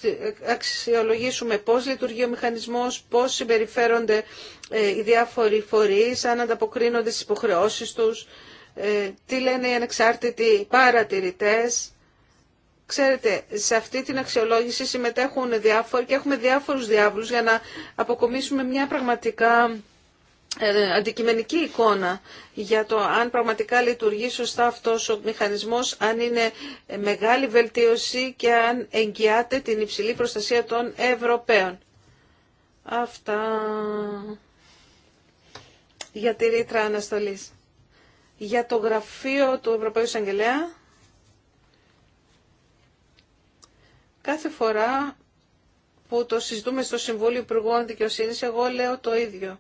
αξιολογήσουμε πώς λειτουργεί ο μηχανισμός, πώς συμπεριφέρονται ε, οι διάφοροι φορείς, αν ανταποκρίνονται στις υποχρεώσεις τους, ε, τι λένε οι ανεξάρτητοι παρατηρητές. Ξέρετε, σε αυτή την αξιολόγηση συμμετέχουν διάφοροι και έχουμε διάφορους διάβλους για να αποκομίσουμε μια πραγματικά ε, αντικειμενική εικόνα για το αν πραγματικά λειτουργεί σωστά αυτός ο μηχανισμός, αν είναι μεγάλη βελτίωση και αν εγγυάται την υψηλή προστασία των Ευρωπαίων. Αυτά για τη ρήτρα αναστολής. Για το γραφείο του Ευρωπαίου Εισαγγελέα, κάθε φορά που το συζητούμε στο Συμβούλιο Υπουργών Δικαιοσύνης, εγώ λέω το ίδιο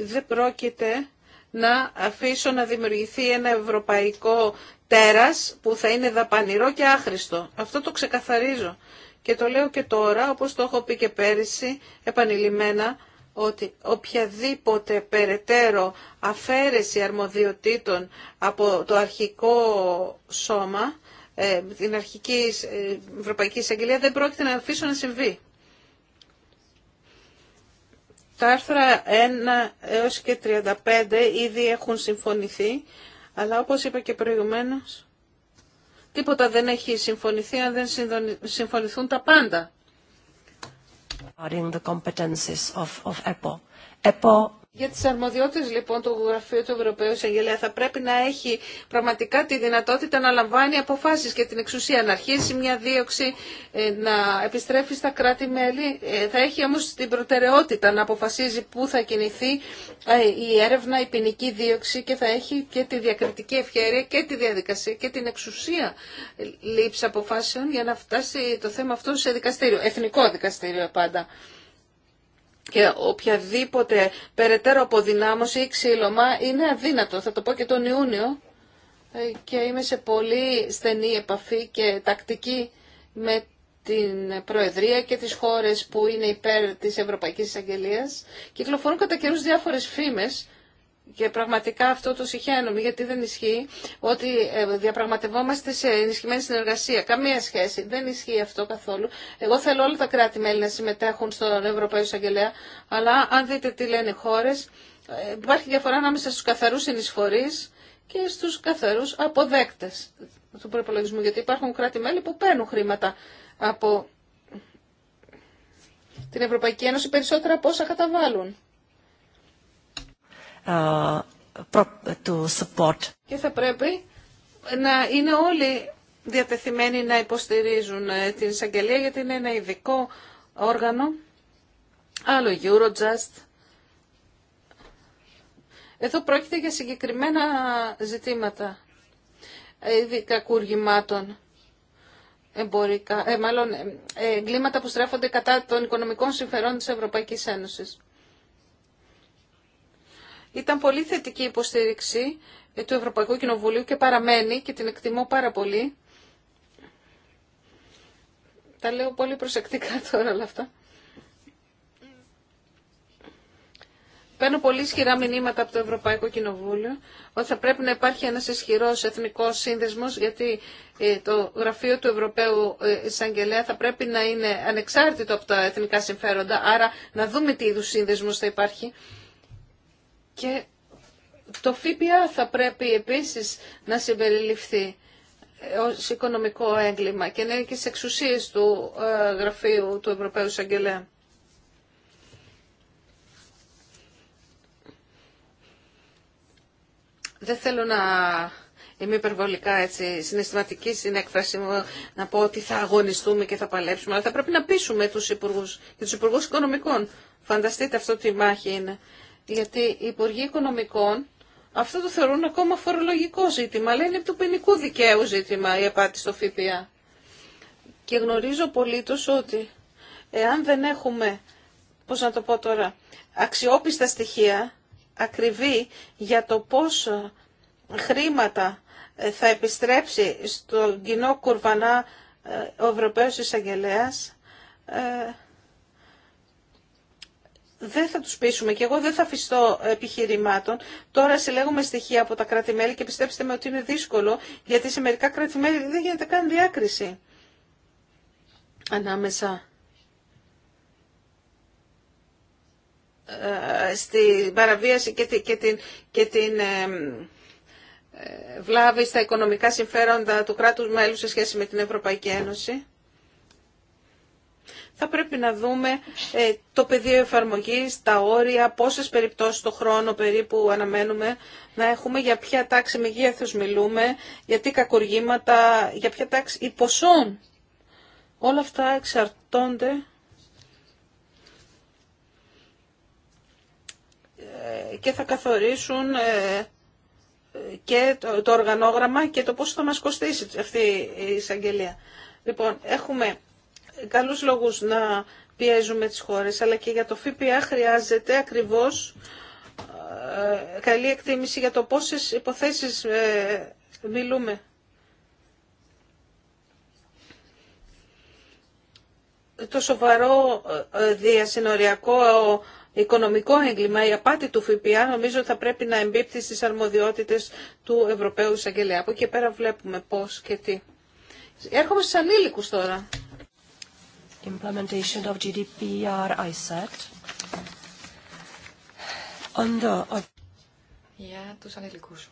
δεν πρόκειται να αφήσω να δημιουργηθεί ένα ευρωπαϊκό τέρας που θα είναι δαπανηρό και άχρηστο. Αυτό το ξεκαθαρίζω. Και το λέω και τώρα, όπως το έχω πει και πέρυσι, επανειλημμένα, ότι οποιαδήποτε περαιτέρω αφαίρεση αρμοδιοτήτων από το αρχικό σώμα, ε, την αρχική ε, Ευρωπαϊκή Εισαγγελία, δεν πρόκειται να αφήσω να συμβεί. Τα άρθρα 1 έως και 35 ήδη έχουν συμφωνηθεί, αλλά όπως είπα και προηγουμένως, τίποτα δεν έχει συμφωνηθεί αν δεν συμφωνηθούν τα πάντα. Για τις αρμοδιότητες λοιπόν του Γραφείου του Ευρωπαίου Εισαγγελέα θα πρέπει να έχει πραγματικά τη δυνατότητα να λαμβάνει αποφάσεις και την εξουσία να αρχίσει μια δίωξη ε, να επιστρέφει στα κράτη-μέλη. Ε, θα έχει όμως την προτεραιότητα να αποφασίζει πού θα κινηθεί ε, η έρευνα, η ποινική δίωξη και θα έχει και τη διακριτική ευχαίρεια και τη διαδικασία και την εξουσία λήψη αποφάσεων για να φτάσει το θέμα αυτό σε δικαστήριο, εθνικό δικαστήριο πάντα και οποιαδήποτε περαιτέρω αποδυνάμωση ή ξύλωμα είναι αδύνατο. Θα το πω και τον Ιούνιο ε, και είμαι σε πολύ στενή επαφή και τακτική με την Προεδρία και τις χώρες που είναι υπέρ της Ευρωπαϊκής Εισαγγελίας. Κυκλοφορούν κατά καιρούς διάφορες φήμες και πραγματικά αυτό το συχαίνομαι, γιατί δεν ισχύει ότι ε, διαπραγματευόμαστε σε ενισχυμένη συνεργασία. Καμία σχέση. Δεν ισχύει αυτό καθόλου. Εγώ θέλω όλα τα κράτη-μέλη να συμμετέχουν στον Ευρωπαϊκό Εισαγγελέα, αλλά αν δείτε τι λένε οι χώρε, ε, υπάρχει διαφορά ανάμεσα στου καθαρού συνεισφορεί και στου καθαρού αποδέκτε του προπολογισμού. Γιατί υπάρχουν κράτη-μέλη που παίρνουν χρήματα από την Ευρωπαϊκή Ένωση περισσότερα από όσα καταβάλουν. Ε, support. Και θα πρέπει να είναι όλοι διατεθειμένοι να υποστηρίζουν ε, την εισαγγελία γιατί είναι ένα ειδικό όργανο, άλλο Eurojust. Εδώ πρόκειται για συγκεκριμένα ζητήματα ε, κακουργημάτων εμπορικά, ε, μάλλον εγκλήματα που στρέφονται κατά των οικονομικών συμφερών της Ευρωπαϊκής Ένωσης. Ήταν πολύ θετική η υποστήριξη του Ευρωπαϊκού Κοινοβουλίου και παραμένει και την εκτιμώ πάρα πολύ. Τα λέω πολύ προσεκτικά τώρα όλα αυτά. Παίρνω πολύ ισχυρά μηνύματα από το Ευρωπαϊκό Κοινοβούλιο ότι θα πρέπει να υπάρχει ένας ισχυρός εθνικός σύνδεσμος γιατί ε, το γραφείο του Ευρωπαίου ε, Εισαγγελέα θα πρέπει να είναι ανεξάρτητο από τα εθνικά συμφέροντα άρα να δούμε τι είδους σύνδεσμος θα υπάρχει και το ΦΠΑ θα πρέπει επίσης να συμπεριληφθεί ως οικονομικό έγκλημα και να είναι και στις εξουσίες του ε, γραφείου του Ευρωπαίου Σαγγελέα. Δεν θέλω να είμαι υπερβολικά έτσι, συναισθηματική στην έκφραση μου να πω ότι θα αγωνιστούμε και θα παλέψουμε, αλλά θα πρέπει να πείσουμε τους υπουργούς και τους υπουργούς οικονομικών. Φανταστείτε αυτό τι μάχη είναι γιατί οι Υπουργοί Οικονομικών αυτό το θεωρούν ακόμα φορολογικό ζήτημα, αλλά είναι του ποινικού δικαίου ζήτημα η απάτη στο ΦΠΑ. Και γνωρίζω πολύ πολύτως ότι εάν δεν έχουμε, πώς να το πω τώρα, αξιόπιστα στοιχεία, ακριβή για το πόσο χρήματα ε, θα επιστρέψει στο κοινό κουρβανά ε, ο Ευρωπαίος Εισαγγελέας, ε, δεν θα τους πείσουμε και εγώ δεν θα αφιστώ επιχειρημάτων. Τώρα συλλέγουμε στοιχεία από τα κράτη-μέλη και πιστέψτε με ότι είναι δύσκολο γιατί σε μερικά κράτη-μέλη δεν γίνεται καν διάκριση ανάμεσα ε, στην παραβίαση και την, και την, και ε, την ε, βλάβη στα οικονομικά συμφέροντα του κράτους μέλους σε σχέση με την Ευρωπαϊκή Ένωση θα πρέπει να δούμε ε, το πεδίο εφαρμογής, τα όρια, πόσες περιπτώσεις το χρόνο περίπου αναμένουμε να έχουμε, για ποια τάξη μεγέθους μιλούμε, για τι κακουργήματα, για ποια τάξη υποσών. Όλα αυτά εξαρτώνται ε, και θα καθορίσουν ε, και το οργανόγραμμα και το πόσο θα μας κοστίσει αυτή η εισαγγελία. Λοιπόν, έχουμε καλούς λόγους να πιέζουμε τις χώρες, αλλά και για το ΦΠΑ χρειάζεται ακριβώς ε, καλή εκτίμηση για το πόσες υποθέσεις ε, μιλούμε. Το σοβαρό ε, διασυνοριακό οικονομικό έγκλημα, η απάτη του ΦΠΑ νομίζω θα πρέπει να εμπίπτει στις αρμοδιότητες του Ευρωπαίου Εισαγγελέα. Από εκεί πέρα βλέπουμε πώς και τι. Έρχομαι στους ανήλικους τώρα implementation of GDPR, I said. On the... Για τους ανηλικούς.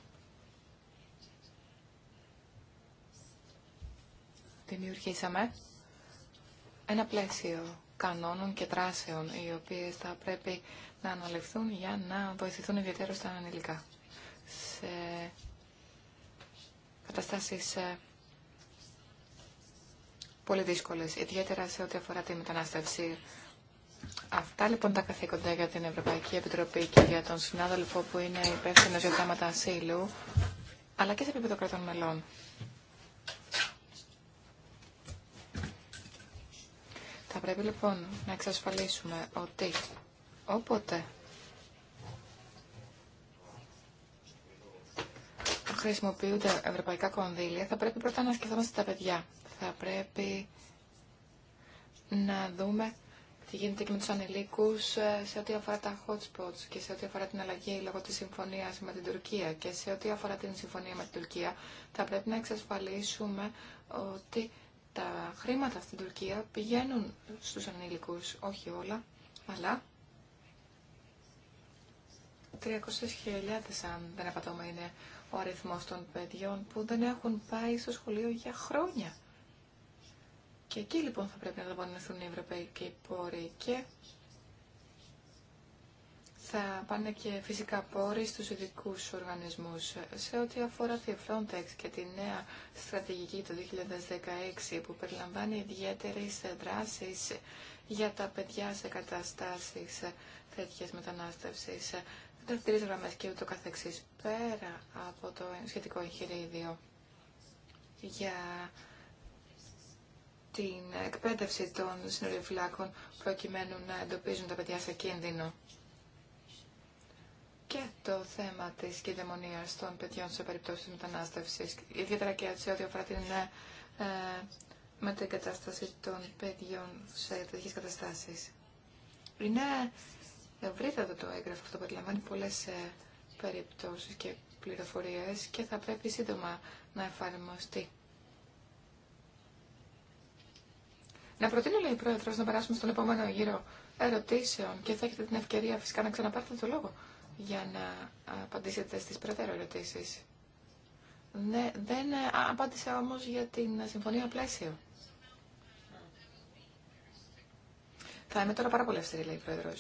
Δημιουργήσαμε ένα πλαίσιο κανόνων και δράσεων, οι οποίες θα πρέπει να αναλυφθούν για να βοηθηθούν ιδιαίτερα στα ανηλικά. Σε καταστάσεις ε, πολύ δύσκολες, ιδιαίτερα σε ό,τι αφορά τη μετανάστευση. Αυτά λοιπόν τα καθήκοντα για την Ευρωπαϊκή Επιτροπή και για τον συνάδελφο που είναι υπεύθυνο για θέματα ασύλου, αλλά και σε επίπεδο κρατών μελών. Θα πρέπει λοιπόν να εξασφαλίσουμε ότι όποτε χρησιμοποιούνται ευρωπαϊκά κονδύλια, θα πρέπει πρώτα να σκεφτόμαστε τα παιδιά θα πρέπει να δούμε τι γίνεται και με τους ανηλίκους ε, σε ό,τι αφορά τα hot spots και σε ό,τι αφορά την αλλαγή λόγω της συμφωνίας με την Τουρκία και σε ό,τι αφορά την συμφωνία με την Τουρκία θα πρέπει να εξασφαλίσουμε ότι τα χρήματα στην Τουρκία πηγαίνουν στους ανήλικους, όχι όλα, αλλά 300.000 αν δεν απατώμε είναι ο αριθμός των παιδιών που δεν έχουν πάει στο σχολείο για χρόνια. Και εκεί λοιπόν θα πρέπει να δαπανηθούν οι ευρωπαϊκοί πόροι και θα πάνε και φυσικά πόροι στους ειδικού οργανισμούς. Σε ό,τι αφορά τη Frontex και τη νέα στρατηγική του 2016 που περιλαμβάνει ιδιαίτερες δράσεις για τα παιδιά σε καταστάσεις τέτοιες μετανάστευσης, δευτερείς γραμμές και ούτω καθεξής πέρα από το σχετικό εγχειρίδιο για την εκπαίδευση των συνοριοφυλάκων προκειμένου να εντοπίζουν τα παιδιά σε κίνδυνο. Και το θέμα της κυδαιμονίας των παιδιών σε περιπτώσεις μετανάστευσης, ιδιαίτερα και έτσι ό,τι αφορά την ε, με την κατάσταση των παιδιών σε τέτοιες καταστάσεις. Είναι ευρύτατο το έγγραφο αυτό, περιλαμβάνει πολλές ε, περιπτώσεις και πληροφορίες και θα πρέπει σύντομα να εφαρμοστεί Να προτείνω, λέει η Πρόεδρο, να περάσουμε στον επόμενο γύρο ερωτήσεων και θα έχετε την ευκαιρία φυσικά να ξαναπάρτε το λόγο για να απαντήσετε στι περαιτέρω ερωτήσει. Ναι, δεν ε, απάντησα όμω για την συμφωνία πλαίσιο. Θα είμαι τώρα πάρα πολύ αυστηρή, λέει η πρόεδρο.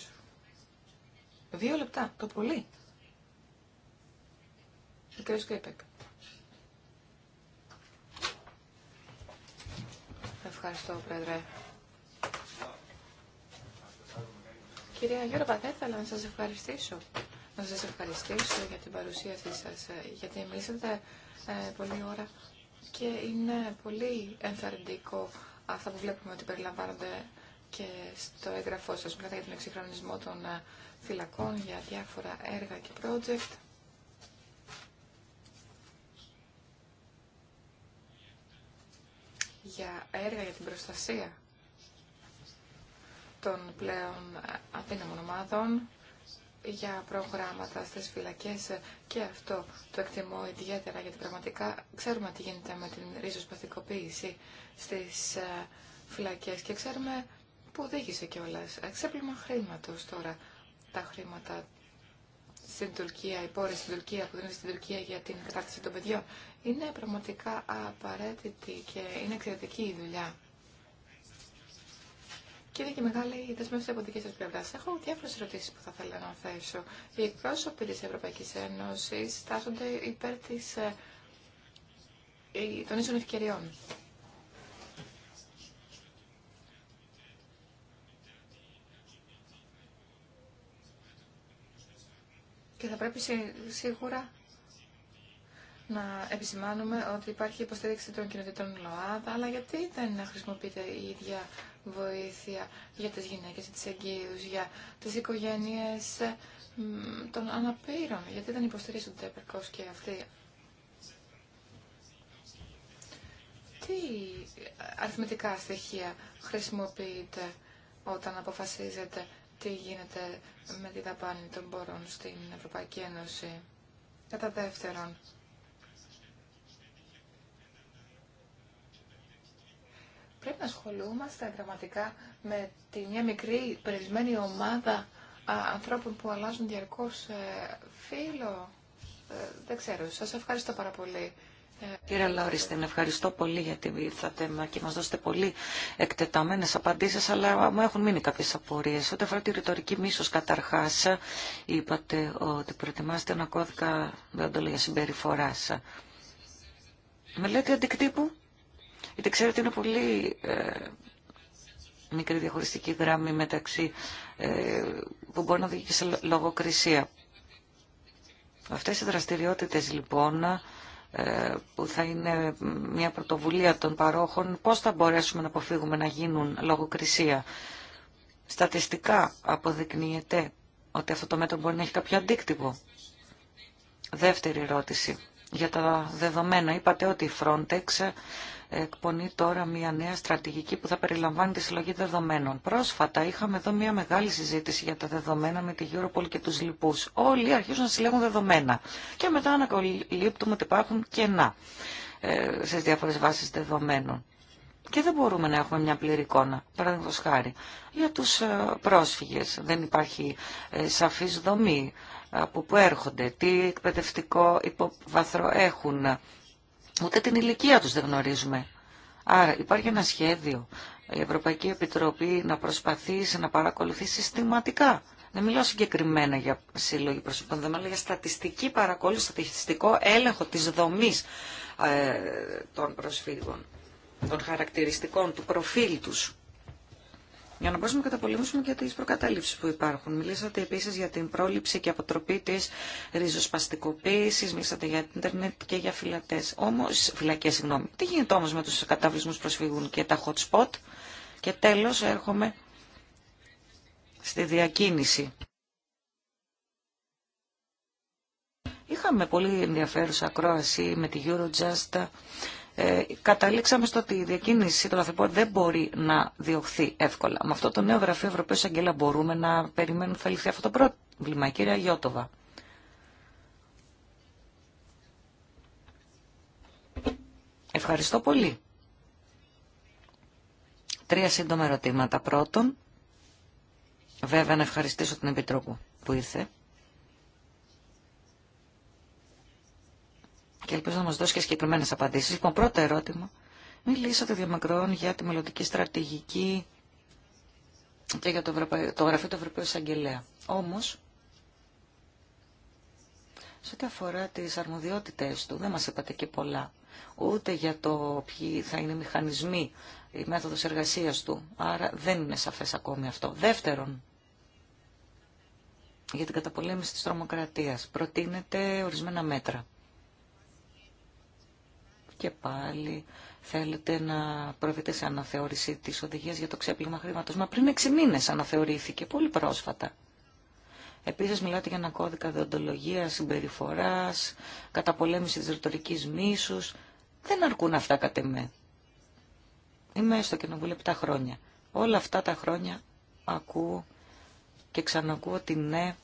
Δύο λεπτά, το πολύ. Ο κ. Σκρίπεκ. Ευχαριστώ, Πρόεδρε. Κυρία Γιώργα, θα ήθελα να σας ευχαριστήσω. Να σας ευχαριστήσω για την παρουσίασή σας, ε, γιατί μιλήσατε ε, πολλή ώρα και είναι πολύ ενθαρρυντικό αυτά που βλέπουμε ότι περιλαμβάνονται και στο έγγραφό σας. Μιλάτε για τον εξυγχρονισμό των ε, φυλακών, για διάφορα έργα και project. για έργα για την προστασία των πλέον αδύναμων ομάδων, για προγράμματα στις φυλακές και αυτό το εκτιμώ ιδιαίτερα γιατί πραγματικά ξέρουμε τι γίνεται με την ρίζοσπαθικοποίηση στις ε, φυλακές και ξέρουμε που οδήγησε κιόλας Εξέπλημα χρήματος τώρα τα χρήματα στην Τουρκία, οι πόροι στην Τουρκία που δίνουν στην Τουρκία για την κατάρτιση των παιδιών είναι πραγματικά απαραίτητη και είναι εξαιρετική η δουλειά. Και είναι και μεγάλη δεσμεύση από δική σα πλευρά. Έχω διάφορε ερωτήσει που θα ήθελα να θέσω. Οι εκπρόσωποι τη Ευρωπαϊκή Ένωση στάζονται υπέρ τη ε, ε, των ίσων ευκαιριών. Και θα πρέπει σίγουρα να επισημάνουμε ότι υπάρχει υποστήριξη των κοινοτήτων ΛΟΑΔ, αλλά γιατί δεν χρησιμοποιείται η ίδια βοήθεια για τις γυναίκες, για τις εγγύους, για τις οικογένειες των αναπήρων, γιατί δεν υποστηρίζονται επαρκώς και αυτοί. Τι αριθμητικά στοιχεία χρησιμοποιείται όταν αποφασίζεται τι γίνεται με τη δαπάνη των πόρων στην Ευρωπαϊκή Ένωση. Κατά δεύτερον, πρέπει να ασχολούμαστε πραγματικά με τη μια μικρή περιορισμένη ομάδα ανθρώπων που αλλάζουν διαρκώς ε, φίλο. Ε, δεν ξέρω. Σας ευχαριστώ πάρα πολύ. Κύριε Λόριστεν, ευχαριστώ πολύ γιατί ήρθατε και μας δώσετε πολύ εκτεταμένες απαντήσεις, αλλά μου έχουν μείνει κάποιες απορίες. Ό,τι αφορά τη ρητορική μίσος καταρχάς, είπατε ότι προετοιμάστε ένα κώδικα διοντολογία συμπεριφορά. Μελέτη αντικτύπου, γιατί ξέρετε είναι πολύ ε, μικρή διαχωριστική γραμμή μεταξύ ε, που μπορεί να οδηγήσει και σε λογοκρισία. Αυτές οι δραστηριότητες λοιπόν που θα είναι μια πρωτοβουλία των παρόχων, πώς θα μπορέσουμε να αποφύγουμε να γίνουν λογοκρισία. Στατιστικά αποδεικνύεται ότι αυτό το μέτρο μπορεί να έχει κάποιο αντίκτυπο. Δεύτερη ερώτηση για τα δεδομένα. Είπατε ότι η Frontex εκπονεί τώρα μια νέα στρατηγική που θα περιλαμβάνει τη συλλογή δεδομένων. Πρόσφατα είχαμε εδώ μια μεγάλη συζήτηση για τα δεδομένα με τη Europol και τους λοιπούς. Όλοι αρχίζουν να συλλέγουν δεδομένα και μετά ανακαλύπτουμε ότι υπάρχουν κενά σε διάφορες βάσεις δεδομένων. Και δεν μπορούμε να έχουμε μια πλήρη εικόνα, παραδείγματο χάρη. Για τους ε, πρόσφυγες δεν υπάρχει ε, σαφής δομή από πού έρχονται, τι εκπαιδευτικό υποβαθρό έχουν. Ούτε την ηλικία τους δεν γνωρίζουμε. Άρα υπάρχει ένα σχέδιο η Ευρωπαϊκή Επιτροπή να προσπαθήσει να παρακολουθεί συστηματικά. Δεν μιλάω συγκεκριμένα για συλλογή προσωπών, δεν για στατιστική παρακολούθηση, στατιστικό έλεγχο της δομής ε, των προσφύγων, των χαρακτηριστικών, του προφίλ τους για να μπορούμε να καταπολεμήσουμε και τις προκαταλήψεις που υπάρχουν. Μιλήσατε επίσης για την πρόληψη και αποτροπή της ριζοσπαστικοποίησης, μιλήσατε για ίντερνετ και για φυλακέ. Όμως, φυλακές, συγγνώμη. Τι γίνεται όμως με τους καταβλισμούς προσφυγούν και τα hot spot. Και τέλος έρχομαι στη διακίνηση. Είχαμε πολύ ενδιαφέρουσα ακρόαση με τη Eurojust ε, καταλήξαμε στο ότι η διακίνηση των ανθρώπων δεν μπορεί να διωχθεί εύκολα. Με αυτό το νέο γραφείο Ευρωπαίου Αγγέλα μπορούμε να περιμένουμε θα λυθεί αυτό το πρόβλημα. Κύριε Αγιώτοβα. Ευχαριστώ πολύ. Τρία σύντομα ερωτήματα. Πρώτον, βέβαια να ευχαριστήσω την Επιτρόπου που ήρθε και ελπίζω να μα δώσει και συγκεκριμένε απαντήσει. Λοιπόν, πρώτο ερώτημα. Μιλήσατε διαμακρών για τη μελλοντική στρατηγική και για το, γραφείο του Ευρωπαίου Εισαγγελέα. Όμω, σε ό,τι αφορά τι αρμοδιότητε του, δεν μα είπατε και πολλά. Ούτε για το ποιοι θα είναι οι μηχανισμοί, η μέθοδο εργασία του. Άρα δεν είναι σαφές ακόμη αυτό. Δεύτερον, για την καταπολέμηση της τρομοκρατίας προτείνεται ορισμένα μέτρα και πάλι θέλετε να προβείτε σε αναθεώρηση της οδηγίας για το ξέπλυμα χρήματος. Μα πριν 6 μήνες αναθεωρήθηκε, πολύ πρόσφατα. Επίσης μιλάτε για ένα κώδικα διοντολογίας, συμπεριφοράς, καταπολέμηση της ρητορικής μίσους. Δεν αρκούν αυτά κατ' εμέ. Είμαι στο κοινοβούλιο 7 χρόνια. Όλα αυτά τα χρόνια ακούω και ξανακούω ότι ναι,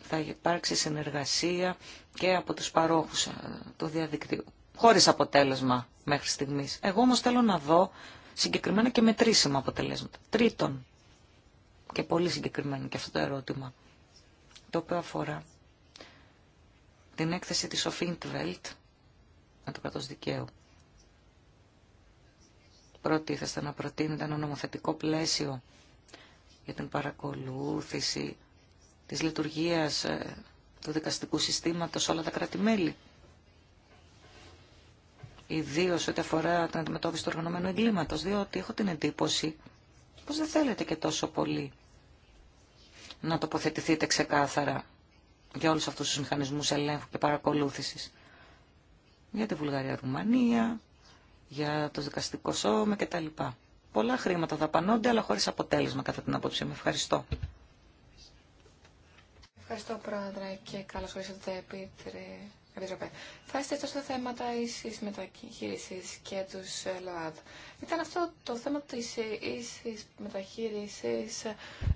θα υπάρξει συνεργασία και από τους παρόχους ε, του διαδικτύου χωρίς αποτέλεσμα μέχρι στιγμής. Εγώ όμως θέλω να δω συγκεκριμένα και μετρήσιμα αποτελέσματα. Τρίτον, και πολύ συγκεκριμένο και αυτό το ερώτημα, το οποίο αφορά την έκθεση της Σοφίντβελτ με το κρατός δικαίου. Προτίθεστε να προτείνετε ένα νομοθετικό πλαίσιο για την παρακολούθηση της λειτουργίας ε, του δικαστικού συστήματος όλα τα κράτη-μέλη ιδίω ό,τι αφορά την αντιμετώπιση του οργανωμένου εγκλήματο. διότι έχω την εντύπωση πως δεν θέλετε και τόσο πολύ να τοποθετηθείτε ξεκάθαρα για όλους αυτούς τους μηχανισμούς ελέγχου και παρακολούθηση. Για τη Βουλγαρία-Ρουμανία, για το δικαστικό σώμα κτλ. Πολλά χρήματα δαπανώνται, αλλά χωρί αποτέλεσμα κατά την άποψή μου. Ευχαριστώ. Ευχαριστώ, Πρόεδρε, και καλώς ορίσατε, Επίτρε θα είστε τόσο θέματα ίση μεταχείριση και του ε, ΛΟΑΔ. Ήταν αυτό το θέμα τη ε, ίση μεταχείριση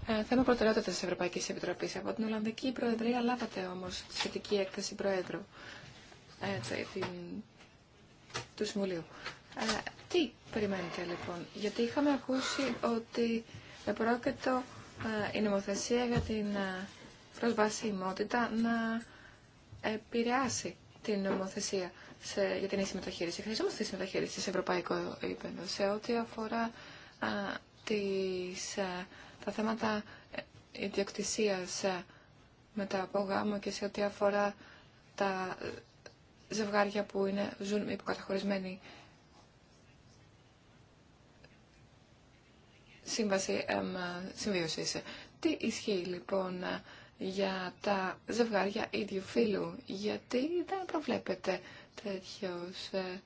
ε, θέμα προτεραιότητα τη Ευρωπαϊκή Επιτροπή. Από την Ολλανδική Προεδρία λάβατε όμω τη σχετική έκθεση Προέδρου την, του Συμβουλίου. Ε, τι περιμένετε λοιπόν, γιατί είχαμε ακούσει ότι πρόκειτο ε, η νομοθεσία για την προσβασιμότητα να επηρεάσει την νομοθεσία σε, για την ίση μεταχείριση. Χρειαζόμαστε τη μεταχείριση σε ευρωπαϊκό επίπεδο σε ό,τι αφορά τις, ε, τα θέματα ε, ιδιοκτησία ε, μετά από γάμο και σε ό,τι αφορά τα ζευγάρια που είναι, ζουν υποκαταχωρισμένοι σύμβαση εμ, συμβίωσης. Τι ισχύει λοιπόν για τα ζευγάρια ίδιου φίλου, γιατί δεν προβλέπεται τέτοιος ε,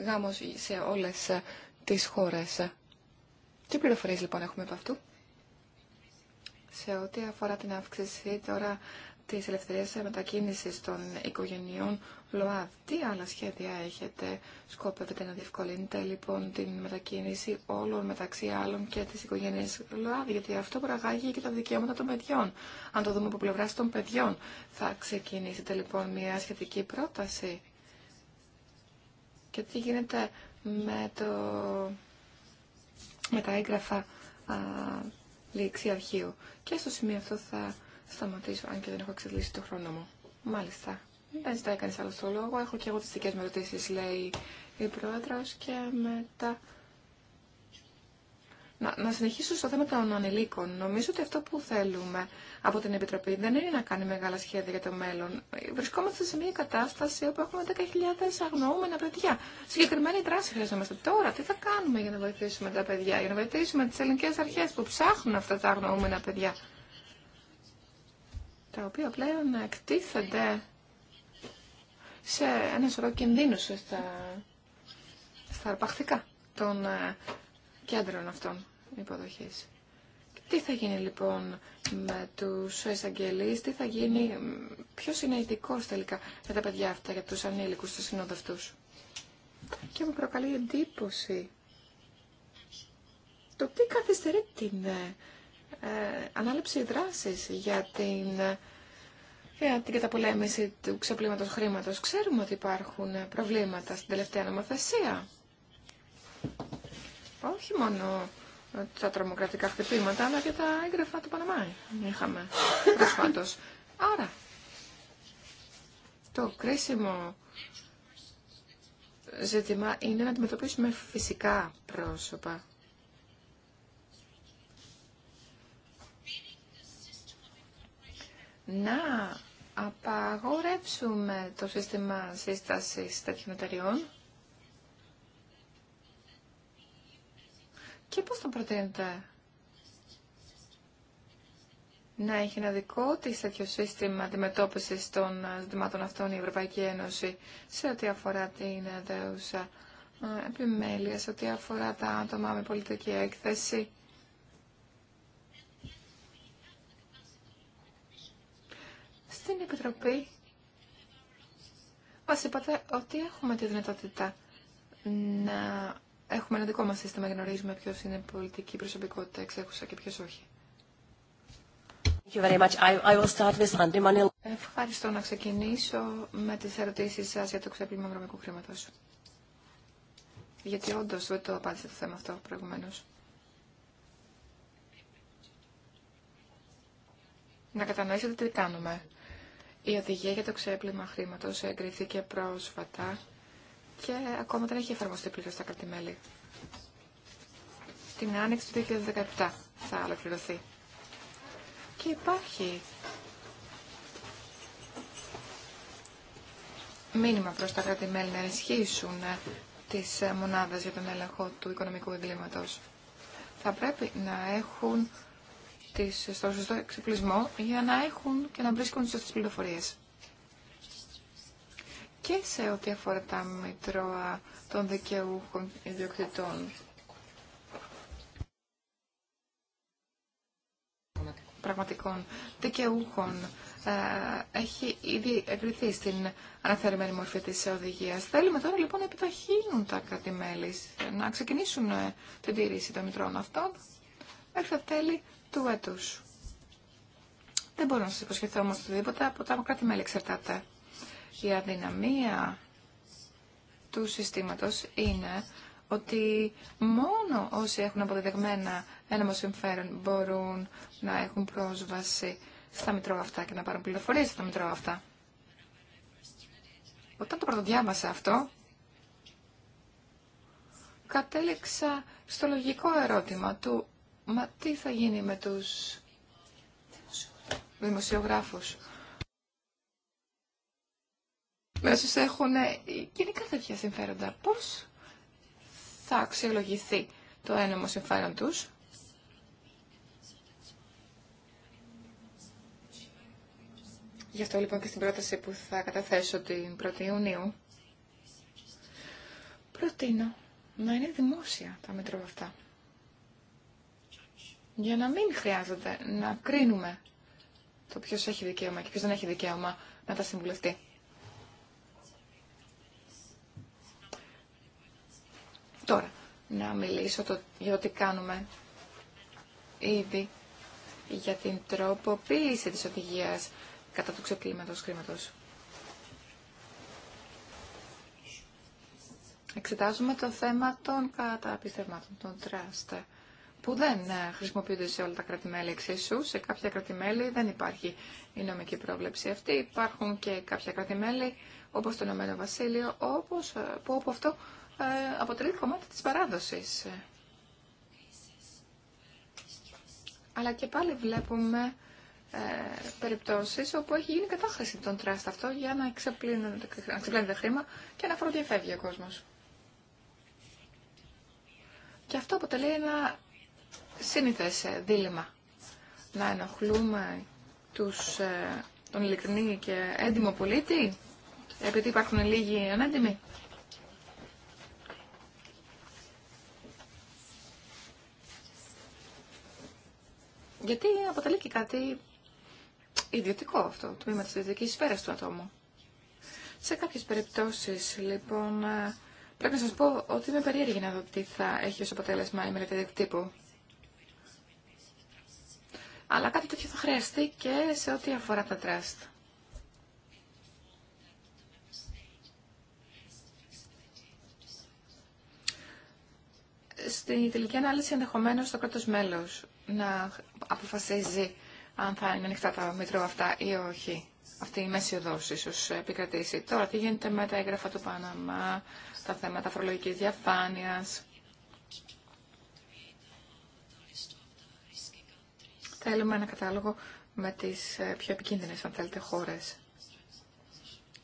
γάμος σε όλες ε, τις χώρες. Τι πληροφορίες λοιπόν έχουμε από αυτού. Σε ό,τι αφορά την αύξηση τώρα της ελευθερίας μετακίνησης των οικογενειών ΛΟΑΔ. Τι άλλα σχέδια έχετε, σκόπευετε να διευκολύνετε λοιπόν την μετακίνηση όλων μεταξύ άλλων και της οικογένειας ΛΟΑΔ, γιατί αυτό προαγάγει και τα δικαιώματα των παιδιών. Αν το δούμε από πλευρά των παιδιών, θα ξεκινήσετε λοιπόν μια σχετική πρόταση. Και τι γίνεται με, το... με τα έγγραφα λήξη αρχείου. Και στο σημείο αυτό θα σταματήσω, αν και δεν έχω εξελίσει το χρόνο μου. Μάλιστα. Δεν ζητάει κανεί άλλο το λόγο. Έχω και εγώ τι δικέ μου ερωτήσει, λέει η πρόεδρο, και μετά. Να, να συνεχίσω στο θέμα των ανηλίκων. Νομίζω ότι αυτό που θέλουμε από την Επιτροπή δεν είναι να κάνει μεγάλα σχέδια για το μέλλον. Βρισκόμαστε σε μια κατάσταση όπου έχουμε 10.000 αγνοούμενα παιδιά. Συγκεκριμένη δράση χρειαζόμαστε τώρα. Τι θα κάνουμε για να βοηθήσουμε τα παιδιά, για να βοηθήσουμε τι ελληνικέ αρχέ που ψάχνουν αυτά τα αγνοούμενα παιδιά τα οποία πλέον εκτίθενται σε ένα σωρό κινδύνους στα, στα των ε, κέντρων αυτών υποδοχής. Τι θα γίνει λοιπόν με τους εισαγγελείς, τι θα γίνει, ποιος είναι ειδικός τελικά με τα παιδιά αυτά, για τους ανήλικους, τους συνοδευτούς. Και μου προκαλεί εντύπωση το τι καθυστερεί την ε, ε, ανάληψη δράσης για την, για την καταπολέμηση του ξεπλήματος χρήματος. Ξέρουμε ότι υπάρχουν προβλήματα στην τελευταία νομοθεσία. Όχι μόνο τα τρομοκρατικά χτυπήματα, αλλά και τα έγγραφα του Παναμά είχαμε προσφάτως. Άρα, το κρίσιμο ζήτημα είναι να αντιμετωπίσουμε φυσικά πρόσωπα να απαγορεύσουμε το σύστημα σύστασης τέτοιων εταιριών. Και πώς το προτείνετε να έχει ένα δικό της τέτοιο σύστημα αντιμετώπιση των ζητημάτων αυτών η Ευρωπαϊκή Ένωση σε ό,τι αφορά την δέουσα ε, επιμέλεια, σε ό,τι αφορά τα άτομα με πολιτική έκθεση στην Επιτροπή μας είπατε ότι έχουμε τη δυνατότητα να έχουμε ένα δικό μας σύστημα για να γνωρίζουμε ποιος είναι πολιτική προσωπικότητα εξέχουσα και ποιος όχι. Ευχαριστώ να ξεκινήσω με τις ερωτήσεις σας για το ξέπλυμα βρωμικού χρήματος. Γιατί όντω δεν το απάντησε το θέμα αυτό προηγουμένω. Να κατανοήσετε τι κάνουμε. Η οδηγία για το ξέπλυμα χρήματος εγκρίθηκε πρόσφατα και ακόμα δεν έχει εφαρμοστεί πλήρω στα κρατημέλη. Την άνοιξη του 2017 θα ολοκληρωθεί. Και υπάρχει μήνυμα προς τα κρατημέλη να ενισχύσουν τις μονάδες για τον έλεγχο του οικονομικού εγκλήματος. Θα πρέπει να έχουν τις, στο σωστό εξοπλισμό για να έχουν και να βρίσκουν τις σωστές πληροφορίες. Και σε ό,τι αφορά τα μητρώα των δικαιούχων ιδιοκτητών. πραγματικών δικαιούχων ε, έχει ήδη εγκριθεί στην αναφερμένη μορφή της οδηγίας. Θέλουμε τώρα λοιπόν να επιταχύνουν τα κράτη-μέλη, να ξεκινήσουν ε, την τήρηση των μητρών αυτών μέχρι τα τέλη του ετού. Δεν μπορώ να σα υποσχεθώ όμω οτιδήποτε, από τα κάτι μέλη εξαρτάται. Η αδυναμία του συστήματος είναι ότι μόνο όσοι έχουν αποδεδεγμένα έναμο συμφέρον μπορούν να έχουν πρόσβαση στα μητρώα αυτά και να πάρουν πληροφορίε στα μητρώα αυτά. Όταν το πρωτοδιάβασα αυτό, κατέληξα στο λογικό ερώτημα του Μα τι θα γίνει με τους δημοσιογράφους. Με όσους έχουν ε, γενικά τέτοια συμφέροντα. Πώς θα αξιολογηθεί το ένομο συμφέρον τους. Γι' αυτό λοιπόν και στην πρόταση που θα καταθέσω την 1η Ιουνίου, προτείνω να είναι δημόσια τα μέτρα αυτά για να μην χρειάζεται να κρίνουμε το ποιο έχει δικαίωμα και ποιο δεν έχει δικαίωμα να τα συμβουλευτεί. Τώρα, να μιλήσω το, για το τι κάνουμε ήδη για την τροποποίηση της οδηγίας κατά του ξεκλήματος χρήματος. Εξετάζουμε το θέμα των καταπιστευμάτων, των τράστ που δεν ε, χρησιμοποιούνται σε όλα τα κρατημέλη εξίσου. Σε κάποια κρατημέλη δεν υπάρχει η νομική πρόβλεψη αυτή. Υπάρχουν και κάποια κρατημέλη, όπως το Ηνωμένο Βασίλειο, όπως, ε, που όπου αυτό ε, αποτελεί κομμάτι της παράδοσης. Αλλά και πάλι βλέπουμε ε, περιπτώσεις όπου έχει γίνει κατάχρηση των τραστ αυτό για να ξεπλύνεται χρήμα και να φοροδιαφεύγει ο κόσμος. Και αυτό αποτελεί ένα σύνηθες ε, δίλημα να ενοχλούμε τους, ε, τον ειλικρινή και έντιμο πολίτη επειδή υπάρχουν λίγοι ανέντιμοι. Γιατί αποτελεί και κάτι ιδιωτικό αυτό, το τμήμα της ιδιωτικής σφαίρας του ατόμου. Σε κάποιες περιπτώσεις, λοιπόν, ε, πρέπει να σας πω ότι είμαι περίεργη να δω τι θα έχει ως αποτέλεσμα η μελέτη τύπου. Αλλά κάτι τέτοιο θα χρειαστεί και σε ό,τι αφορά τα τραστ. Στην τελική ανάλυση ενδεχομένω το κράτος μέλος να αποφασίζει αν θα είναι ανοιχτά τα μητρώα αυτά ή όχι. Αυτή η μέση οδό ίσως ισως επικρατησει Τώρα, τι γίνεται με τα έγγραφα του Πάναμα, τα θέματα φορολογική διαφάνειας. Θέλουμε ένα κατάλογο με τις ε, πιο επικίνδυνες, αν θέλετε, χώρες.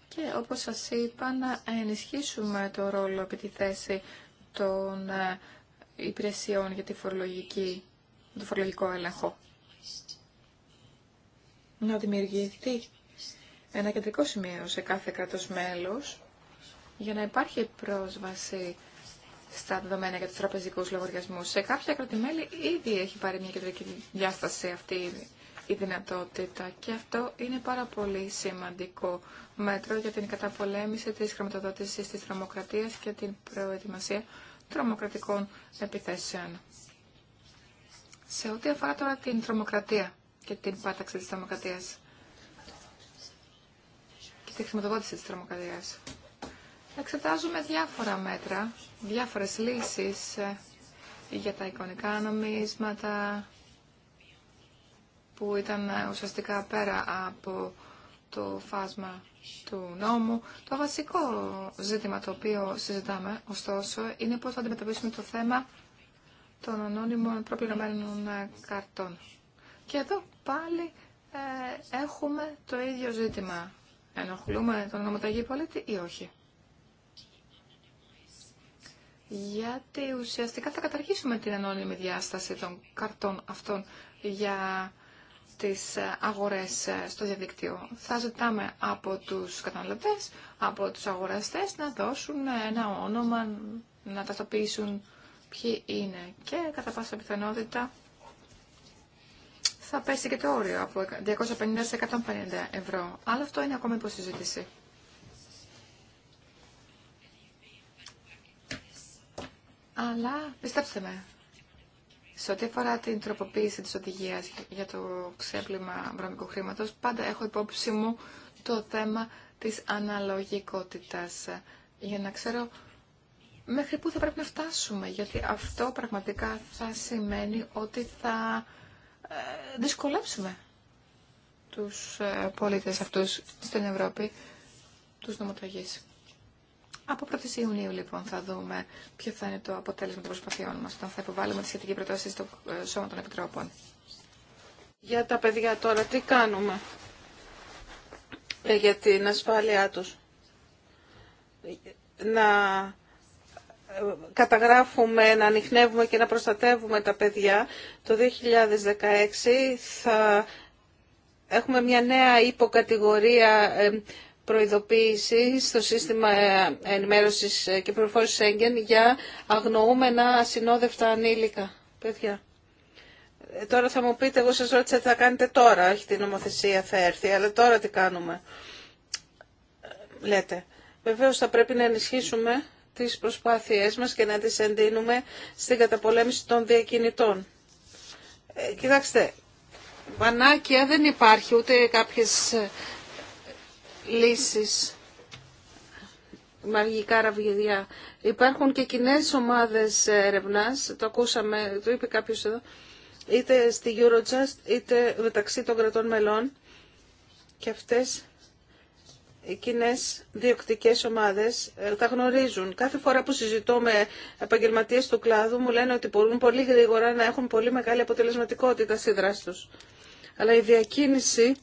Και όπως σας είπα, να ενισχύσουμε το ρόλο και τη θέση των ε, υπηρεσιών για τη φορολογική, το φορολογικό έλεγχο. Να δημιουργηθεί ένα κεντρικό σημείο σε κάθε κράτος μέλος για να υπάρχει πρόσβαση στα δεδομένα για τους τραπεζικούς λογαριασμού. Σε κάποια κρατημέλη ήδη έχει πάρει μια κεντρική διάσταση αυτή η δυνατότητα και αυτό είναι πάρα πολύ σημαντικό μέτρο για την καταπολέμηση της χρηματοδότησης της τρομοκρατίας και την προετοιμασία τρομοκρατικών επιθέσεων. Σε ό,τι αφορά τώρα την τρομοκρατία και την πάταξη τη τρομοκρατίας και τη χρηματοδότηση της τρομοκρατίας εξετάζουμε διάφορα μέτρα, διάφορες λύσεις ε, για τα εικονικά νομίσματα που ήταν ε, ουσιαστικά πέρα από το φάσμα του νόμου. Το βασικό ζήτημα το οποίο συζητάμε, ωστόσο, είναι πώς θα αντιμετωπίσουμε το θέμα των ανώνυμων προπληρωμένων ε, καρτών. Και εδώ πάλι έχουμε το ίδιο ζήτημα. Ενοχλούμε τον νομοταγή πολίτη ή όχι γιατί ουσιαστικά θα καταργήσουμε την ανώνυμη διάσταση των καρτών αυτών για τις αγορές στο διαδικτύο. Θα ζητάμε από τους καταναλωτές, από τους αγοραστές να δώσουν ένα όνομα, να ταυτοποιήσουν ποιοι είναι και κατά πάσα πιθανότητα θα πέσει και το όριο από 250 σε 150 ευρώ. Αλλά αυτό είναι ακόμη υποσυζήτηση. Αλλά πιστέψτε με, σε ό,τι αφορά την τροποποίηση της οδηγίας για το ξέπλυμα βρωμικού χρήματος, πάντα έχω υπόψη μου το θέμα της αναλογικότητας, για να ξέρω μέχρι πού θα πρέπει να φτάσουμε, γιατί αυτό πραγματικά θα σημαίνει ότι θα ε, δυσκολέψουμε τους ε, πολίτες αυτούς στην Ευρώπη, τους νομοταγείς. Από 1η Ιουνίου λοιπόν θα δούμε ποιο θα είναι το αποτέλεσμα των προσπαθειών μας όταν θα υποβάλουμε τη σχετική προτάση στο ε, Σώμα των Επιτρόπων. Για τα παιδιά τώρα τι κάνουμε ε, για την ασφάλειά τους. Να ε, καταγράφουμε, να ανοιχνεύουμε και να προστατεύουμε τα παιδιά. Το 2016 θα έχουμε μια νέα υποκατηγορία προειδοποίηση στο σύστημα ε, ενημέρωσης ε, και πληροφόρησης για αγνοούμενα ασυνόδευτα ανήλικα. Παιδιά. Ε, τώρα θα μου πείτε, εγώ σας ρώτησα τι θα κάνετε τώρα, όχι την νομοθεσία θα έρθει, αλλά τώρα τι κάνουμε. Λέτε. Βεβαίως θα πρέπει να ενισχύσουμε τις προσπάθειές μας και να τις εντείνουμε στην καταπολέμηση των διακινητών. κοιτάξτε, βανάκια δεν υπάρχει ούτε κάποιες λύσεις μαγικά Υπάρχουν και κοινέ ομάδες ερευνά, το ακούσαμε, το είπε κάποιος εδώ, είτε στη Eurojust είτε μεταξύ των κρατών μελών και αυτές οι κοινέ διοκτικές ομάδες ε, τα γνωρίζουν. Κάθε φορά που συζητώ με επαγγελματίε του κλάδου μου λένε ότι μπορούν πολύ γρήγορα να έχουν πολύ μεγάλη αποτελεσματικότητα στη δράση Αλλά η διακίνηση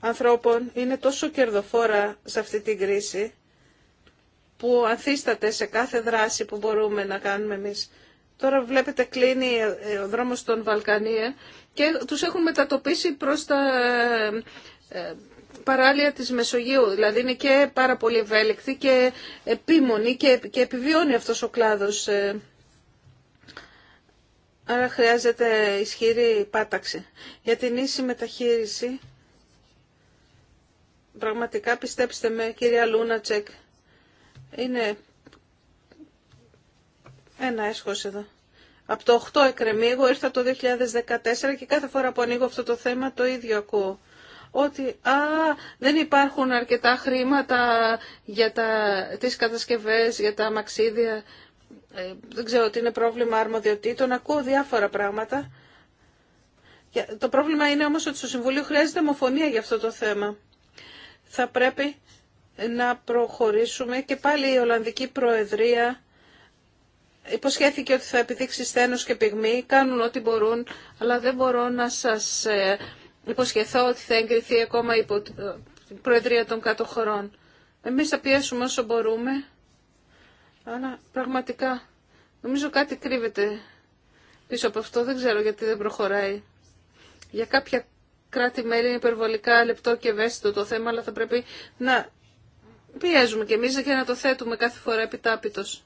ανθρώπων είναι τόσο κερδοφόρα σε αυτή την κρίση που ανθίσταται σε κάθε δράση που μπορούμε να κάνουμε εμείς. Τώρα βλέπετε κλείνει ο δρόμος των Βαλκανίων και τους έχουν μετατοπίσει προς τα ε, ε, παράλια της Μεσογείου. Δηλαδή είναι και πάρα πολύ ευέλικτη και επίμονη και επιβιώνει αυτός ο κλάδος. Ε. Άρα χρειάζεται ισχυρή πάταξη. Για την ίση μεταχείριση Πραγματικά πιστέψτε με, κυρία Λούνατσεκ, είναι ένα έσχος εδώ. Από το 8 εκρεμίγω, ήρθα το 2014 και κάθε φορά που ανοίγω αυτό το θέμα το ίδιο ακούω. Ότι α, δεν υπάρχουν αρκετά χρήματα για τα, τις κατασκευές, για τα αμαξίδια. Ε, δεν ξέρω ότι είναι πρόβλημα αρμοδιοτήτων. Ακούω διάφορα πράγματα. Το πρόβλημα είναι όμως ότι στο Συμβουλίο χρειάζεται μοφωνία για αυτό το θέμα θα πρέπει να προχωρήσουμε και πάλι η Ολλανδική Προεδρία υποσχέθηκε ότι θα επιδείξει στένος και πυγμή, κάνουν ό,τι μπορούν, αλλά δεν μπορώ να σας ε, υποσχεθώ ότι θα εγκριθεί ακόμα ε, η Προεδρία των Κατοχωρών. Εμείς θα πιέσουμε όσο μπορούμε, αλλά πραγματικά νομίζω κάτι κρύβεται πίσω από αυτό, δεν ξέρω γιατί δεν προχωράει. Για κάποια κράτη-μέλη είναι υπερβολικά λεπτό και ευαίσθητο το θέμα, αλλά θα πρέπει να πιέζουμε και εμείς για να το θέτουμε κάθε φορά επιτάπητος.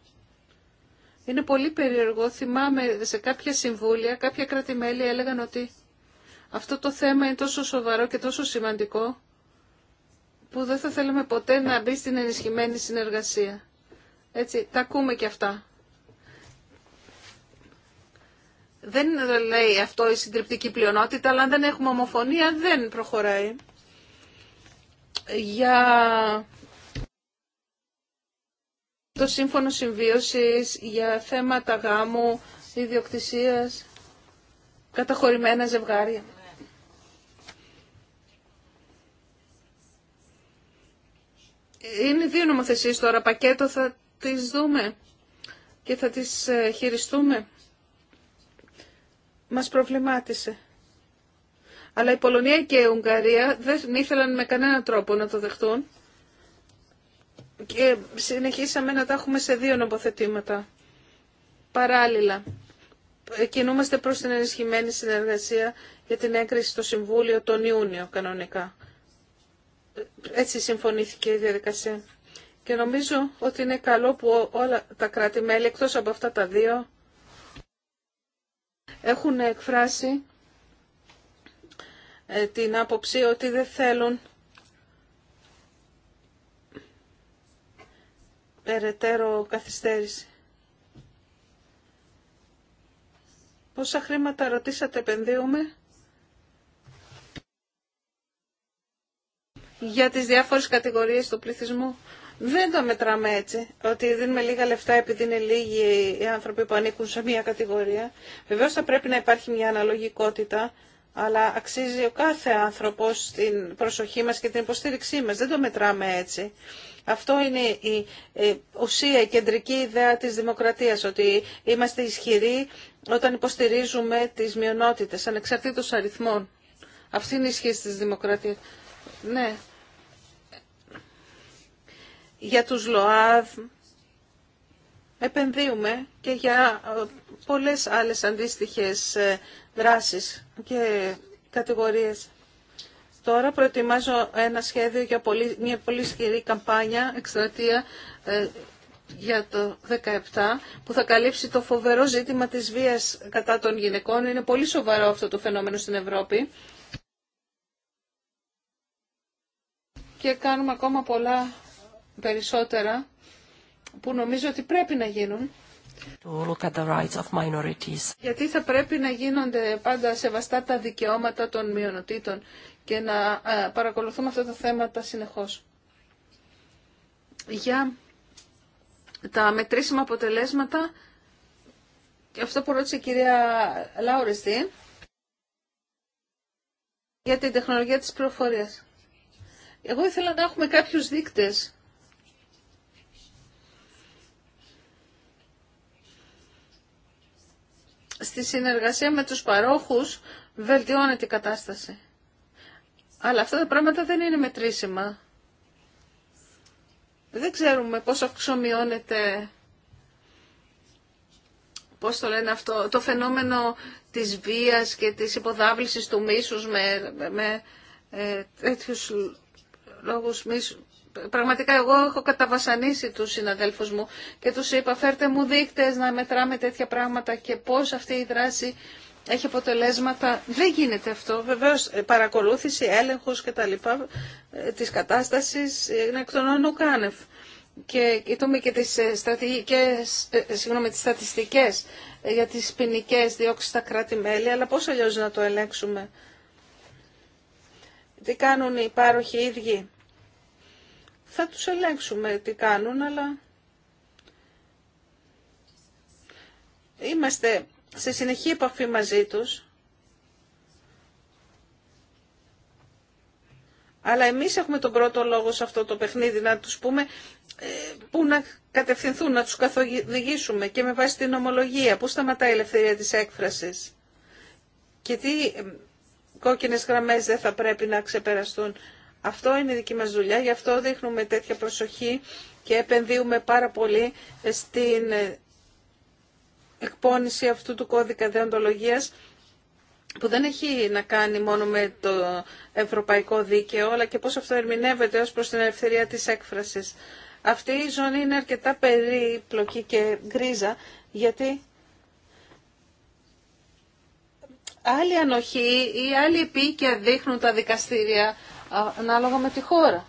Είναι πολύ περίεργο. Θυμάμαι σε κάποια συμβούλια, κάποια κράτη-μέλη έλεγαν ότι αυτό το θέμα είναι τόσο σοβαρό και τόσο σημαντικό που δεν θα θέλαμε ποτέ να μπει στην ενισχυμένη συνεργασία. Έτσι, τα ακούμε και αυτά. Δεν λέει αυτό η συντριπτική πλειονότητα, αλλά αν δεν έχουμε ομοφωνία δεν προχωράει. Για το σύμφωνο συμβίωσης, για θέματα γάμου, ιδιοκτησίας, καταχωρημένα ζευγάρια. Είναι δύο νομοθεσίες τώρα, πακέτο θα τις δούμε και θα τις ε, χειριστούμε μας προβλημάτισε. Αλλά η Πολωνία και η Ουγγαρία δεν ήθελαν με κανέναν τρόπο να το δεχτούν και συνεχίσαμε να τα έχουμε σε δύο νομοθετήματα. Παράλληλα, κινούμαστε προς την ενισχυμένη συνεργασία για την έγκριση στο Συμβούλιο τον Ιούνιο κανονικά. Έτσι συμφωνήθηκε η διαδικασία. Και νομίζω ότι είναι καλό που όλα τα κράτη-μέλη, εκτός από αυτά τα δύο, έχουν εκφράσει ε, την άποψη ότι δεν θέλουν περαιτέρω καθυστέρηση. Πόσα χρήματα ρωτήσατε επενδύουμε για τις διάφορες κατηγορίες του πληθυσμού. Δεν το μετράμε έτσι, ότι δίνουμε λίγα λεφτά επειδή είναι λίγοι οι άνθρωποι που ανήκουν σε μία κατηγορία. Βεβαίως θα πρέπει να υπάρχει μια αναλογικότητα, αλλά αξίζει ο κάθε άνθρωπος την προσοχή μας και την υποστήριξή μας. Δεν το μετράμε έτσι. Αυτό είναι η ε, ουσία, η κεντρική ιδέα της δημοκρατίας, ότι είμαστε ισχυροί όταν υποστηρίζουμε τις μειονότητες, ανεξαρτήτως αριθμών. Αυτή είναι η ισχύ της δημοκρατίας. Ναι, για τους ΛΟΑΔ, επενδύουμε και για ε, πολλές άλλες αντίστοιχες ε, δράσεις και κατηγορίες. Τώρα προετοιμάζω ένα σχέδιο για μια πολύ σκληρή καμπάνια, εκστρατεία ε, για το 17 που θα καλύψει το φοβερό ζήτημα της βίας κατά των γυναικών. Είναι πολύ σοβαρό αυτό το φαινόμενο στην Ευρώπη. Και κάνουμε ακόμα πολλά περισσότερα που νομίζω ότι πρέπει να γίνουν. To the rights Γιατί θα πρέπει να γίνονται πάντα σεβαστά τα δικαιώματα των μειονοτήτων και να ε, παρακολουθούμε αυτά τα θέματα συνεχώς. Για τα μετρήσιμα αποτελέσματα, και αυτό που ρώτησε η κυρία Λάουρεστη, για την τεχνολογία της προφορίας. Εγώ ήθελα να έχουμε κάποιους δείκτες στη συνεργασία με τους παρόχους βελτιώνεται η κατάσταση. Αλλά αυτά τα πράγματα δεν είναι μετρήσιμα. Δεν ξέρουμε πώς αυξομοιώνεται, πώς το λένε αυτό, το φαινόμενο της βίας και της υποδάβλησης του μίσους με, με ε, τέτοιους λόγους μίσου. Πραγματικά εγώ έχω καταβασανίσει τους συναδέλφους μου και τους είπα φέρτε μου δείκτες να μετράμε τέτοια πράγματα και πώς αυτή η δράση έχει αποτελέσματα. Δεν γίνεται αυτό. Βεβαίως παρακολούθηση, έλεγχος και τα λοιπά ε, της κατάστασης είναι εκ των όνων Και κοιτούμε και τις, ε, στρατηγικές, ε, συγγνώμη, τις στατιστικές για τις ποινικέ διώξεις στα κράτη-μέλη, αλλά πώς αλλιώς να το ελέγξουμε. Τι κάνουν οι πάροχοι ίδιοι θα τους ελέγξουμε τι κάνουν, αλλά είμαστε σε συνεχή επαφή μαζί τους. Αλλά εμείς έχουμε τον πρώτο λόγο σε αυτό το παιχνίδι, να τους πούμε ε, πού να κατευθυνθούν, να τους καθοδηγήσουμε και με βάση την ομολογία, πού σταματάει η ελευθερία της έκφρασης και τι ε, κόκκινες γραμμές δεν θα πρέπει να ξεπεραστούν αυτό είναι η δική μας δουλειά, γι' αυτό δείχνουμε τέτοια προσοχή και επενδύουμε πάρα πολύ στην ε, εκπόνηση αυτού του κώδικα δεοντολογίας που δεν έχει να κάνει μόνο με το ευρωπαϊκό δίκαιο, αλλά και πώς αυτό ερμηνεύεται ως προς την ελευθερία της έκφρασης. Αυτή η ζώνη είναι αρκετά περίπλοκη και γκρίζα, γιατί άλλη ανοχή ή άλλη επίκαια δείχνουν τα δικαστήρια ανάλογα με τη χώρα.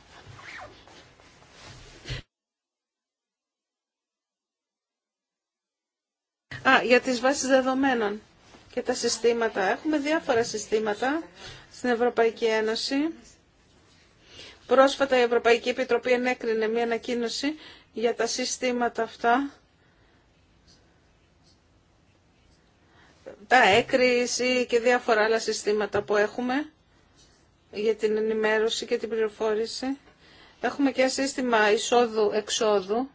Α, για τις βάσεις δεδομένων και τα συστήματα. Έχουμε διάφορα συστήματα στην Ευρωπαϊκή Ένωση. Πρόσφατα η Ευρωπαϊκή Επιτροπή ενέκρινε μια ανακοίνωση για τα συστήματα αυτά. Τα έκρηση και διάφορα άλλα συστήματα που έχουμε για την ενημέρωση και την πληροφόρηση. Έχουμε και ενα σύστημα εισόδου-εξόδου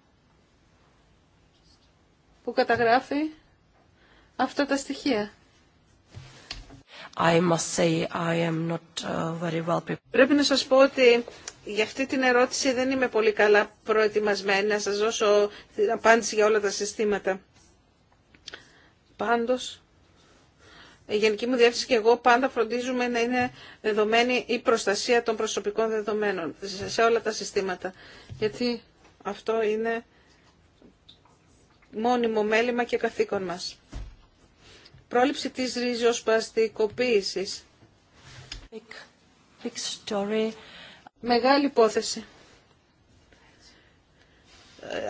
που καταγράφει αυτά τα στοιχεία. I must say I uh, Πρέπει να σας πω ότι για αυτή την ερώτηση δεν είμαι πολύ καλά προετοιμασμένη να σας δώσω την απάντηση για όλα τα συστήματα. Πάντως, η γενική μου διεύθυνση και εγώ πάντα φροντίζουμε να είναι δεδομένη η προστασία των προσωπικών δεδομένων σε όλα τα συστήματα. Γιατί αυτό είναι μόνιμο μέλημα και καθήκον μας. Πρόληψη της ριζοσπαστικοποίησης. Big, story. Μεγάλη υπόθεση.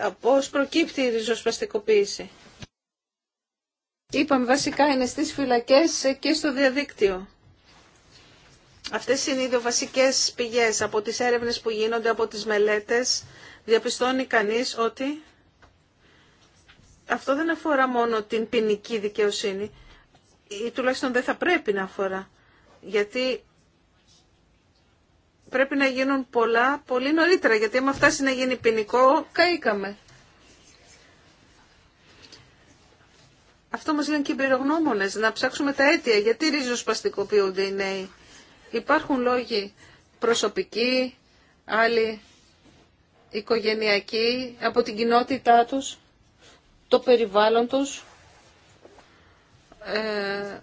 Ε, πώς προκύπτει η ριζοσπαστικοποίηση είπαμε βασικά είναι στις φυλακές και στο διαδίκτυο. Αυτές είναι οι δύο βασικές πηγές από τις έρευνες που γίνονται, από τις μελέτες. Διαπιστώνει κανείς ότι αυτό δεν αφορά μόνο την ποινική δικαιοσύνη ή τουλάχιστον δεν θα πρέπει να αφορά. Γιατί πρέπει να γίνουν πολλά πολύ νωρίτερα, γιατί άμα φτάσει να γίνει ποινικό, καήκαμε. Αυτό μας λένε και οι πυρογνώμονες, να ψάξουμε τα αίτια. Γιατί ριζοσπαστικοποιούνται οι νέοι. Υπάρχουν λόγοι προσωπικοί, άλλοι οικογενειακοί, από την κοινότητά τους, το περιβάλλον τους, ε,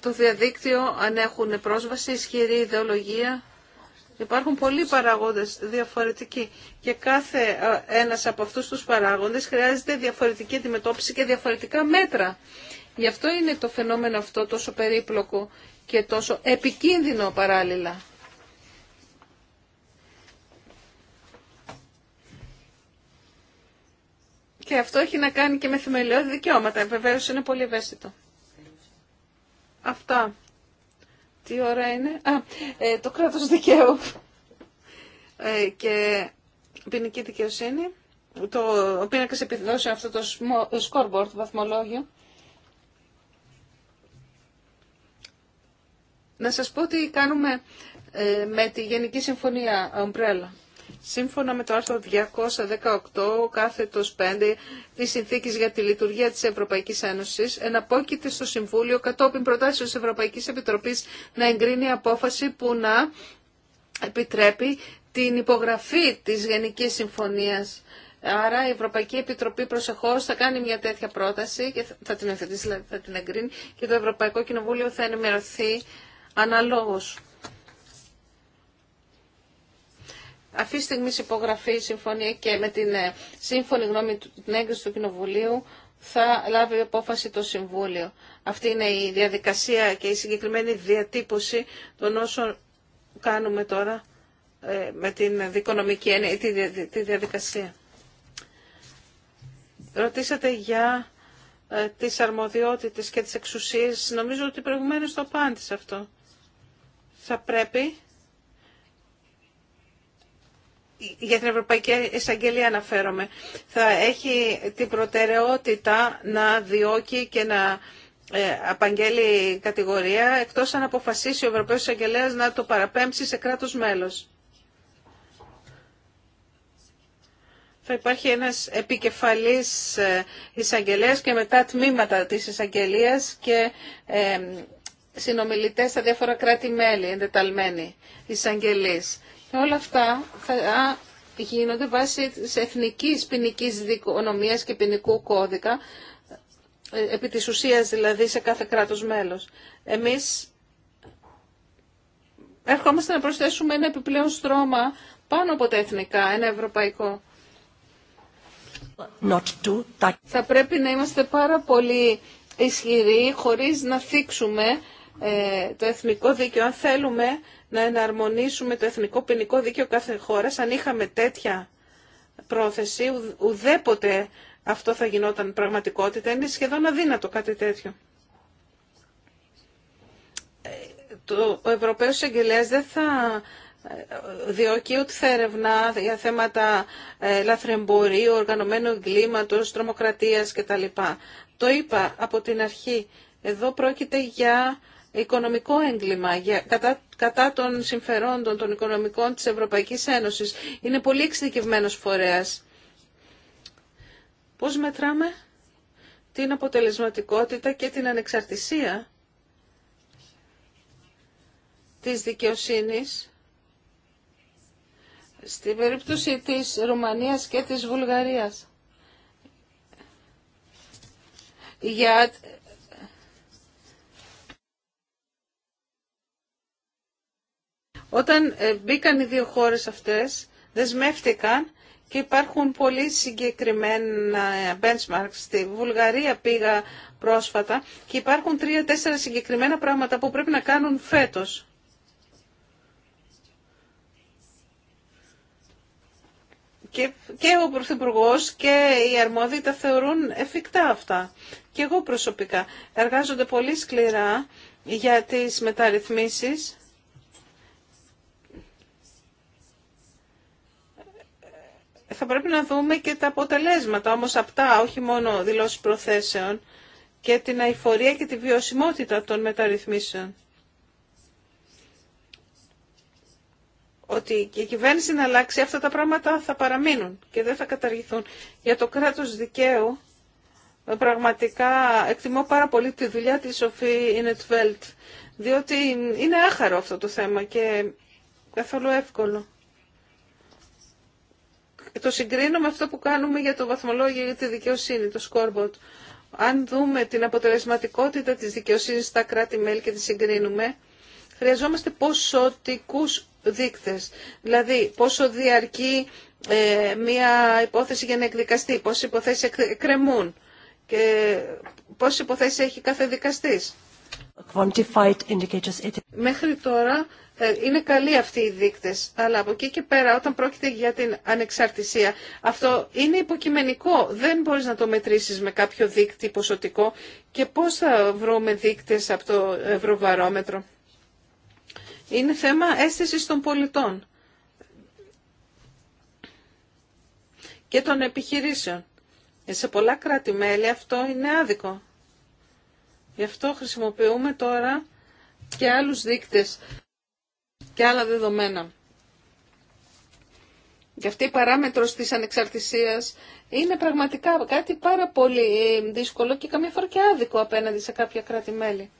το διαδίκτυο, αν έχουν πρόσβαση, ισχυρή ιδεολογία. Υπάρχουν πολλοί παράγοντες διαφορετικοί και κάθε ε, ένας από αυτούς τους παράγοντες χρειάζεται διαφορετική αντιμετώπιση και διαφορετικά μέτρα. Γι' αυτό είναι το φαινόμενο αυτό τόσο περίπλοκο και τόσο επικίνδυνο παράλληλα. Και αυτό έχει να κάνει και με θεμελιώδη δικαιώματα. Βεβαίως είναι πολύ ευαίσθητο. Αυτά. Τι ώρα είναι. Α, ε, το κράτος δικαίου ε, και ποινική δικαιοσύνη. Το, ο πίνακας επιδόσε αυτό το scoreboard βαθμολόγιο. Να σας πω τι κάνουμε ε, με τη Γενική Συμφωνία Ομπρέλα. Σύμφωνα με το άρθρο 218 κάθετος 5 της Συνθήκης για τη Λειτουργία της Ευρωπαϊκής Ένωσης, εναπόκειται στο Συμβούλιο κατόπιν προτάσεως της Ευρωπαϊκής Επιτροπής να εγκρίνει απόφαση που να επιτρέπει την υπογραφή της Γενικής Συμφωνίας. Άρα η Ευρωπαϊκή Επιτροπή προσεχώς θα κάνει μια τέτοια πρόταση και θα την δηλαδή θα την εγκρίνει και το Ευρωπαϊκό Κοινοβούλιο θα ενημερωθεί αναλόγως. αυτή τη στιγμή υπογραφεί η συμφωνία και με την ε, σύμφωνη γνώμη του, την έγκριση του Κοινοβουλίου θα λάβει απόφαση το Συμβούλιο. Αυτή είναι η διαδικασία και η συγκεκριμένη διατύπωση των όσων κάνουμε τώρα ε, με την δικονομική έννοια, τη, διαδικασία. Ρωτήσατε για ε, τις αρμοδιότητες και τις εξουσίες. Νομίζω ότι προηγουμένως το απάντησε αυτό. Θα πρέπει για την Ευρωπαϊκή Εισαγγελία αναφέρομαι, θα έχει την προτεραιότητα να διώκει και να ε, απαγγέλει κατηγορία, εκτός αν αποφασίσει ο Ευρωπαίος Εισαγγελέας να το παραπέμψει σε κράτος μέλος. Θα υπάρχει ένας επικεφαλής ε, εισαγγελέα και μετά τμήματα της εισαγγελία και ε, συνομιλητές στα διάφορα κράτη-μέλη, εντεταλμένοι εισαγγελείς. Όλα αυτά θα γίνονται βάσει της εθνικής ποινική δικονομίας και ποινικού κώδικα, ε, επί της ουσίας δηλαδή σε κάθε κράτος μέλος. Εμείς ερχόμαστε να προσθέσουμε ένα επιπλέον στρώμα πάνω από τα εθνικά, ένα ευρωπαϊκό. Θα πρέπει να είμαστε πάρα πολύ ισχυροί χωρίς να θίξουμε ε, το εθνικό δίκαιο. Αν θέλουμε να εναρμονίσουμε το εθνικό ποινικό δίκαιο κάθε χώρας, αν είχαμε τέτοια πρόθεση, ουδέποτε αυτό θα γινόταν πραγματικότητα. Είναι σχεδόν αδύνατο κάτι τέτοιο. Ε, ο Ευρωπαίος εγγελέας δεν θα ε, διώκει ούτε θα ερευνά για θέματα λαθρεμπορίου, οργανωμένου εγκλήματος, τρομοκρατίας κτλ. Το είπα από την αρχή. Εδώ πρόκειται για οικονομικό έγκλημα κατά, κατά των συμφερόντων των οικονομικών της Ευρωπαϊκής Ένωσης. Είναι πολύ εξειδικευμένος φορέας. Πώς μετράμε την αποτελεσματικότητα και την ανεξαρτησία της δικαιοσύνης στην περίπτωση της Ρουμανίας και της Βουλγαρίας για Όταν ε, μπήκαν οι δύο χώρες αυτές, δεσμεύτηκαν και υπάρχουν πολύ συγκεκριμένα ε, benchmarks. Στη Βουλγαρία πήγα πρόσφατα και υπάρχουν τρία-τέσσερα συγκεκριμένα πράγματα που πρέπει να κάνουν φέτος. Και, και ο Πρωθυπουργό και οι αρμόδιοι τα θεωρούν εφικτά αυτά. Και εγώ προσωπικά. Εργάζονται πολύ σκληρά για τις μεταρρυθμίσεις θα πρέπει να δούμε και τα αποτελέσματα όμως αυτά, όχι μόνο δηλώσεις προθέσεων και την αηφορία και τη βιωσιμότητα των μεταρρυθμίσεων. Ότι η κυβέρνηση να αλλάξει αυτά τα πράγματα θα παραμείνουν και δεν θα καταργηθούν. Για το κράτος δικαίου πραγματικά εκτιμώ πάρα πολύ τη δουλειά της Σοφή Ινετβέλτ διότι είναι άχαρο αυτό το θέμα και καθόλου εύκολο το συγκρίνω με αυτό που κάνουμε για το βαθμολόγιο για τη δικαιοσύνη, το scoreboard. Αν δούμε την αποτελεσματικότητα της δικαιοσύνης στα κράτη-μέλη και τη συγκρίνουμε, χρειαζόμαστε ποσοτικούς δείκτες. Δηλαδή, πόσο διαρκεί ε, μία υπόθεση για να εκδικαστεί, πόσες υποθέσεις εκκρεμούν και πόσες υποθέσεις έχει κάθε δικαστής. Μέχρι τώρα ε, είναι καλοί αυτοί οι δείκτες, αλλά από εκεί και πέρα όταν πρόκειται για την ανεξαρτησία, αυτό είναι υποκειμενικό. Δεν μπορείς να το μετρήσεις με κάποιο δείκτη ποσοτικό και πώς θα βρούμε δείκτες από το ευρωβαρόμετρο. Είναι θέμα αίσθησης των πολιτών και των επιχειρήσεων. Ε, σε πολλά κράτη-μέλη αυτό είναι άδικο. Γι' αυτό χρησιμοποιούμε τώρα και άλλους δείκτες και άλλα δεδομένα. Και αυτή η παράμετρος της ανεξαρτησίας είναι πραγματικά κάτι πάρα πολύ δύσκολο και καμία φορά και άδικο απέναντι σε κάποια κράτη-μέλη.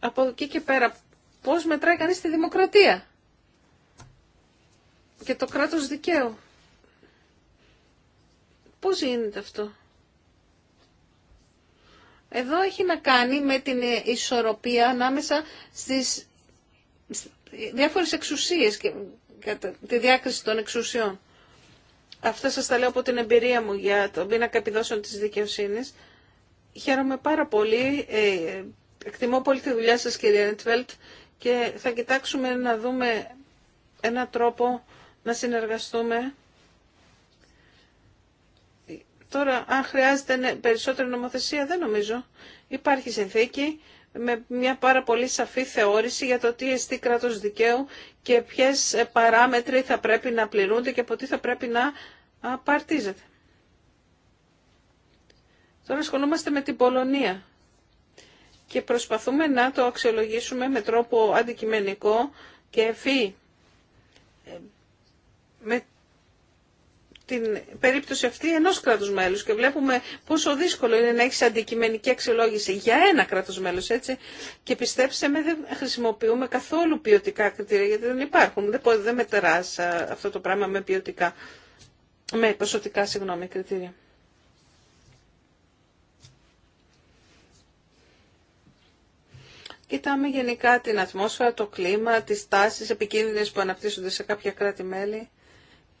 Από εκεί και πέρα, πώς μετράει κανείς τη δημοκρατία και το κράτος δικαίου. Πώς γίνεται αυτό. Εδώ έχει να κάνει με την ισορροπία ανάμεσα στις διάφορες εξουσίες και τη διάκριση των εξουσιών. Αυτά σας τα λέω από την εμπειρία μου για το πίνακα επιδόσεων της δικαιοσύνης. Χαίρομαι πάρα πολύ. Ε, εκτιμώ πολύ τη δουλειά σας κυρία Νίτφελτ. και θα κοιτάξουμε να δούμε ένα τρόπο να συνεργαστούμε. Τώρα, αν χρειάζεται ναι, περισσότερη νομοθεσία, δεν νομίζω. Υπάρχει συνθήκη με μια πάρα πολύ σαφή θεώρηση για το τι εστί κράτος δικαίου και ποιες παράμετροι θα πρέπει να πληρούνται και από τι θα πρέπει να απαρτίζεται. Τώρα ασχολούμαστε με την Πολωνία και προσπαθούμε να το αξιολογήσουμε με τρόπο αντικειμενικό και ευφύ. Ε, με την περίπτωση αυτή ενός κρατου μέλους και βλέπουμε πόσο δύσκολο είναι να έχει αντικειμενική αξιολόγηση για ένα κράτος μέλος, έτσι. Και πιστέψτε με, δεν χρησιμοποιούμε καθόλου ποιοτικά κριτήρια, γιατί δεν υπάρχουν. Δεν, δεν μετερά αυτό το πράγμα με ποιοτικά, με ποσοτικά, συγγνώμη, κριτήρια. Κοιτάμε γενικά την ατμόσφαιρα, το κλίμα, τις τάσεις επικίνδυνες που αναπτύσσονται σε κάποια κράτη-μέλη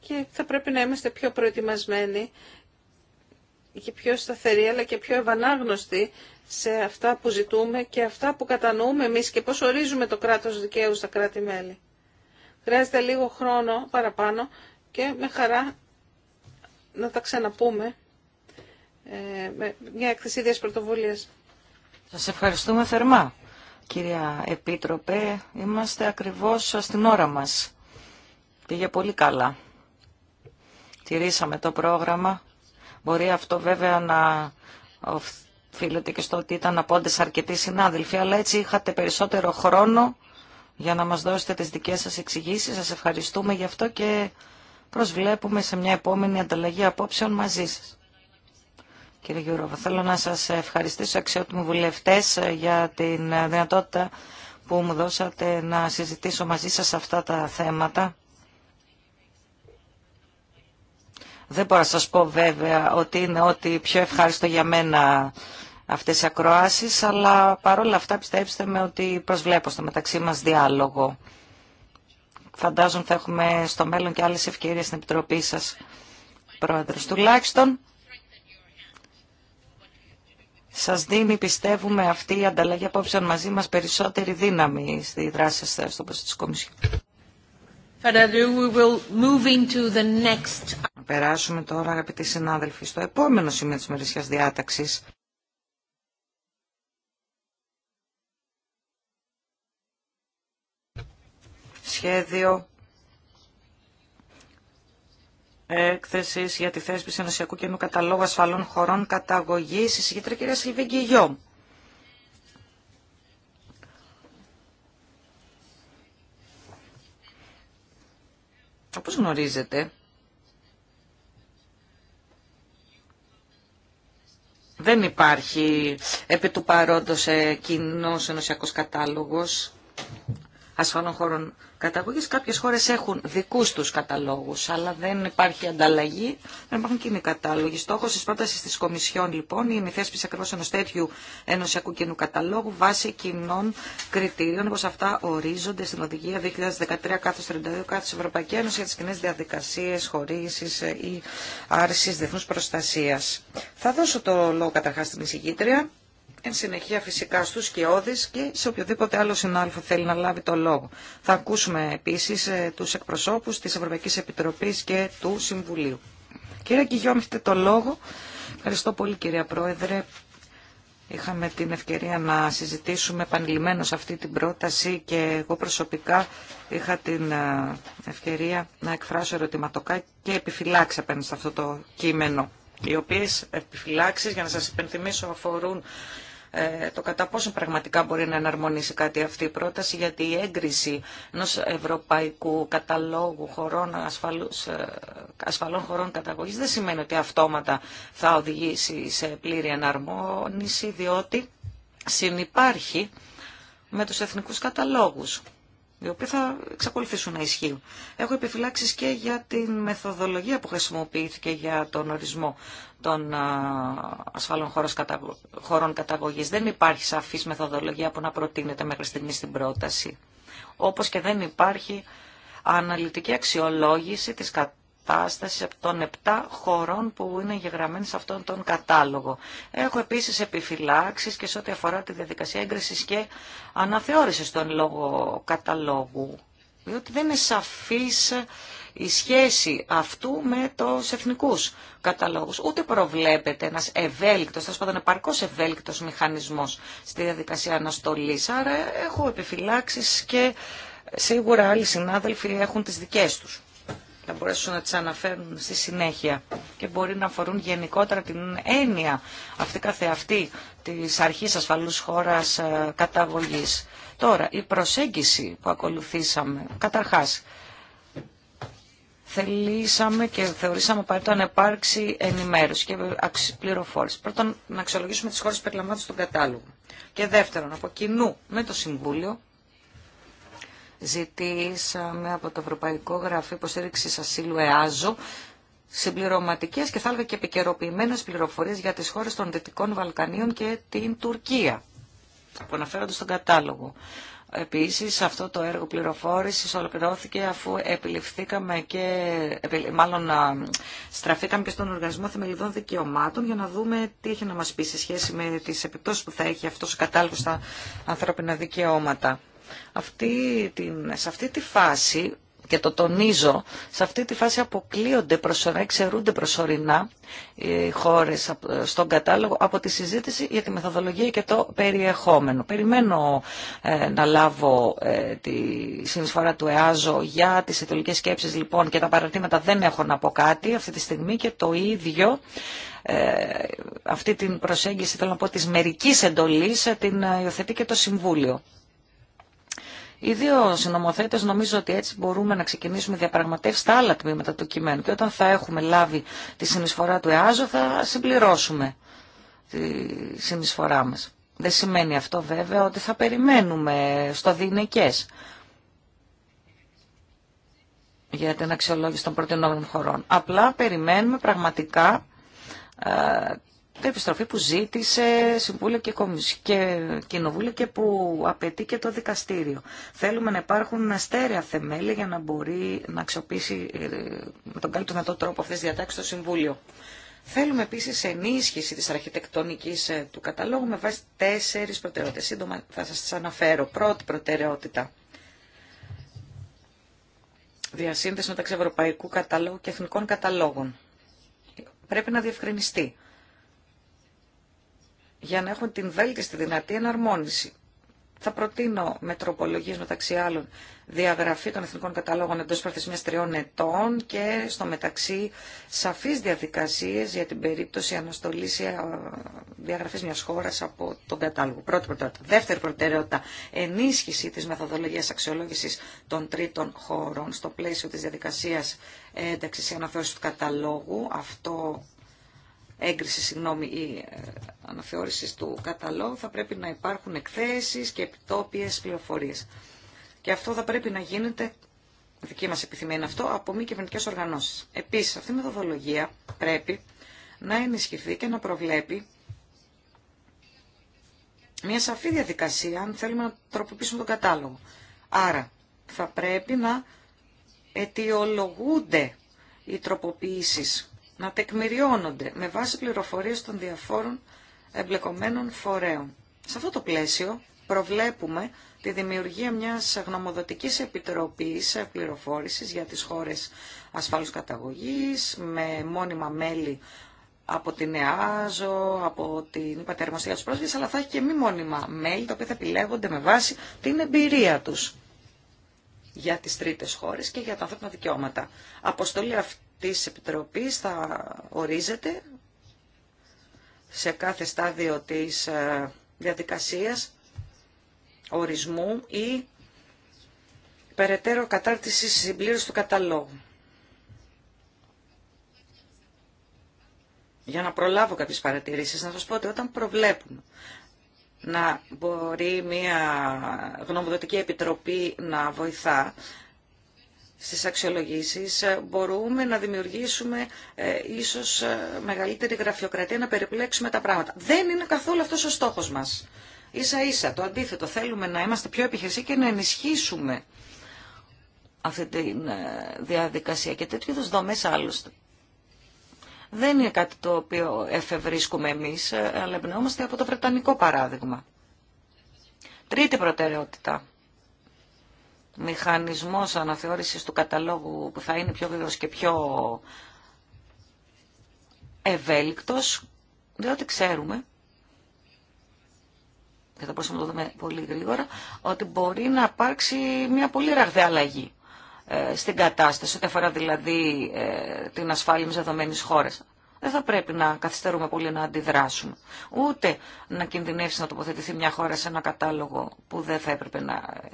και θα πρέπει να είμαστε πιο προετοιμασμένοι και πιο σταθεροί αλλά και πιο ευανάγνωστοι σε αυτά που ζητούμε και αυτά που κατανοούμε εμείς και πώς ορίζουμε το κράτος δικαίου στα κράτη-μέλη. Χρειάζεται λίγο χρόνο παραπάνω και με χαρά να τα ξαναπούμε ε, με μια έκθεση ίδιας πρωτοβουλίας. Σας ευχαριστούμε θερμά. Κυρία Επίτροπε, είμαστε ακριβώς στην ώρα μας. Πήγε πολύ καλά τηρήσαμε το πρόγραμμα. Μπορεί αυτό βέβαια να οφείλεται και στο ότι ήταν όντες αρκετοί συνάδελφοι, αλλά έτσι είχατε περισσότερο χρόνο για να μας δώσετε τις δικές σας εξηγήσεις. Σας ευχαριστούμε γι' αυτό και προσβλέπουμε σε μια επόμενη ανταλλαγή απόψεων μαζί σας. Κύριε Γιούροβα, θέλω να σας ευχαριστήσω αξιότιμοι βουλευτές για την δυνατότητα που μου δώσατε να συζητήσω μαζί σας αυτά τα θέματα Δεν μπορώ να σας πω βέβαια ότι είναι ό,τι πιο ευχάριστο για μένα αυτές οι ακροάσεις, αλλά παρόλα αυτά πιστέψτε με ότι προσβλέπω στο μεταξύ μας διάλογο. Φαντάζομαι θα έχουμε στο μέλλον και άλλες ευκαιρίες στην Επιτροπή σας, Πρόεδρος. Τουλάχιστον σας δίνει, πιστεύουμε, αυτή η ανταλλαγή απόψεων μαζί μας περισσότερη δύναμη στη δράση σας στο πρόσωπο της περάσουμε τώρα, αγαπητοί συνάδελφοι, στο επόμενο σημείο της μερισιάς διάταξης. Σχέδιο έκθεσης για τη θέσπιση ενωσιακού καινού καταλόγου ασφαλών χωρών καταγωγής. η κυρία Σιλβίγκη Όπως γνωρίζετε, Δεν υπάρχει επί του παρόντος ε, κοινός ενωσιακός κατάλογος ασφαλών χώρων καταγωγή. Κάποιε χώρε έχουν δικού του καταλόγου, αλλά δεν υπάρχει ανταλλαγή, δεν υπάρχουν κοινοί κατάλογοι. Στόχο τη πρόταση τη Κομισιόν λοιπόν είναι η θέσπιση ακριβώ ενό τέτοιου ενωσιακού κοινού καταλόγου βάσει κοινών κριτηρίων, όπω αυτά ορίζονται στην Οδηγία 2013 32 κάθε Ευρωπαϊκή Ένωση για τι κοινέ διαδικασίε, χωρίση ε, ή άρση διεθνού προστασία. Θα δώσω το λόγο καταρχά στην εισηγήτρια εν συνεχεία φυσικά στου Σκιώδης και σε οποιοδήποτε άλλο συνάδελφο θέλει να λάβει το λόγο. Θα ακούσουμε επίση ε, του εκπροσώπου τη Ευρωπαϊκή Επιτροπή και του Συμβουλίου. Κύριε Κιγιώμη, έχετε το λόγο. Ευχαριστώ πολύ κυρία Πρόεδρε. Είχαμε την ευκαιρία να συζητήσουμε επανειλημμένω αυτή την πρόταση και εγώ προσωπικά είχα την ε, ευκαιρία να εκφράσω ερωτηματοκά και επιφυλάξει απέναντι σε αυτό το κείμενο οι οποίε επιφυλάξεις, για να σας υπενθυμίσω, αφορούν ε, το κατά πόσο πραγματικά μπορεί να εναρμονίσει κάτι αυτή η πρόταση, γιατί η έγκριση ενό ευρωπαϊκού καταλόγου χωρών ασφαλούς, ε, ασφαλών χωρών καταγωγής δεν σημαίνει ότι αυτόματα θα οδηγήσει σε πλήρη εναρμόνιση, διότι συνυπάρχει με τους εθνικούς καταλόγους οι οποίοι θα εξακολουθήσουν να ισχύουν. Έχω επιφυλάξεις και για την μεθοδολογία που χρησιμοποιήθηκε για τον ορισμό των ασφαλών χωρών καταγωγής. Δεν υπάρχει σαφής μεθοδολογία που να προτείνεται μέχρι στιγμή στην πρόταση. Όπως και δεν υπάρχει αναλυτική αξιολόγηση της κατάστασης των 7 χωρών που είναι εγγεγραμμένοι σε αυτόν τον κατάλογο. Έχω επίσης επιφυλάξεις και σε ό,τι αφορά τη διαδικασία έγκρισης και αναθεώρησης των λόγω καταλόγου διότι δεν είναι σαφής η σχέση αυτού με τους εθνικούς καταλόγους. Ούτε προβλέπεται ένας ευέλικτος, θα ένα επαρκώς ευέλικτος μηχανισμός στη διαδικασία αναστολής. Άρα έχω επιφυλάξεις και σίγουρα άλλοι συνάδελφοι έχουν τις δικές τους. Θα μπορέσουν να τις αναφέρουν στη συνέχεια και μπορεί να αφορούν γενικότερα την έννοια αυτή καθεαυτή της αρχής ασφαλούς χώρας ε, καταγωγής. Τώρα, η προσέγγιση που ακολουθήσαμε, καταρχάς, θελήσαμε και θεωρήσαμε απαραίτητο να υπάρξει ενημέρωση και πληροφόρηση. Πρώτον, να αξιολογήσουμε τις χώρες περιλαμβάνοντας τον κατάλογο. Και δεύτερον, από κοινού με το Συμβούλιο, ζητήσαμε από το Ευρωπαϊκό Γραφείο Υποστήριξη Ασύλου ΕΑΖΟ συμπληρωματικέ και θα έλεγα και επικαιροποιημένε πληροφορίε για τι χώρε των Δυτικών Βαλκανίων και την Τουρκία, που αναφέρονται στον κατάλογο. Επίσης αυτό το έργο πληροφόρησης ολοκληρώθηκε αφού επιληφθήκαμε και, μάλλον στραφήκαμε και στον Οργανισμό Θεμελιδών Δικαιωμάτων για να δούμε τι έχει να μας πει σε σχέση με τις επιπτώσεις που θα έχει αυτός ο κατάλογος στα ανθρώπινα δικαιώματα. Αυτή, την, σε αυτή τη φάση και το τονίζω, σε αυτή τη φάση αποκλείονται προσωρινά, εξαιρούνται προσωρινά οι χώρες στον κατάλογο από τη συζήτηση για τη μεθοδολογία και το περιεχόμενο. Περιμένω ε, να λάβω ε, τη συνεισφορά του ΕΑΖΟ για τις ιδεολογικές σκέψεις λοιπόν και τα παρατήματα δεν έχω να πω κάτι αυτή τη στιγμή και το ίδιο ε, αυτή την προσέγγιση θέλω να πω της μερικής εντολής την υιοθετεί και το Συμβούλιο. Οι δύο συνομοθέτες νομίζω ότι έτσι μπορούμε να ξεκινήσουμε διαπραγματεύσει στα άλλα τμήματα του κειμένου και όταν θα έχουμε λάβει τη συνεισφορά του ΕΑΖΟ θα συμπληρώσουμε τη συνεισφορά μας. Δεν σημαίνει αυτό βέβαια ότι θα περιμένουμε στο δινεκές για την αξιολόγηση των προτινόμενων χωρών. Απλά περιμένουμε πραγματικά ε, επιστροφή που ζήτησε Συμβούλιο και, και Κοινοβούλιο και που απαιτεί και το δικαστήριο. Θέλουμε να υπάρχουν στέρεα θεμέλια για να μπορεί να αξιοποιήσει ε, με τον καλύτερο δυνατό τρόπο αυτές τις διατάξεις στο Συμβούλιο. Θέλουμε επίση ενίσχυση τη αρχιτεκτονική ε, του καταλόγου με βάση τέσσερι προτεραιότητε. Σύντομα θα σα τι αναφέρω. Πρώτη προτεραιότητα. Διασύνδεση μεταξύ Ευρωπαϊκού Καταλόγου και Εθνικών Καταλόγων. Πρέπει να διευκρινιστεί για να έχουν την βέλτιστη δυνατή εναρμόνιση. Θα προτείνω με μεταξύ άλλων διαγραφή των εθνικών καταλόγων εντό προθεσμία τριών ετών και στο μεταξύ σαφεί διαδικασίε για την περίπτωση αναστολή ε, διαγραφή μια χώρα από τον κατάλογο. Πρώτη προτεραιότητα. Δεύτερη προτεραιότητα. Ενίσχυση τη μεθοδολογία αξιολόγηση των τρίτων χωρών στο πλαίσιο τη διαδικασία ένταξη ή αναθεώρησης του καταλόγου. Αυτό έγκριση συγγνώμη, ή ε, αναθεώρησης του καταλόγου θα πρέπει να υπάρχουν εκθέσεις και επιτόπιες πληροφορίες. Και αυτό θα πρέπει να γίνεται, δική μας επιθυμία είναι αυτό, από μη κυβερνητικέ οργανώσεις. Επίσης, αυτή η μεθοδολογία πρέπει να υπαρχουν εκθεσεις και επιτοπιες πληροφοριες και αυτο θα πρεπει να γινεται δικη μας επιθυμια ειναι αυτο απο μη κυβερνητικες οργανωσεις επισης αυτη η μεθοδολογια πρεπει να ενισχυθει και να προβλέπει μια σαφή διαδικασία αν θέλουμε να τροποποιήσουμε τον κατάλογο. Άρα, θα πρέπει να αιτιολογούνται οι τροποποιήσεις να τεκμηριώνονται με βάση πληροφορίες των διαφόρων εμπλεκομένων φορέων. Σε αυτό το πλαίσιο προβλέπουμε τη δημιουργία μιας γνωμοδοτικής επιτροπής πληροφόρησης για τις χώρες ασφάλους καταγωγής με μόνιμα μέλη από την ΕΑΖΟ, από την Πατερμοστία του Πρόσφυγε, αλλά θα έχει και μη μόνιμα μέλη, τα οποία θα επιλέγονται με βάση την εμπειρία του για τι τρίτε χώρε και για τα ανθρώπινα δικαιώματα. Αποστολή της Επιτροπής θα ορίζεται σε κάθε στάδιο της ε, διαδικασίας ορισμού ή περαιτέρω κατάρτισης συμπλήρωση του καταλόγου. Για να προλάβω κάποιες παρατηρήσεις, να σας πω ότι όταν προβλέπουν να μπορεί μια γνωμοδοτική επιτροπή να βοηθά στις αξιολογήσεις ε, μπορούμε να δημιουργήσουμε ε, ίσως ε, μεγαλύτερη γραφειοκρατία, να περιπλέξουμε τα πράγματα. Δεν είναι καθόλου αυτός ο στόχος μας. Ίσα ίσα, το αντίθετο, θέλουμε να είμαστε πιο επιχειρησιακοί και να ενισχύσουμε αυτή τη ε, διαδικασία και τέτοιου είδους δομές άλλωστε. Δεν είναι κάτι το οποίο εφευρίσκουμε εμείς, αλλά εμπνεόμαστε από το βρετανικό παράδειγμα. Τρίτη προτεραιότητα μηχανισμός αναθεώρησης του καταλόγου που θα είναι πιο γρήγορος και πιο ευέλικτος, διότι ξέρουμε, και θα μπορούσαμε να το δούμε πολύ γρήγορα, ότι μπορεί να υπάρξει μια πολύ ραγδαία αλλαγή ε, στην κατάσταση, ό,τι αφορά δηλαδή ε, την ασφάλεια μιας δεδομένης χώρας. Δεν θα πρέπει να καθυστερούμε πολύ να αντιδράσουμε. Ούτε να κινδυνεύσει να τοποθετηθεί μια χώρα σε ένα κατάλογο που δεν θα έπρεπε να ε,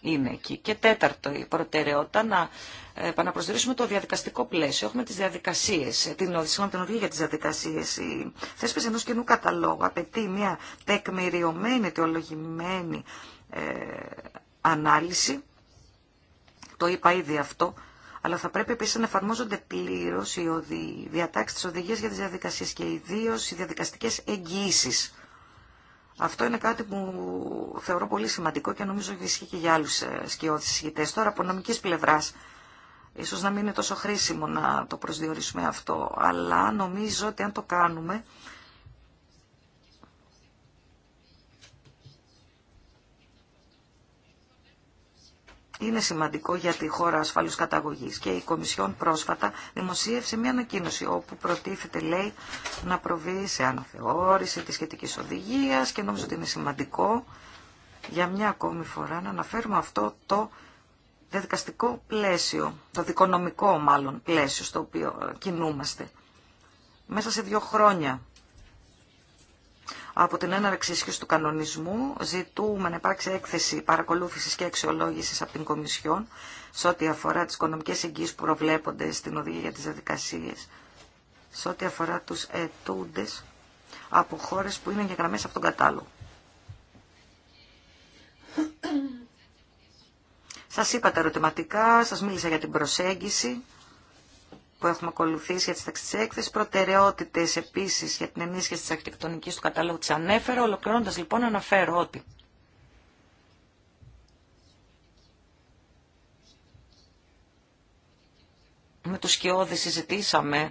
είναι εκεί. Και τέταρτο, η προτεραιότητα να ε, επαναπροσδιορίσουμε το διαδικαστικό πλαίσιο. Έχουμε τι διαδικασίε, την οδηγία για τι διαδικασίε. Η θέσπιση ενό κοινού καταλόγου απαιτεί μια τεκμηριωμένη, αιτιολογημένη ε, ανάλυση. Το είπα ήδη αυτό. Αλλά θα πρέπει επίση να εφαρμόζονται πλήρω οι διατάξει τη οδηγία για τι διαδικασίε και ιδίω οι διαδικαστικέ εγγυήσει. Αυτό είναι κάτι που θεωρώ πολύ σημαντικό και νομίζω ότι ισχύει και για άλλου ε, σκιώδει συζητητέ. Τώρα, από νομική πλευρά, ίσω να μην είναι τόσο χρήσιμο να το προσδιορίσουμε αυτό, αλλά νομίζω ότι αν το κάνουμε, είναι σημαντικό για τη χώρα ασφάλους καταγωγής και η Κομισιόν πρόσφατα δημοσίευσε μια ανακοίνωση όπου προτίθεται λέει να προβεί σε αναθεώρηση της σχετικής οδηγίας και νομίζω ότι είναι σημαντικό για μια ακόμη φορά να αναφέρουμε αυτό το διαδικαστικό πλαίσιο, το δικονομικό μάλλον πλαίσιο στο οποίο κινούμαστε. Μέσα σε δύο χρόνια από την έναρξη ισχύω του κανονισμού ζητούμε να υπάρξει έκθεση παρακολούθησης και αξιολόγηση από την Κομισιόν σε ό,τι αφορά τις οικονομικέ εγγύσεις που προβλέπονται στην οδηγία για τις διαδικασίες, σε ό,τι αφορά τους ετούντε από χώρε που είναι εγγεγραμμένες από τον κατάλογο. Σα είπα τα ερωτηματικά, σα μίλησα για την προσέγγιση που έχουμε ακολουθήσει για τις ταξιτές έκθεση, προτεραιότητες επίσης για την ενίσχυση τη αρχιτεκτονικής του κατάλογου τη ανέφερα, Ολοκληρώνοντα λοιπόν αναφέρω ότι με τους Σκιώδη συζητήσαμε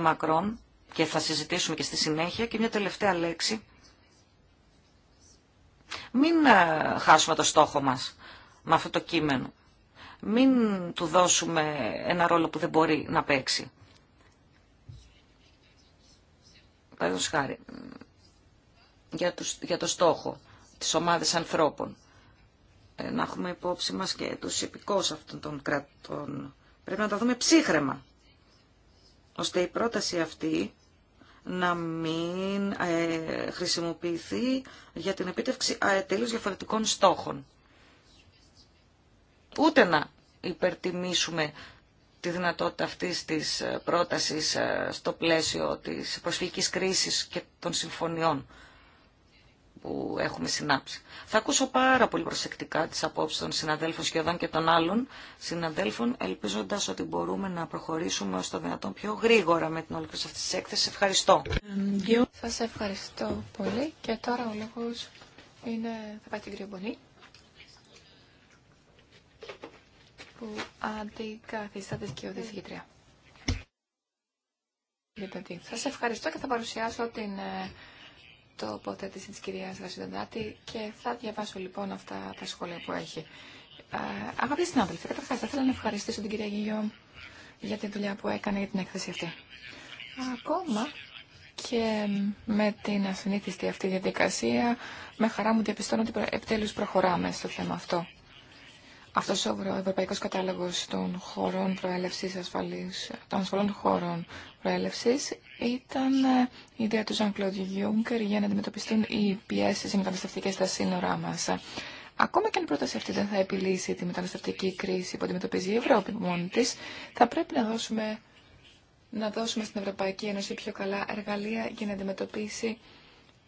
μακρόν και θα συζητήσουμε και στη συνέχεια και μια τελευταία λέξη. Μην ε, χάσουμε το στόχο μας με αυτό το κείμενο μην του δώσουμε ένα ρόλο που δεν μπορεί να παίξει. Παραδείγματος χάρη, για, για το στόχο της ομάδας ανθρώπων, ε, να έχουμε υπόψη μας και τους υπηκόους αυτών των κρατών. Πρέπει να τα δούμε ψύχρεμα, ώστε η πρόταση αυτή να μην ε, χρησιμοποιηθεί για την επίτευξη ε, διαφορετικών στόχων. Ούτε να υπερτιμήσουμε τη δυνατότητα αυτής της ε, πρότασης ε, στο πλαίσιο της προσφυγικής κρίσης και των συμφωνιών που έχουμε συνάψει. Θα ακούσω πάρα πολύ προσεκτικά τις απόψεις των συναδέλφων σχεδόν και των άλλων συναδέλφων, ελπίζοντας ότι μπορούμε να προχωρήσουμε ω το δυνατόν πιο γρήγορα με την ολοκλήρωση αυτή τη έκθεση. Ευχαριστώ. Σας ευχαριστώ πολύ και τώρα ο λόγος είναι... θα πάει την κυρία που αντικαθιστά τη ο ναι. συγκεκριά. Σας ευχαριστώ και θα παρουσιάσω την ε, τοποθέτηση της κυρίας Ρασιδοντάτη και θα διαβάσω λοιπόν αυτά τα σχόλια που έχει. Ε, αγαπητοί συνάδελφοι, καταρχάς θα ήθελα να ευχαριστήσω την κυρία Γιγιόμ για τη δουλειά που έκανε για την έκθεση αυτή. Ακόμα και με την ασυνήθιστη αυτή διαδικασία, με χαρά μου διαπιστώνω ότι επιτέλους προχωράμε στο θέμα αυτό. Αυτό ο Ευρωπαϊκό Κατάλογο των χωρών προέλευση, Ασφαλή, των ασφαλών χωρών προέλευση ήταν ε, η ιδέα του Ζαν claude Γιούγκερ για να αντιμετωπιστούν οι πιέσει οι μεταναστευτικέ στα σύνορά μα. Ακόμα και αν η πρόταση αυτή δεν θα επιλύσει τη μεταναστευτική κρίση που αντιμετωπίζει η Ευρώπη μόνη τη, θα πρέπει να δώσουμε, να δώσουμε στην Ευρωπαϊκή Ένωση πιο καλά εργαλεία για να αντιμετωπίσει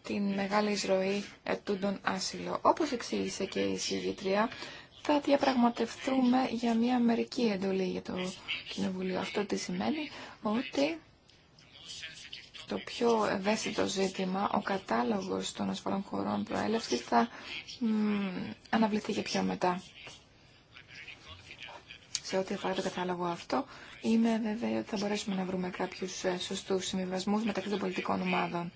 την μεγάλη εισρωή ετούντων άσυλο. Όπω εξήγησε και η συγγήτρια, θα διαπραγματευτούμε για μια μερική εντολή για το Κοινοβουλίο. Αυτό τι σημαίνει ότι το πιο ευαίσθητο ζήτημα, ο κατάλογος των ασφαλών χωρών προέλευσης θα αναβληθεί και πιο μετά. Σε ό,τι αφορά το κατάλογο αυτό, είμαι βέβαια ότι θα μπορέσουμε να βρούμε κάποιους ε, σωστούς συμβιβασμούς μεταξύ των πολιτικών ομάδων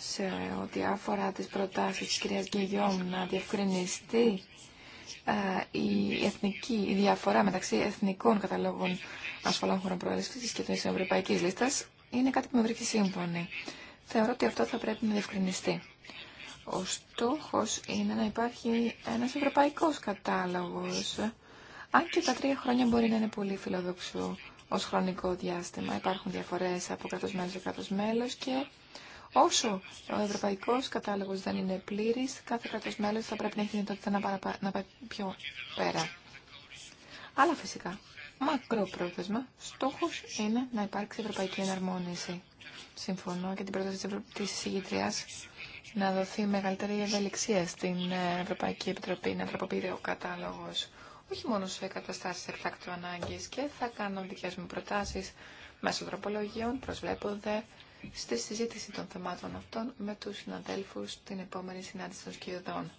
σε ό,τι αφορά τις προτάσεις της κυρίας Γκυγιόμ να διευκρινιστεί ε, η εθνική η διαφορά μεταξύ εθνικών καταλόγων ασφαλών χωρών προέλευσης και της ευρωπαϊκής λίστας είναι κάτι που με βρίσκει σύμφωνη. Θεωρώ ότι αυτό θα πρέπει να διευκρινιστεί. Ο στόχος είναι να υπάρχει ένας ευρωπαϊκός κατάλογος, αν και τα τρία χρόνια μπορεί να είναι πολύ φιλοδοξού ως χρονικό διάστημα. Υπάρχουν διαφορές από κράτος μέλος σε κράτος μέλος και Όσο ο ευρωπαϊκό κατάλογο δεν είναι πλήρη, κάθε κράτο μέλο θα πρέπει να έχει δυνατότητα να, να πάει πιο πέρα. Αλλά φυσικά, μακροπρόθεσμα, στόχο είναι να υπάρξει ευρωπαϊκή εναρμόνιση. Συμφωνώ και την πρόταση τη εισηγητριά να δοθεί μεγαλύτερη ευελιξία στην ε, Ευρωπαϊκή Επιτροπή να τροποποιείται ο κατάλογο. Όχι μόνο σε καταστάσει εκτάκτου ανάγκη και θα κάνω δικέ μου προτάσει μέσω τροπολογίων. προσβλέπονται στη συζήτηση των θεμάτων αυτών με τους συναδέλφους την επόμενη συνάντηση των σκιωδών.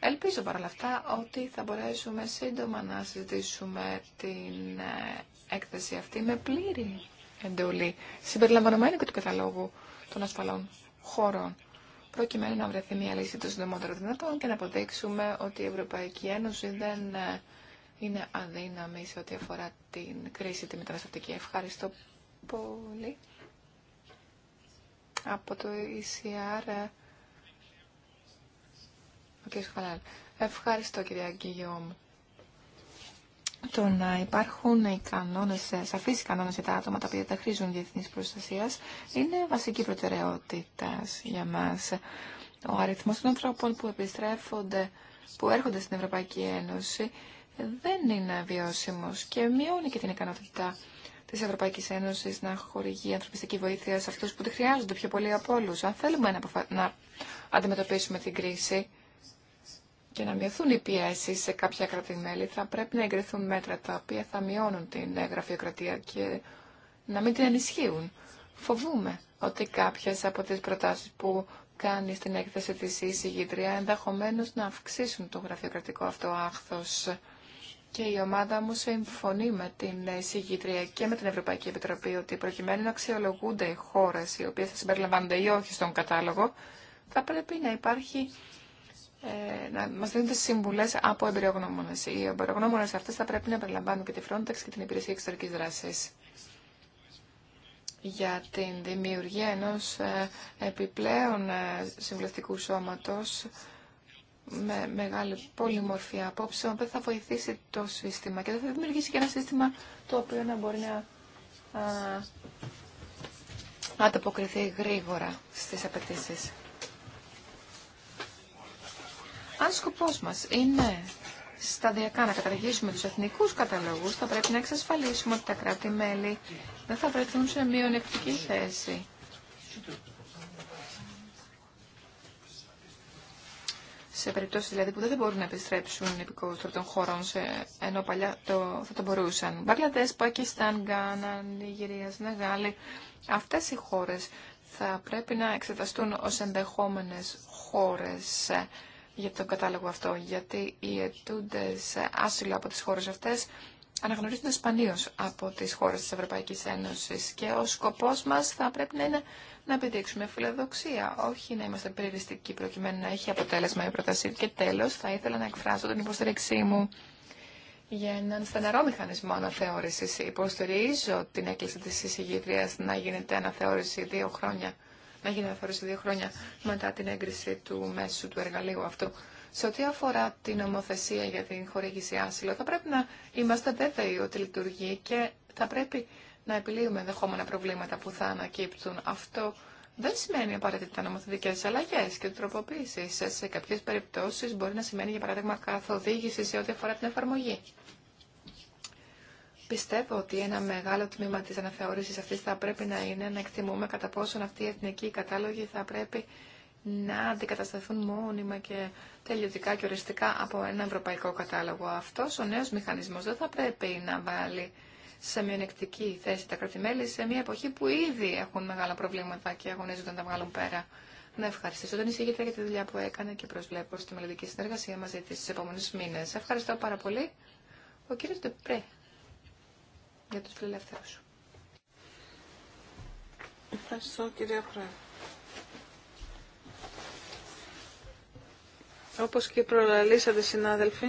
Ελπίζω παρ' όλα αυτά ότι θα μπορέσουμε σύντομα να συζητήσουμε την ε, έκθεση αυτή με πλήρη εντολή, συμπεριλαμβανομένη και του καταλόγου των ασφαλών χωρών, προκειμένου να βρεθεί μια λύση το συντομότερο δυνατόν και να αποδείξουμε ότι η Ευρωπαϊκή Ένωση δεν ε, είναι αδύναμη σε ό,τι αφορά την κρίση τη μεταναστευτική. Ευχαριστώ πολύ από το ECR, ε, ο κ. Χαλάλ. Ευχαριστώ κυρία Αγγίγιο το να υπάρχουν οι κανόνες, ε, σαφείς κανόνες για τα άτομα τα οποία τα χρήζουν διεθνής προστασίας είναι βασική προτεραιότητα για μας. Ο αριθμός των ανθρώπων που επιστρέφονται, που έρχονται στην Ευρωπαϊκή Ένωση δεν είναι βιώσιμος και μειώνει και την ικανότητα τη Ευρωπαϊκή Ένωση να χορηγεί ανθρωπιστική βοήθεια σε αυτού που τη χρειάζονται πιο πολύ από όλου. Αν θέλουμε να, να αντιμετωπίσουμε την κρίση και να μειωθούν οι πιέσει σε κάποια κράτη-μέλη, θα πρέπει να εγκριθούν μέτρα τα οποία θα μειώνουν την γραφειοκρατία και να μην την ενισχύουν. Φοβούμε ότι κάποιε από τι προτάσει που κάνει στην έκθεση τη εισηγήτρια ενδεχομένω να αυξήσουν το γραφειοκρατικό αυτό άχθος και η ομάδα μου συμφωνεί με την εισηγήτρια και με την Ευρωπαϊκή Επιτροπή ότι προκειμένου να αξιολογούνται οι χώρε οι οποίε θα συμπεριλαμβάνονται ή όχι στον κατάλογο, θα πρέπει να υπάρχει ε, να μα δίνονται συμβουλέ από εμπειρογνώμονε. Οι εμπειρογνώμονε αυτέ θα πρέπει να περιλαμβάνουν και τη Frontex και την Υπηρεσία Εξωτερική Δράση για την δημιουργία ενός ε, επιπλέον ε, συμβουλευτικού σώματος με μεγάλη πολυμορφία απόψεων δεν θα βοηθήσει το σύστημα και δεν θα δημιουργήσει και ένα σύστημα το οποίο να μπορεί να ανταποκριθεί γρήγορα στις απαιτήσει. Αν σκοπός μας είναι σταδιακά να καταργήσουμε τους εθνικούς καταλόγους, θα πρέπει να εξασφαλίσουμε ότι τα κράτη-μέλη δεν θα βρεθούν σε μειονεκτική θέση σε περιπτώσεις δηλαδή που δεν μπορούν να επιστρέψουν υπηκόους των χώρων σε, ενώ παλιά το, θα το μπορούσαν. Μπαγκλαντέ, Πακιστάν, Γκάνα, Νιγηρία, Νεγάλη, αυτές οι χώρες θα πρέπει να εξεταστούν ως ενδεχόμενες χώρες ε, για τον κατάλογο αυτό, γιατί οι ετούντες άσυλο από τις χώρες αυτές αναγνωρίζονται σπανίω από τι χώρε τη Ευρωπαϊκή Ένωση. και ο σκοπό μα θα πρέπει να είναι να επιδείξουμε φιλοδοξία, όχι να είμαστε περιοριστικοί προκειμένου να έχει αποτέλεσμα η πρότασή και τέλο, θα ήθελα να εκφράσω την υποστήριξή μου για έναν στεναρό μηχανισμό αναθεώρηση. Υποστηρίζω την έκκληση τη εισηγήτρια να γίνεται αναθεώρηση δύο χρόνια. Να γίνει αναθεώρηση δύο χρόνια μετά την έγκριση του μέσου του εργαλείου αυτού. Σε ό,τι αφορά την νομοθεσία για την χορήγηση άσυλο, θα πρέπει να είμαστε βέβαιοι ότι λειτουργεί και θα πρέπει να επιλύουμε ενδεχόμενα προβλήματα που θα ανακύπτουν. Αυτό δεν σημαίνει απαραίτητα νομοθετικέ αλλαγέ και τροποποίησει. Σε κάποιε περιπτώσει μπορεί να σημαίνει, για παράδειγμα, καθοδήγηση σε ό,τι αφορά την εφαρμογή. Πιστεύω ότι ένα μεγάλο τμήμα τη αναθεώρηση αυτή θα πρέπει να είναι να εκτιμούμε κατά πόσον αυτή η εθνική κατάλογη θα πρέπει να αντικατασταθούν μόνιμα και τελειωτικά και οριστικά από ένα ευρωπαϊκό κατάλογο. Αυτό ο νέο μηχανισμό δεν θα πρέπει να βάλει σε μειονεκτική θέση τα κρατημέλη σε μια εποχή που ήδη έχουν μεγάλα προβλήματα και αγωνίζονται να τα βγάλουν πέρα. Να ευχαριστήσω τον εισηγήτρια για τη δουλειά που έκανε και προσβλέπω στη μελλοντική συνεργασία μαζί τη στις επόμενε μήνε. Ευχαριστώ πάρα πολύ. Ο κύριο Ντεπρέ για του φιλελεύθερου. Ευχαριστώ κυρία Πρόεδρε. Όπως και προλαλήσατε συνάδελφοι,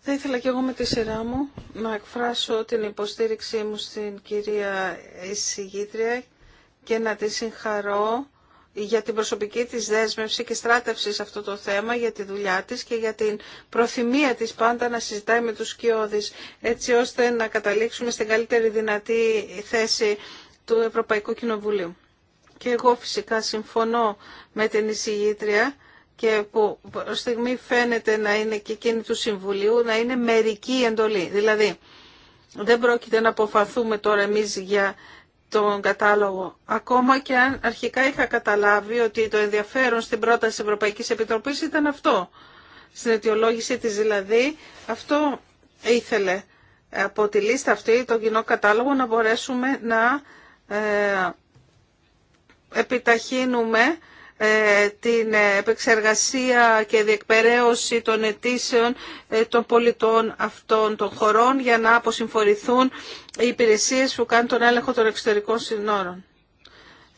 θα ήθελα και εγώ με τη σειρά μου να εκφράσω την υποστήριξή μου στην κυρία εισηγήτρια και να τη συγχαρώ για την προσωπική της δέσμευση και στράτευση σε αυτό το θέμα, για τη δουλειά της και για την προθυμία της πάντα να συζητάει με τους σκιώδεις, έτσι ώστε να καταλήξουμε στην καλύτερη δυνατή θέση του Ευρωπαϊκού Κοινοβουλίου και εγώ φυσικά συμφωνώ με την εισηγήτρια και που προς στιγμή φαίνεται να είναι και εκείνη του Συμβουλίου, να είναι μερική εντολή. Δηλαδή, δεν πρόκειται να αποφαθούμε τώρα εμείς για τον κατάλογο. Ακόμα και αν αρχικά είχα καταλάβει ότι το ενδιαφέρον στην πρόταση Ευρωπαϊκής Επιτροπής ήταν αυτό. Στην αιτιολόγηση της δηλαδή, αυτό ήθελε από τη λίστα αυτή, τον κοινό κατάλογο, να μπορέσουμε να ε, επιταχύνουμε ε, την επεξεργασία και διεκπαιρέωση των αιτήσεων ε, των πολιτών αυτών των χωρών για να αποσυμφορηθούν οι υπηρεσίες που κάνουν τον έλεγχο των εξωτερικών συνόρων.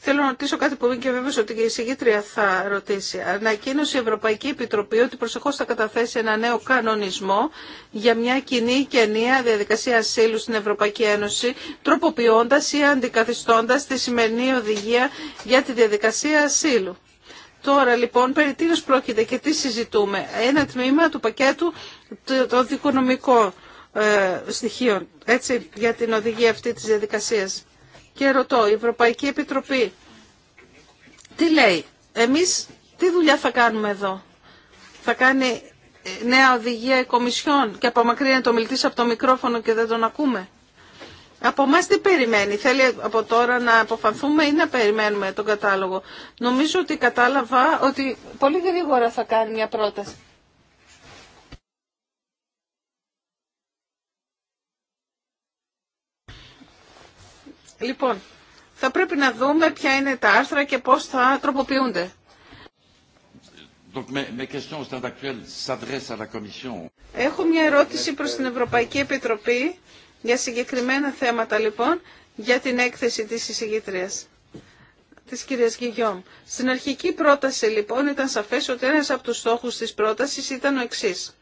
Θέλω να ρωτήσω κάτι που είναι και βέβαιο ότι η συγκήτρια θα ρωτήσει. Ανακοίνωσε η Ευρωπαϊκή Επιτροπή ότι προσεχώ θα καταθέσει ένα νέο κανονισμό για μια κοινή και ενιαία διαδικασία ασύλου στην Ευρωπαϊκή Ένωση, τροποποιώντα ή αντικαθιστώντα τη σημερινή οδηγία για τη διαδικασία ασύλου. Τώρα λοιπόν περί τίνο πρόκειται και τι συζητούμε. Ένα τμήμα του πακέτου των δικονομικών ε, στοιχείων έτσι, για την οδηγία αυτή της διαδικασίας. Και ρωτώ, η Ευρωπαϊκή Επιτροπή τι λέει, εμείς τι δουλειά θα κάνουμε εδώ. Θα κάνει ε, νέα οδηγία η Κομισιόν και απομακρύνει το μιλτής από το μικρόφωνο και δεν τον ακούμε. Από εμά τι περιμένει, θέλει από τώρα να αποφανθούμε ή να περιμένουμε τον κατάλογο. Νομίζω ότι κατάλαβα ότι πολύ γρήγορα θα κάνει μια πρόταση. Λοιπόν, θα πρέπει να δούμε ποια είναι τα άρθρα και πώς θα τροποποιούνται. Έχω μια ερώτηση προς την Ευρωπαϊκή Επιτροπή για συγκεκριμένα θέματα λοιπόν για την έκθεση της εισηγήτριας της κυρίας Γιγιόμ. Στην αρχική πρόταση λοιπόν ήταν σαφές ότι ένας από τους στόχους της πρότασης ήταν ο εξής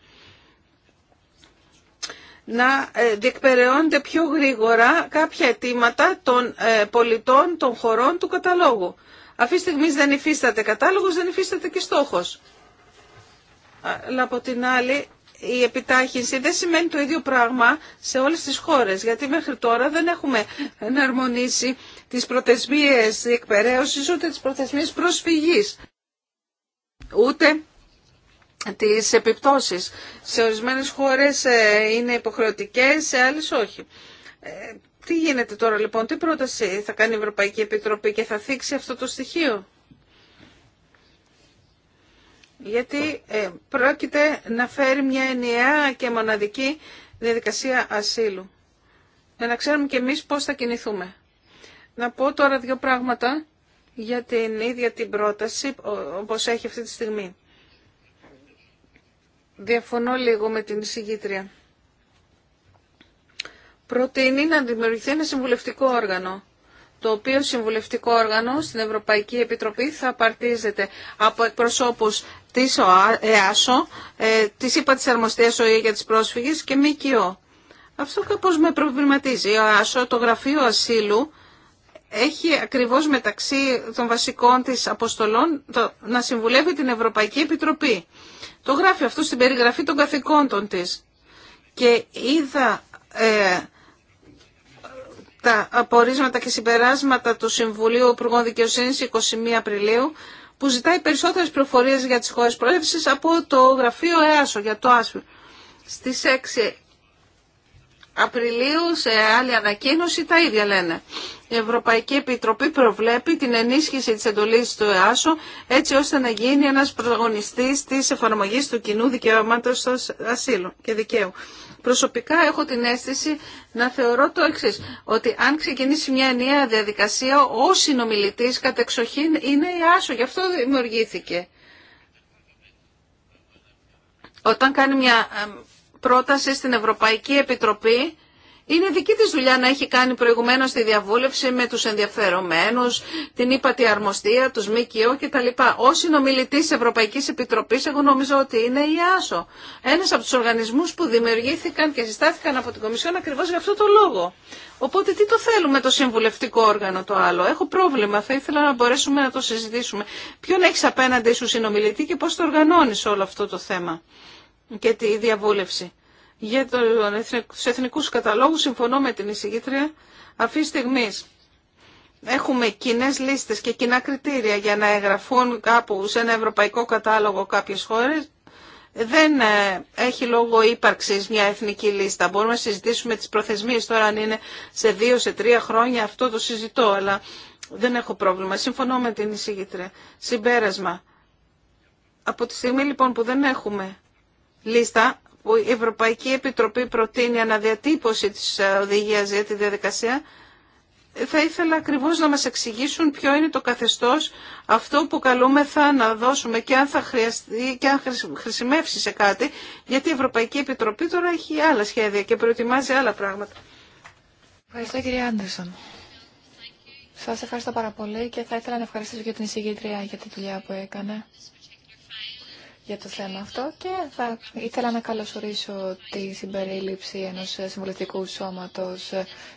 να ε, διεκπεραιώνται πιο γρήγορα κάποια αιτήματα των ε, πολιτών των χωρών του καταλόγου. Αυτή τη στιγμή δεν υφίσταται κατάλογος, δεν υφίσταται και στόχος. Αλλά από την άλλη η επιτάχυνση δεν σημαίνει το ίδιο πράγμα σε όλες τις χώρες, γιατί μέχρι τώρα δεν έχουμε εναρμονίσει τις προθεσμίες διεκπαιρέωσης, ούτε τις προθεσμίες προσφυγής, ούτε τις επιπτώσεις. Σε ορισμένες χώρες ε, είναι υποχρεωτικές, σε άλλες όχι. Ε, τι γίνεται τώρα λοιπόν, τι πρόταση θα κάνει η Ευρωπαϊκή Επιτροπή και θα θίξει αυτό το στοιχείο. Γιατί ε, πρόκειται να φέρει μια ενιαία και μοναδική διαδικασία ασύλου. Για να ξέρουμε και εμείς πώς θα κινηθούμε. Να πω τώρα δύο πράγματα για την ίδια την πρόταση όπως έχει αυτή τη στιγμή. Διαφωνώ λίγο με την εισηγήτρια. Προτείνει να δημιουργηθεί ένα συμβουλευτικό όργανο, το οποίο συμβουλευτικό όργανο στην Ευρωπαϊκή Επιτροπή θα απαρτίζεται από εκπροσώπους της ΕΑΣΟ, ε, της ΥΠΑ της Αρμοστίας ΟΗΕ για τις πρόσφυγες και ΜΚΟ. Αυτό κάπως με προβληματίζει. Ο ΕΑΣΟ, το Γραφείο Ασύλου, έχει ακριβώς μεταξύ των βασικών της αποστολών να συμβουλεύει την Ευρωπαϊκή Επιτροπή. Το γράφει αυτό στην περιγραφή των καθηκόντων της. Και είδα ε, τα απορίσματα και συμπεράσματα του Συμβουλίου Υπουργών Δικαιοσύνη 21 Απριλίου που ζητάει περισσότερες προφορίες για τις χώρε προέλευση από το γραφείο ΕΑΣΟ για το άσφυρο. Στις 6 Απριλίου σε άλλη ανακοίνωση τα ίδια λένε. Η Ευρωπαϊκή Επιτροπή προβλέπει την ενίσχυση της εντολής του ΕΑΣΟ έτσι ώστε να γίνει ένας πρωταγωνιστής της εφαρμογής του κοινού δικαιώματος ασύλου και δικαίου. Προσωπικά έχω την αίσθηση να θεωρώ το εξή, ότι αν ξεκινήσει μια ενιαία διαδικασία, ο συνομιλητής κατεξοχήν είναι η Άσο, γι' αυτό δημιουργήθηκε. Όταν κάνει μια πρόταση στην Ευρωπαϊκή Επιτροπή είναι δική της δουλειά να έχει κάνει προηγουμένως τη διαβούλευση με τους ενδιαφερομένους, την ύπατη αρμοστία, τους ΜΚΟ κτλ. Ως συνομιλητής Ευρωπαϊκής Επιτροπής, εγώ νομίζω ότι είναι η ΆΣΟ. Ένας από τους οργανισμούς που δημιουργήθηκαν και συστάθηκαν από την Κομισιόν ακριβώς για αυτό το λόγο. Οπότε τι το θέλουμε το συμβουλευτικό όργανο το άλλο. Έχω πρόβλημα, θα ήθελα να μπορέσουμε να το συζητήσουμε. Ποιον έχεις απέναντι σου συνομιλητή και πώς το οργανώνεις όλο αυτό το θέμα και τη διαβούλευση. Για του εθνικούς καταλόγου, συμφωνώ με την εισηγήτρια αυτή τη στιγμή. Έχουμε κοινέ λίστες και κοινά κριτήρια για να εγγραφούν κάπου σε ένα ευρωπαϊκό κατάλογο κάποιες χώρες. Δεν ε, έχει λόγο ύπαρξη μια εθνική λίστα. Μπορούμε να συζητήσουμε τις προθεσμίες τώρα αν είναι σε δύο, σε τρία χρόνια. Αυτό το συζητώ, αλλά δεν έχω πρόβλημα. Συμφωνώ με την εισηγήτρια. Συμπέρασμα. Από τη στιγμή λοιπόν που δεν έχουμε λίστα που η Ευρωπαϊκή Επιτροπή προτείνει αναδιατύπωση της ε, οδηγίας για τη διαδικασία, θα ήθελα ακριβώς να μας εξηγήσουν ποιο είναι το καθεστώς αυτό που καλούμεθα να δώσουμε και αν θα χρειαστεί και αν χρησιμεύσει σε κάτι, γιατί η Ευρωπαϊκή Επιτροπή τώρα έχει άλλα σχέδια και προετοιμάζει άλλα πράγματα. Ευχαριστώ κύριε Άντερσον. Σας ευχαριστώ πάρα πολύ και θα ήθελα να ευχαριστήσω και την εισηγήτρια για τη δουλειά που έκανε για το θέμα αυτό και θα ήθελα να καλωσορίσω τη συμπερίληψη ενός συμβουλευτικού σώματος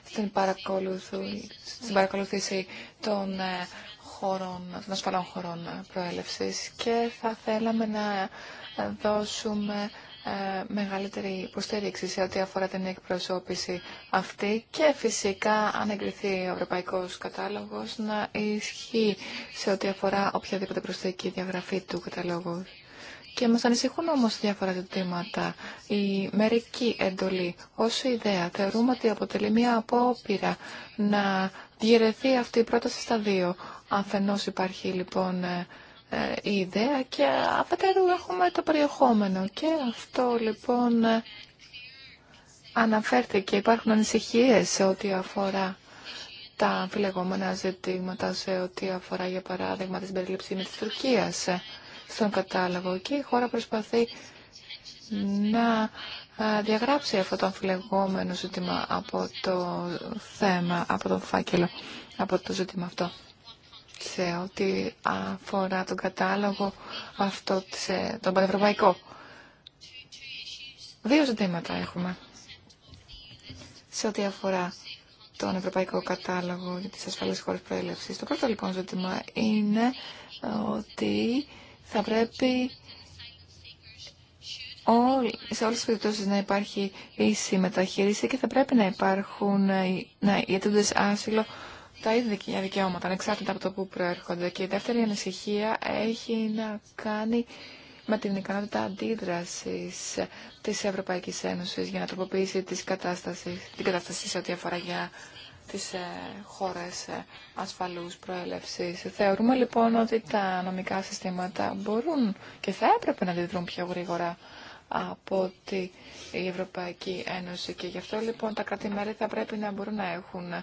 στην, παρακολούθηση των ε, χωρών, των ασφαλών χωρών προέλευσης και θα θέλαμε να δώσουμε ε, μεγαλύτερη υποστήριξη σε ό,τι αφορά την εκπροσώπηση αυτή και φυσικά αν εγκριθεί ο Ευρωπαϊκός Κατάλογος να ισχύει σε ό,τι αφορά οποιαδήποτε προσθέκη διαγραφή του καταλόγου και μας ανησυχούν όμως διάφορα ζητήματα. Η μερική εντολή ως ιδέα θεωρούμε ότι αποτελεί μια απόπειρα να διαιρεθεί αυτή η πρόταση στα δύο. Αφενός υπάρχει λοιπόν ε, ε, η ιδέα και αφετέρου έχουμε το περιεχόμενο. Και αυτό λοιπόν ε, αναφέρθηκε. Υπάρχουν ανησυχίες σε ό,τι αφορά τα αμφιλεγόμενα ζητήματα, σε ό,τι αφορά για παράδειγμα τις με της Τουρκίας στον κατάλογο και η χώρα προσπαθεί να διαγράψει αυτό το αμφιλεγόμενο ζήτημα από το θέμα, από το φάκελο, από το ζήτημα αυτό. Σε ό,τι αφορά τον κατάλογο αυτό, ε, τον πανευρωπαϊκό. Δύο ζητήματα έχουμε. Σε ό,τι αφορά τον Ευρωπαϊκό Κατάλογο για τις ασφαλείς χώρες προέλευσης. Το πρώτο λοιπόν ζήτημα είναι ότι θα πρέπει σε όλες τις περιπτώσεις να υπάρχει ίση μεταχείριση και θα πρέπει να υπάρχουν, ε, να ηγετούντες άσυλο τα ίδια δικαιώματα, ανεξάρτητα από το που προέρχονται. Και η δεύτερη ανησυχία έχει να κάνει με την ικανότητα αντίδρασης της Ευρωπαϊκής Ένωσης για να τροποποιήσει τις την κατάσταση σε ό,τι αφορά για τις ε, χώρες ε, ασφαλούς προέλευσης. Θεωρούμε λοιπόν ότι τα νομικά συστήματα μπορούν και θα έπρεπε να διδρούν πιο γρήγορα από ότι η Ευρωπαϊκή Ένωση και γι' αυτό λοιπόν τα κρατη θα πρέπει να μπορούν να έχουν ε,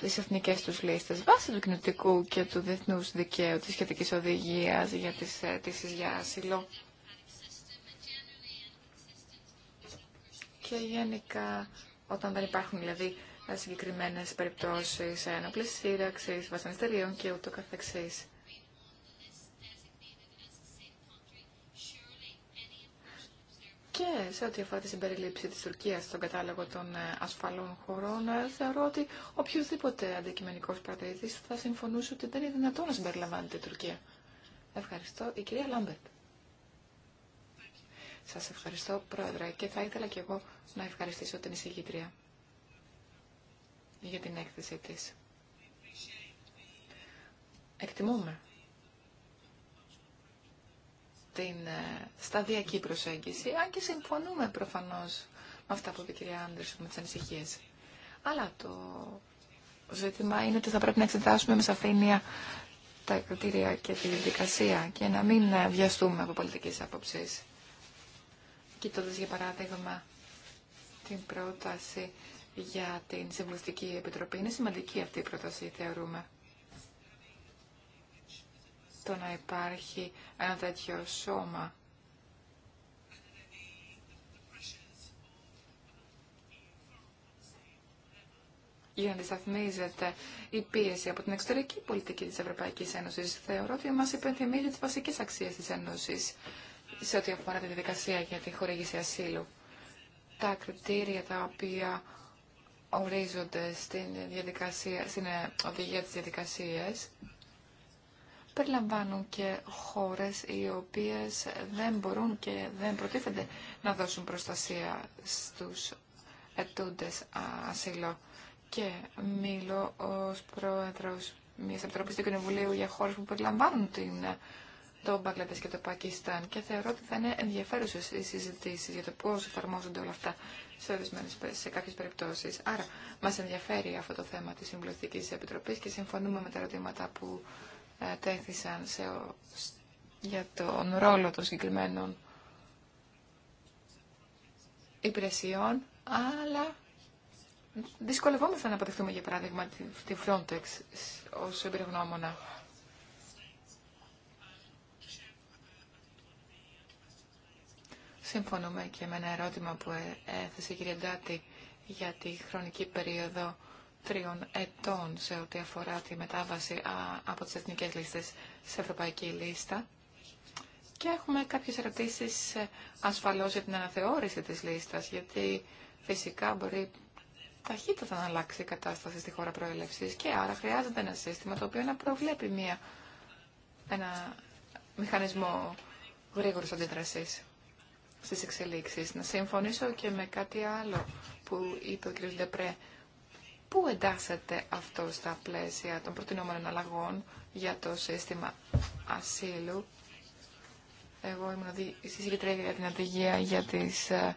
τις εθνικές τους λίστες βάσει του κοινωτικού και του διεθνούς δικαίου της σχετικής οδηγίας για τις αιτήσεις για ασυλό. Και γενικά όταν δεν υπάρχουν δηλαδή ε, συγκεκριμένες περιπτώσεις ένοπλης σύραξης, βασανιστεριών και ούτω καθεξής. Και σε ό,τι αφορά τη συμπεριλήψη της Τουρκίας στον κατάλογο των ε, ασφαλών χωρών, ε, θεωρώ ότι οποιοδήποτε αντικειμενικός παρατηρητής θα συμφωνούσε ότι δεν είναι δυνατόν να συμπεριλαμβάνεται η Τουρκία. Ευχαριστώ. Η κυρία Λάμπερτ. Σας ευχαριστώ, Πρόεδρε, και θα ήθελα και εγώ να ευχαριστήσω την εισηγήτρια για την έκθεση της. Εκτιμούμε την ε, σταδιακή προσέγγιση, αν και συμφωνούμε προφανώς με αυτά που είπε η κυρία Άντερσον, με τις ανησυχίες. Αλλά το ζήτημα είναι ότι θα πρέπει να εξετάσουμε με σαφήνεια τα κριτήρια και τη διαδικασία και να μην ε, βιαστούμε από πολιτικής άποψης. Κοιτώντας για παράδειγμα την πρόταση για την Συμβουλευτική Επιτροπή. Είναι σημαντική αυτή η πρόταση, θεωρούμε. Το να υπάρχει ένα τέτοιο σώμα. για να αντισταθμίζεται η πίεση από την εξωτερική πολιτική της Ευρωπαϊκής Ένωσης. Θεωρώ ότι μας υπενθυμίζει τις βασικές αξίες της Ένωσης σε ό,τι αφορά τη διαδικασία για τη χορήγηση ασύλου. Τα κριτήρια τα οποία ορίζονται στην, διαδικασία, στην ε, οδηγία της διαδικασίας περιλαμβάνουν και χώρες οι οποίες δεν μπορούν και δεν προτίθενται να δώσουν προστασία στους ετούντες ασύλο. Και μιλώ ως πρόεδρος μιας επιτροπής του Κοινοβουλίου για χώρες που περιλαμβάνουν την το Μπαγκλαντές και το Πακιστάν και θεωρώ ότι θα είναι ενδιαφέρουσε οι συζητήσει για το πώ εφαρμόζονται όλα αυτά σε, σε κάποιες περιπτώσεις. Άρα, μα ενδιαφέρει αυτό το θέμα της συμβουλευτική Επιτροπής και συμφωνούμε με τα ερωτήματα που ε, τέθησαν σε, για τον ρόλο των συγκεκριμένων υπηρεσιών, αλλά δυσκολευόμαστε να αποδεχτούμε, για παράδειγμα, τη Frontex ως εμπειρογνώμονα. Συμφωνούμε και με ένα ερώτημα που ε, έθεσε η κυρία Ντάτη για τη χρονική περίοδο τριών ετών σε ό,τι αφορά τη μετάβαση από τις εθνικές λίστες σε ευρωπαϊκή λίστα. Και έχουμε κάποιες ερωτήσεις ε, ασφαλώς για την αναθεώρηση της λίστας, γιατί φυσικά μπορεί ταχύτατα να αλλάξει η κατάσταση στη χώρα προέλευσης και άρα χρειάζεται ένα σύστημα το οποίο να προβλέπει μια, ένα μηχανισμό γρήγορης αντίδρασης στις εξελίξεις. Να συμφωνήσω και με κάτι άλλο που είπε ο κ. Λεπρέ. Πού εντάσσεται αυτό στα πλαίσια των προτινόμενων αλλαγών για το σύστημα ασύλου. Εγώ ήμουν δι... συζητήτρια για την αντιγεία για τις ε,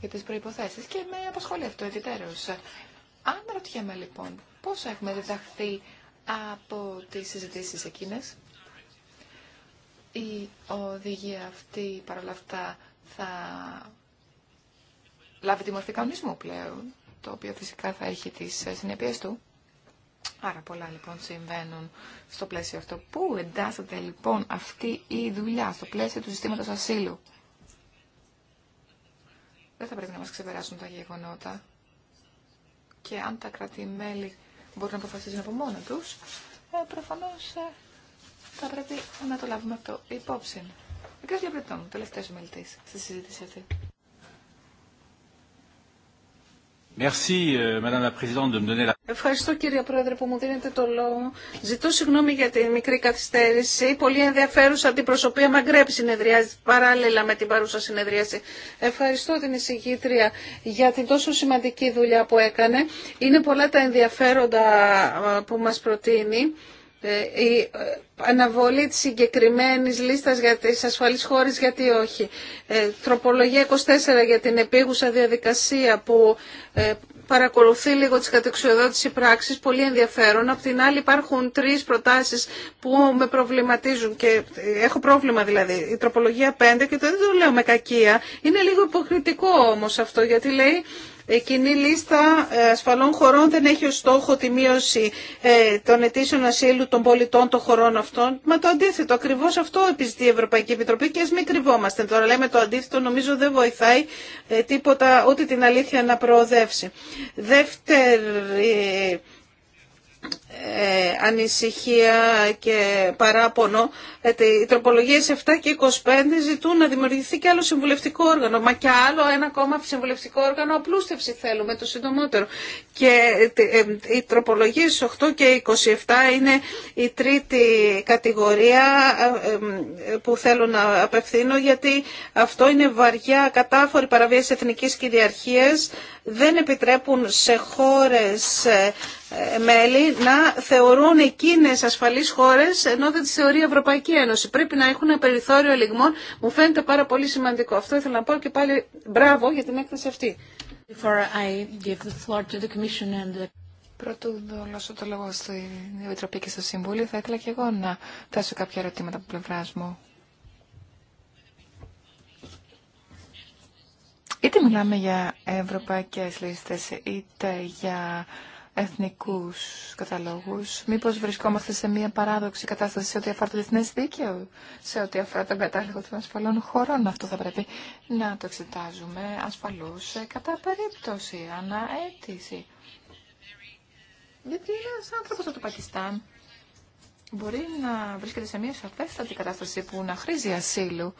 για τις προϋποθέσεις και με απασχολεί αυτό ιδιαίτερως. Αν ρωτιέμαι λοιπόν πώς έχουμε διδαχθεί από τις συζητήσεις εκείνες. Η οδηγία αυτή παρόλα αυτά θα λάβει τη μορφή κανονισμού πλέον, το οποίο φυσικά θα έχει τις συνέπειες του. Άρα πολλά λοιπόν συμβαίνουν στο πλαίσιο αυτό. Πού εντάσσεται λοιπόν αυτή η δουλειά στο πλαίσιο του συστήματος ασύλου. Δεν θα πρέπει να μας ξεπεράσουν τα γεγονότα. Και αν τα κρατημέλη μπορούν να αποφασίζουν από μόνο τους, ε, προφανώς ε, θα πρέπει να το λάβουμε αυτό υπόψη. Ο κ. Λεπρετών, τελευταίος ομιλητής στη συζήτηση αυτή. Merci, euh, Madame la Présidente, de me donner la... Ευχαριστώ κύριε Πρόεδρε που μου δίνετε το λόγο. Ζητώ συγγνώμη για τη μικρή καθυστέρηση. Πολύ ενδιαφέρουσα την προσωπία Μαγκρέπ συνεδριάζει παράλληλα με την παρούσα συνεδρίαση. Ευχαριστώ την εισηγήτρια για την τόσο σημαντική δουλειά που έκανε. Είναι πολλά τα ενδιαφέροντα που μας προτείνει. Ε, η ε, αναβολή της συγκεκριμένης λίστας για τις ασφαλείς χώρες γιατί όχι. Ε, τροπολογία 24 για την επίγουσα διαδικασία που παρακολουθεί λίγο τις κατεξιοδότηση πράξης, πολύ ενδιαφέρον. Απ' την άλλη υπάρχουν τρεις προτάσεις που με προβληματίζουν και έχω πρόβλημα δηλαδή. Η τροπολογία 5 και το δεν το λέω με κακία. Είναι λίγο υποκριτικό όμως αυτό γιατί λέει η ε, κοινή λίστα ε, ασφαλών χωρών δεν έχει ως στόχο τη μείωση ε, των αιτήσεων ασύλου των πολιτών των χωρών αυτών. Μα το αντίθετο, ακριβώς αυτό επιζητεί η Ευρωπαϊκή Επιτροπή και ας μην κρυβόμαστε. Τώρα λέμε το αντίθετο, νομίζω δεν βοηθάει τίποτα ούτε την αλήθεια να προοδεύσει. Δεύτερη ε, ανησυχία και παράπονο. Ε, οι τροπολογίες 7 και 25 ζητούν να δημιουργηθεί και άλλο συμβουλευτικό όργανο. Μα και άλλο ένα ακόμα συμβουλευτικό όργανο απλούστευση θέλουμε το συντομότερο. Και ε, οι τροπολογίες 8 και 27 είναι η τρίτη κατηγορία ε, που θέλω να απευθύνω γιατί αυτό είναι βαριά κατάφορη παραβίαση εθνικής κυριαρχίας δεν επιτρέπουν σε χώρες ε, ε, μέλη να θεωρούν εκείνες ασφαλείς χώρες ενώ δεν τις θεωρεί η Ευρωπαϊκή Ένωση. Πρέπει να έχουν ένα περιθώριο λιγμών. Μου φαίνεται πάρα πολύ σημαντικό. Αυτό ήθελα να πω και πάλι μπράβο για την έκθεση αυτή. Πρωτού δώσω το λόγο στην Επιτροπή και στο Συμβούλιο, θα ήθελα και εγώ να θέσω κάποια ερωτήματα από πλευρά μου. Είτε μιλάμε για ευρωπαϊκές λίστες, είτε για εθνικούς καταλόγους. Μήπως βρισκόμαστε σε μια παράδοξη κατάσταση σε ό,τι αφορά το διεθνές δίκαιο, σε ό,τι αφορά τον κατάλογο των ασφαλών χωρών. Αυτό θα πρέπει να το εξετάζουμε ασφαλώς κατά περίπτωση, ανά Γιατί ένα ανθρωπο από το Πακιστάν μπορεί να βρίσκεται σε μια σαφέστατη κατάσταση που να χρήζει ασύλου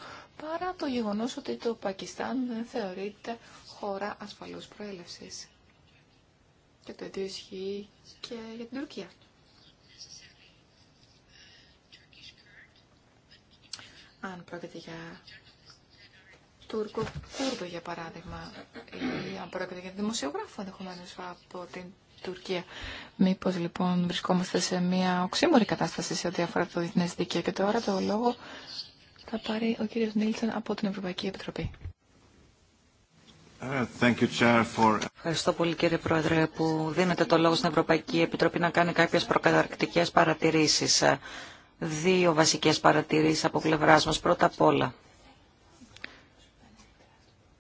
παρά το γεγονός ότι το Πακιστάν δεν θεωρείται χώρα ασφαλούς προέλευσης. Και το ίδιο ισχύει και για την Τουρκία. Αν πρόκειται για Τούρκο Κούρδο, για παράδειγμα, ή αν πρόκειται για δημοσιογράφο ενδεχομένω από την Τουρκία. Μήπω λοιπόν βρισκόμαστε σε μια οξύμορη κατάσταση σε ό,τι αφορά το διεθνέ δίκαιο και τώρα το λόγο θα πάρει ο κύριος Νίλσον από την Ευρωπαϊκή Επιτροπή. Uh, Ευχαριστώ πολύ κύριε Πρόεδρε που δίνετε το λόγο στην Ευρωπαϊκή Επιτροπή να κάνει κάποιες προκαταρκτικές παρατηρήσεις. Uh, δύο βασικές παρατηρήσεις από πλευράς μας. Πρώτα απ' όλα,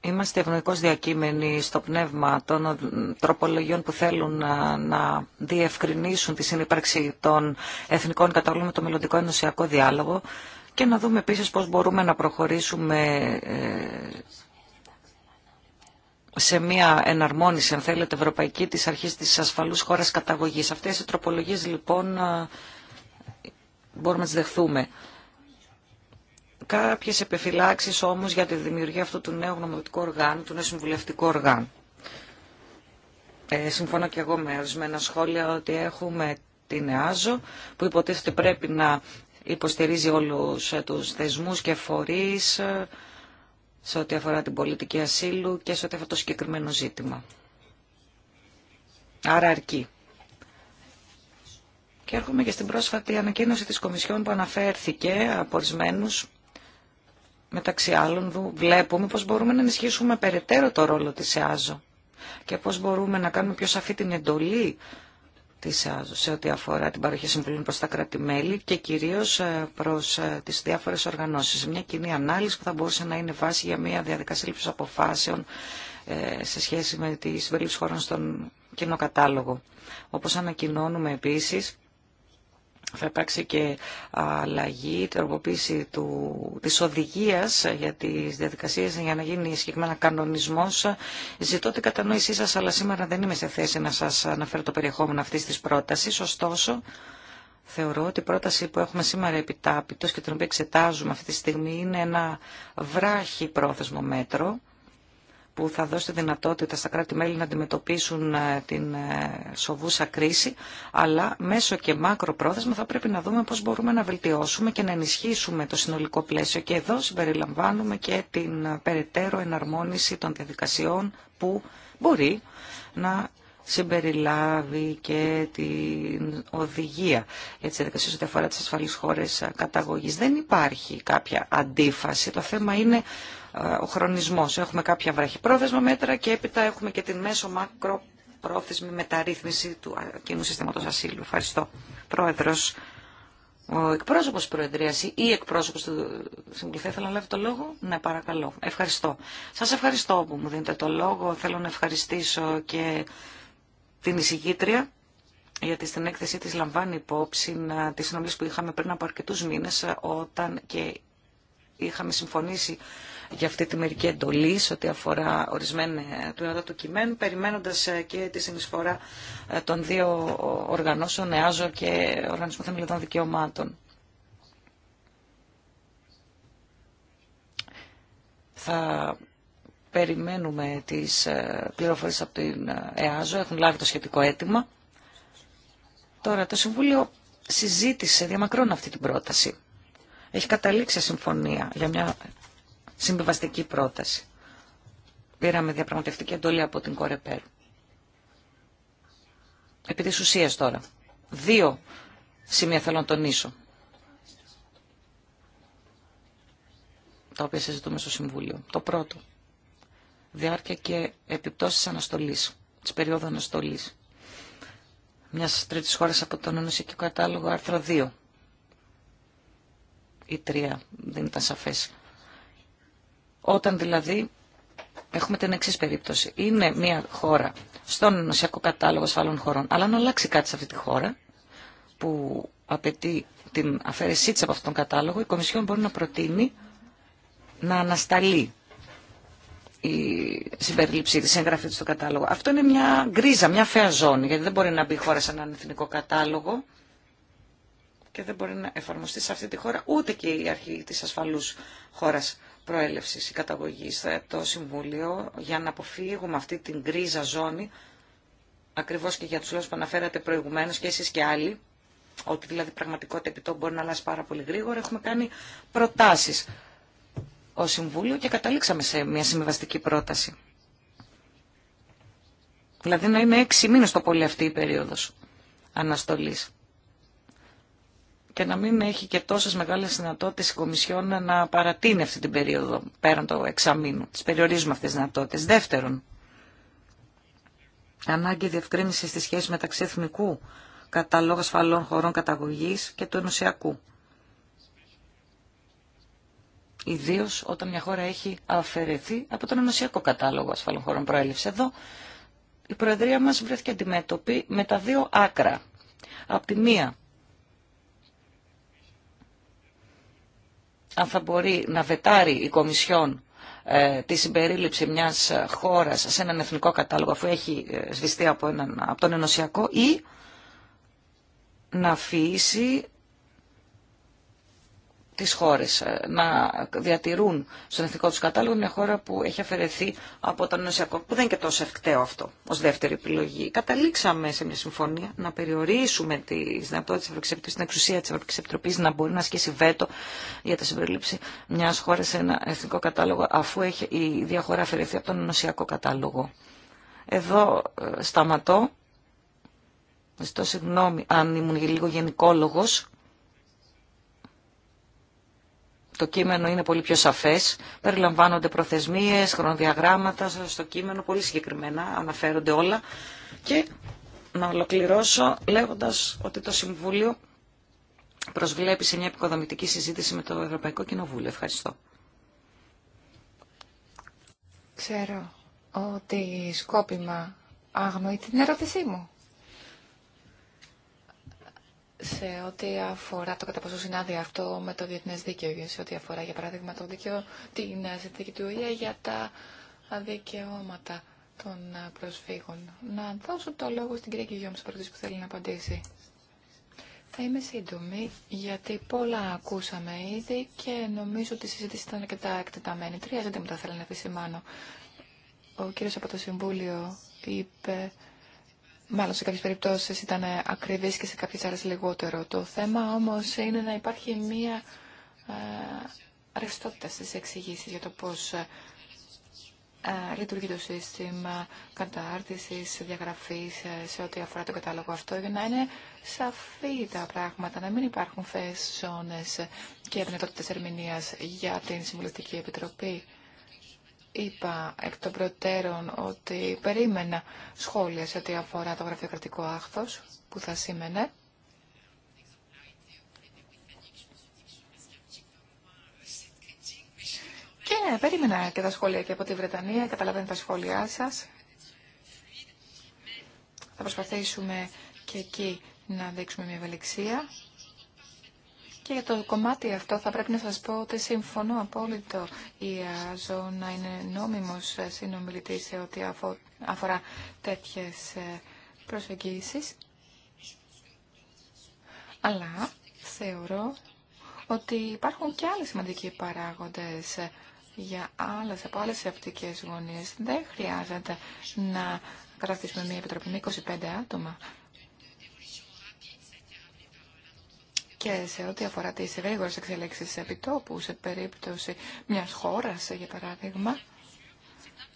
Είμαστε ευνοϊκώς διακείμενοι στο πνεύμα των τροπολογιών που θέλουν να, uh, να διευκρινίσουν τη συνύπαρξη των εθνικών καταβλών με το μελλοντικό ενωσιακό διάλογο και να δούμε επίσης πώς μπορούμε να προχωρήσουμε ε, σε μια εναρμόνιση, αν θέλετε, ευρωπαϊκή της αρχής της ασφαλούς χώρας καταγωγής. Αυτές οι τροπολογίες, λοιπόν, ε, μπορούμε να τις δεχθούμε. Κάποιες επιφυλάξεις, όμως, για τη δημιουργία αυτού του νέου γνωμοτικού οργάνου, του νέου συμβουλευτικού οργάνου. Ε, συμφωνώ και εγώ με ορισμένα σχόλια ότι έχουμε την ΕΑΖΟ που υποτίθεται πρέπει να υποστηρίζει όλους τους θεσμούς και φορείς ε, σε ό,τι αφορά την πολιτική ασύλου και σε ό,τι αφορά το συγκεκριμένο ζήτημα. Άρα αρκεί. Και έρχομαι και στην πρόσφατη ανακοίνωση της Κομισιόν που αναφέρθηκε από ορισμένου. Μεταξύ άλλων βλέπουμε πώς μπορούμε να ενισχύσουμε περαιτέρω το ρόλο της ΕΑΖΟ και πώς μπορούμε να κάνουμε πιο σαφή την εντολή της σε ό,τι αφορά την παροχή συμβουλών προς τα κράτη-μέλη και κυρίως ε, προς ε, τις διάφορες οργανώσεις. Μια κοινή ανάλυση που θα μπορούσε να είναι βάση για μια διαδικασία λήψης αποφάσεων ε, σε σχέση με τη συμπερίληψη χωρών στον κοινό κατάλογο. Όπως ανακοινώνουμε επίσης, θα υπάρξει και αλλαγή, τροποποίηση του, της οδηγίας για τις διαδικασίες για να γίνει συγκεκριμένα κανονισμός. Ζητώ την κατανόησή σας, αλλά σήμερα δεν είμαι σε θέση να σας αναφέρω το περιεχόμενο αυτής της πρότασης. Ωστόσο, θεωρώ ότι η πρόταση που έχουμε σήμερα επιτάπητος και την οποία εξετάζουμε αυτή τη στιγμή είναι ένα βράχι πρόθεσμο μέτρο που θα δώσει τη δυνατότητα στα κράτη-μέλη να αντιμετωπίσουν ε, την ε, σοβούσα κρίση, αλλά μέσω και μάκρο πρόθεσμα θα πρέπει να δούμε πώς μπορούμε να βελτιώσουμε και να ενισχύσουμε το συνολικό πλαίσιο. Και εδώ συμπεριλαμβάνουμε και την ε, περαιτέρω εναρμόνιση των διαδικασιών που μπορεί να συμπεριλάβει και την οδηγία για τις διαδικασίες ό,τι αφορά τις ασφαλείς χώρες καταγωγής. Δεν υπάρχει κάποια αντίφαση. Το θέμα είναι ε, ο χρονισμός. Έχουμε κάποια βραχυπρόθεσμα μέτρα και έπειτα έχουμε και την μέσο μακροπρόθεσμη μεταρρύθμιση του κοινού συστήματος ασύλου. Ευχαριστώ. Πρόεδρος, ο εκπρόσωπος της Προεδρίας ή εκπρόσωπος του Συμβουλίου Θέλω να λάβει το λόγο. Ναι, παρακαλώ. Ευχαριστώ. Σας ευχαριστώ που μου δίνετε το λόγο. Θέλω να ευχαριστήσω και την εισηγήτρια γιατί στην έκθεσή της λαμβάνει υπόψη ε, τις συνομιλίες που είχαμε πριν από αρκετούς μήνες ε, όταν και είχαμε συμφωνήσει για αυτή τη μερική εντολή σε ό,τι αφορά ορισμένα τμήματα του κειμένου, περιμένοντας ε, και τη συνεισφορά ε, των δύο οργανώσεων, ΕΑΖΟ και Οργανισμού Θεμελιωτών Δικαιωμάτων. Θα περιμένουμε τις ε, πληροφορίες από την ΕΑΖΟ, έχουν λάβει το σχετικό αίτημα. Τώρα, το Συμβούλιο συζήτησε διαμακρών αυτή την πρόταση. Έχει καταλήξει συμφωνία για μια συμβιβαστική πρόταση. Πήραμε διαπραγματευτική εντολή από την Κορεπέρ. Επί της ουσίας τώρα. Δύο σημεία θέλω να τονίσω. Τα οποία συζητούμε στο Συμβούλιο. Το πρώτο. Διάρκεια και επιπτώσεις αναστολής. Της περίοδου αναστολής. Μιας τρίτης χώρας από τον ενωσιακό κατάλογο άρθρο 2 ή 3. Δεν ήταν σαφές όταν δηλαδή έχουμε την εξή περίπτωση. Είναι μια χώρα στον ενωσιακό κατάλογο ασφαλών χωρών, αλλά αν αλλάξει κάτι σε αυτή τη χώρα που απαιτεί την αφαίρεσή της από αυτόν τον κατάλογο, η Κομισιόν μπορεί να προτείνει να ανασταλεί η συμπερίληψή τη, η εγγραφή τη στο κατάλογο. Αυτό είναι μια γκρίζα, μια φαία ζώνη, γιατί δεν μπορεί να μπει η χώρα σε έναν εθνικό κατάλογο και δεν μπορεί να εφαρμοστεί σε αυτή τη χώρα ούτε και η αρχή της ασφαλούς χώρας προέλευση, ή καταγωγή Το Συμβούλιο για να αποφύγουμε αυτή την γκρίζα ζώνη, ακριβώς και για τους λόγους που αναφέρατε προηγουμένως και εσείς και άλλοι, ότι δηλαδή πραγματικότητα επιτόπου μπορεί να αλλάζει πάρα πολύ γρήγορα, έχουμε κάνει προτάσεις ως Συμβούλιο και καταλήξαμε σε μια συμβιβαστική πρόταση. Δηλαδή να είναι έξι μήνες το πολύ αυτή η περίοδος αναστολής και να μην έχει και τόσες μεγάλε δυνατότητε η Κομισιόν να παρατείνει αυτή την περίοδο πέραν το εξαμήνου. Τι περιορίζουμε αυτέ τι δυνατότητε. Δεύτερον, ανάγκη διευκρίνηση στη σχέση μεταξύ εθνικού καταλόγου ασφαλών χωρών καταγωγή και του ενωσιακού. Ιδίω όταν μια χώρα έχει αφαιρεθεί από τον ενωσιακό κατάλογο ασφαλών χωρών προέλευση. Εδώ η Προεδρία μα βρέθηκε αντιμέτωπη με τα δύο άκρα. Απ' τη μία αν θα μπορεί να βετάρει η Κομισιόν ε, τη συμπερίληψη μιας χώρας σε έναν εθνικό κατάλογο αφού έχει ε, σβηστεί από, έναν, από τον ενωσιακό ή να αφήσει τις χώρες ε, να διατηρούν στον εθνικό τους κατάλογο μια χώρα που έχει αφαιρεθεί από τον νοσιακό, που δεν είναι και τόσο ευκταίο αυτό ως δεύτερη επιλογή. Καταλήξαμε σε μια συμφωνία να περιορίσουμε τις δυνατότητες της Ευρωπαϊκής την εξουσία της Ευρωπαϊκής Επιτροπής να μπορεί να ασκήσει βέτο για τη συμπερίληψη μιας χώρας σε ένα εθνικό κατάλογο αφού έχει η ίδια χώρα αφαιρεθεί από τον νοσιακό κατάλογο. Εδώ ε, σταματώ. Ζητώ συγγνώμη αν ήμουν λίγο γενικόλογος Το κείμενο είναι πολύ πιο σαφές. Περιλαμβάνονται προθεσμίες, χρονοδιαγράμματα στο κείμενο, πολύ συγκεκριμένα αναφέρονται όλα. Και να ολοκληρώσω λέγοντας ότι το Συμβούλιο προσβλέπει σε μια επικοδομητική συζήτηση με το Ευρωπαϊκό Κοινοβούλιο. Ευχαριστώ. Ξέρω ότι σκόπιμα αγνοεί την ερώτησή μου σε ό,τι αφορά το κατά πόσο συνάδει αυτό με το διεθνέ δίκαιο, σε ό,τι αφορά για παράδειγμα το δίκαιο, την ε, συνθήκη του ΟΗΕ για τα δικαιώματα των ε, προσφύγων. Να δώσω το λόγο στην κυρία τη σε που θέλει να απαντήσει. Θα είμαι σύντομη, γιατί πολλά ακούσαμε ήδη και νομίζω ότι η συζήτηση ήταν αρκετά εκτεταμένη. Τρία ζητήματα θέλω να επισημάνω. Ο κύριος από το Συμβούλιο είπε μάλλον σε κάποιες περιπτώσεις ήταν ακριβής και σε κάποιες άλλες λιγότερο. Το θέμα όμως είναι να υπάρχει μία ε, ρευστότητα στις εξηγήσει για το πώς ε, λειτουργεί το σύστημα κατάρτισης, διαγραφής ε, σε ό,τι αφορά τον κατάλογο αυτό για να είναι σαφή τα πράγματα, να μην υπάρχουν θέσεις, και δυνατότητες ερμηνείας για την Συμβουλευτική Επιτροπή. Είπα εκ των προτέρων ότι περίμενα σχόλια σε ό,τι αφορά το γραφειοκρατικό άχθος που θα σήμαινε. Και περίμενα και τα σχόλια και από τη Βρετανία, καταλαβαίνω τα σχόλιά σας. Θα προσπαθήσουμε και εκεί να δείξουμε μια ευελιξία. Και για το κομμάτι αυτό θα πρέπει να σας πω ότι συμφωνώ απόλυτο η ΑΖΟ να είναι νόμιμος συνομιλητής σε ό,τι αφορά τέτοιες ε, προσεγγίσεις. Αλλά θεωρώ ότι υπάρχουν και άλλοι σημαντικοί παράγοντες για άλλες, από άλλες αυτικές γωνίες. Δεν χρειάζεται να καταστήσουμε μια επιτροπή με 25 άτομα. και σε ό,τι αφορά τις εξελίξει εξελίξεις επιτόπου σε περίπτωση μιας χώρας, για παράδειγμα,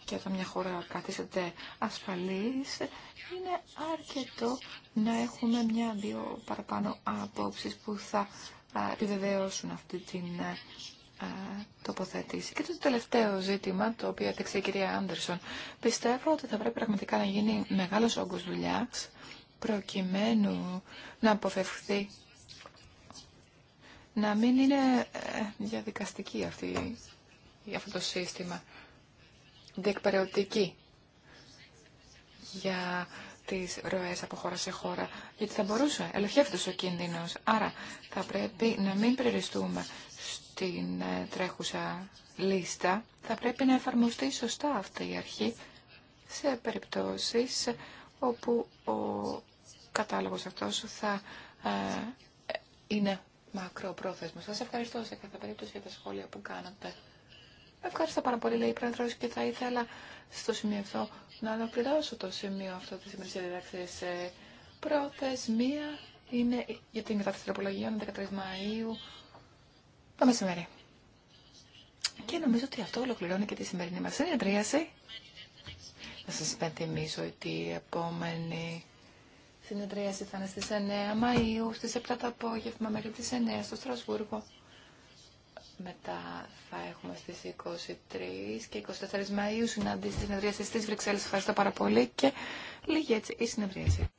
και όταν μια χώρα καθίσεται ασφαλής, είναι αρκετό να έχουμε μια-δύο παραπάνω απόψεις που θα επιβεβαιώσουν αυτή την τοποθετήση. Και το τελευταίο ζήτημα, το οποίο έδειξε η κυρία Άντερσον, πιστεύω ότι θα πρέπει πραγματικά να γίνει μεγάλος όγκος δουλειά προκειμένου να αποφευχθεί να μην είναι ε, διαδικαστική αυτή, αυτό το σύστημα, διεκπαιρεωτική για τις ροές από χώρα σε χώρα, γιατί θα μπορούσε, ελοχεύτως ο κίνδυνος. Άρα θα πρέπει να μην περιοριστούμε στην ε, τρέχουσα λίστα, θα πρέπει να εφαρμοστεί σωστά αυτή η αρχή σε περιπτώσεις όπου ο κατάλογος αυτός θα ε, είναι μακροπρόθεσμο. Σα ευχαριστώ σε κάθε περίπτωση για τα σχόλια που κάνατε. Ευχαριστώ πάρα πολύ, λέει η Πρόεδρο, και θα ήθελα στο σημείο αυτό να αναπληρώσω το σημείο αυτό τη ημερησίας διδάξης. Ε, Προθεσμία είναι για την κατάσταση τροπολογιών 13 Μαου το μεσημέρι. Και νομίζω ότι αυτό ολοκληρώνει και τη σημερινή μα συνεδρίαση. Να σα υπενθυμίσω ότι η επόμενη συνεδρίαση θα είναι στις 9 Μαΐου, στις 7 το απόγευμα μέχρι τις 9 στο Στρασβούργο. Μετά θα έχουμε στις 23 και 24 Μαΐου συναντήσεις συνεδρίαση στις Βρυξέλλες. Ευχαριστώ πάρα πολύ και λίγη έτσι η συνεδρίαση.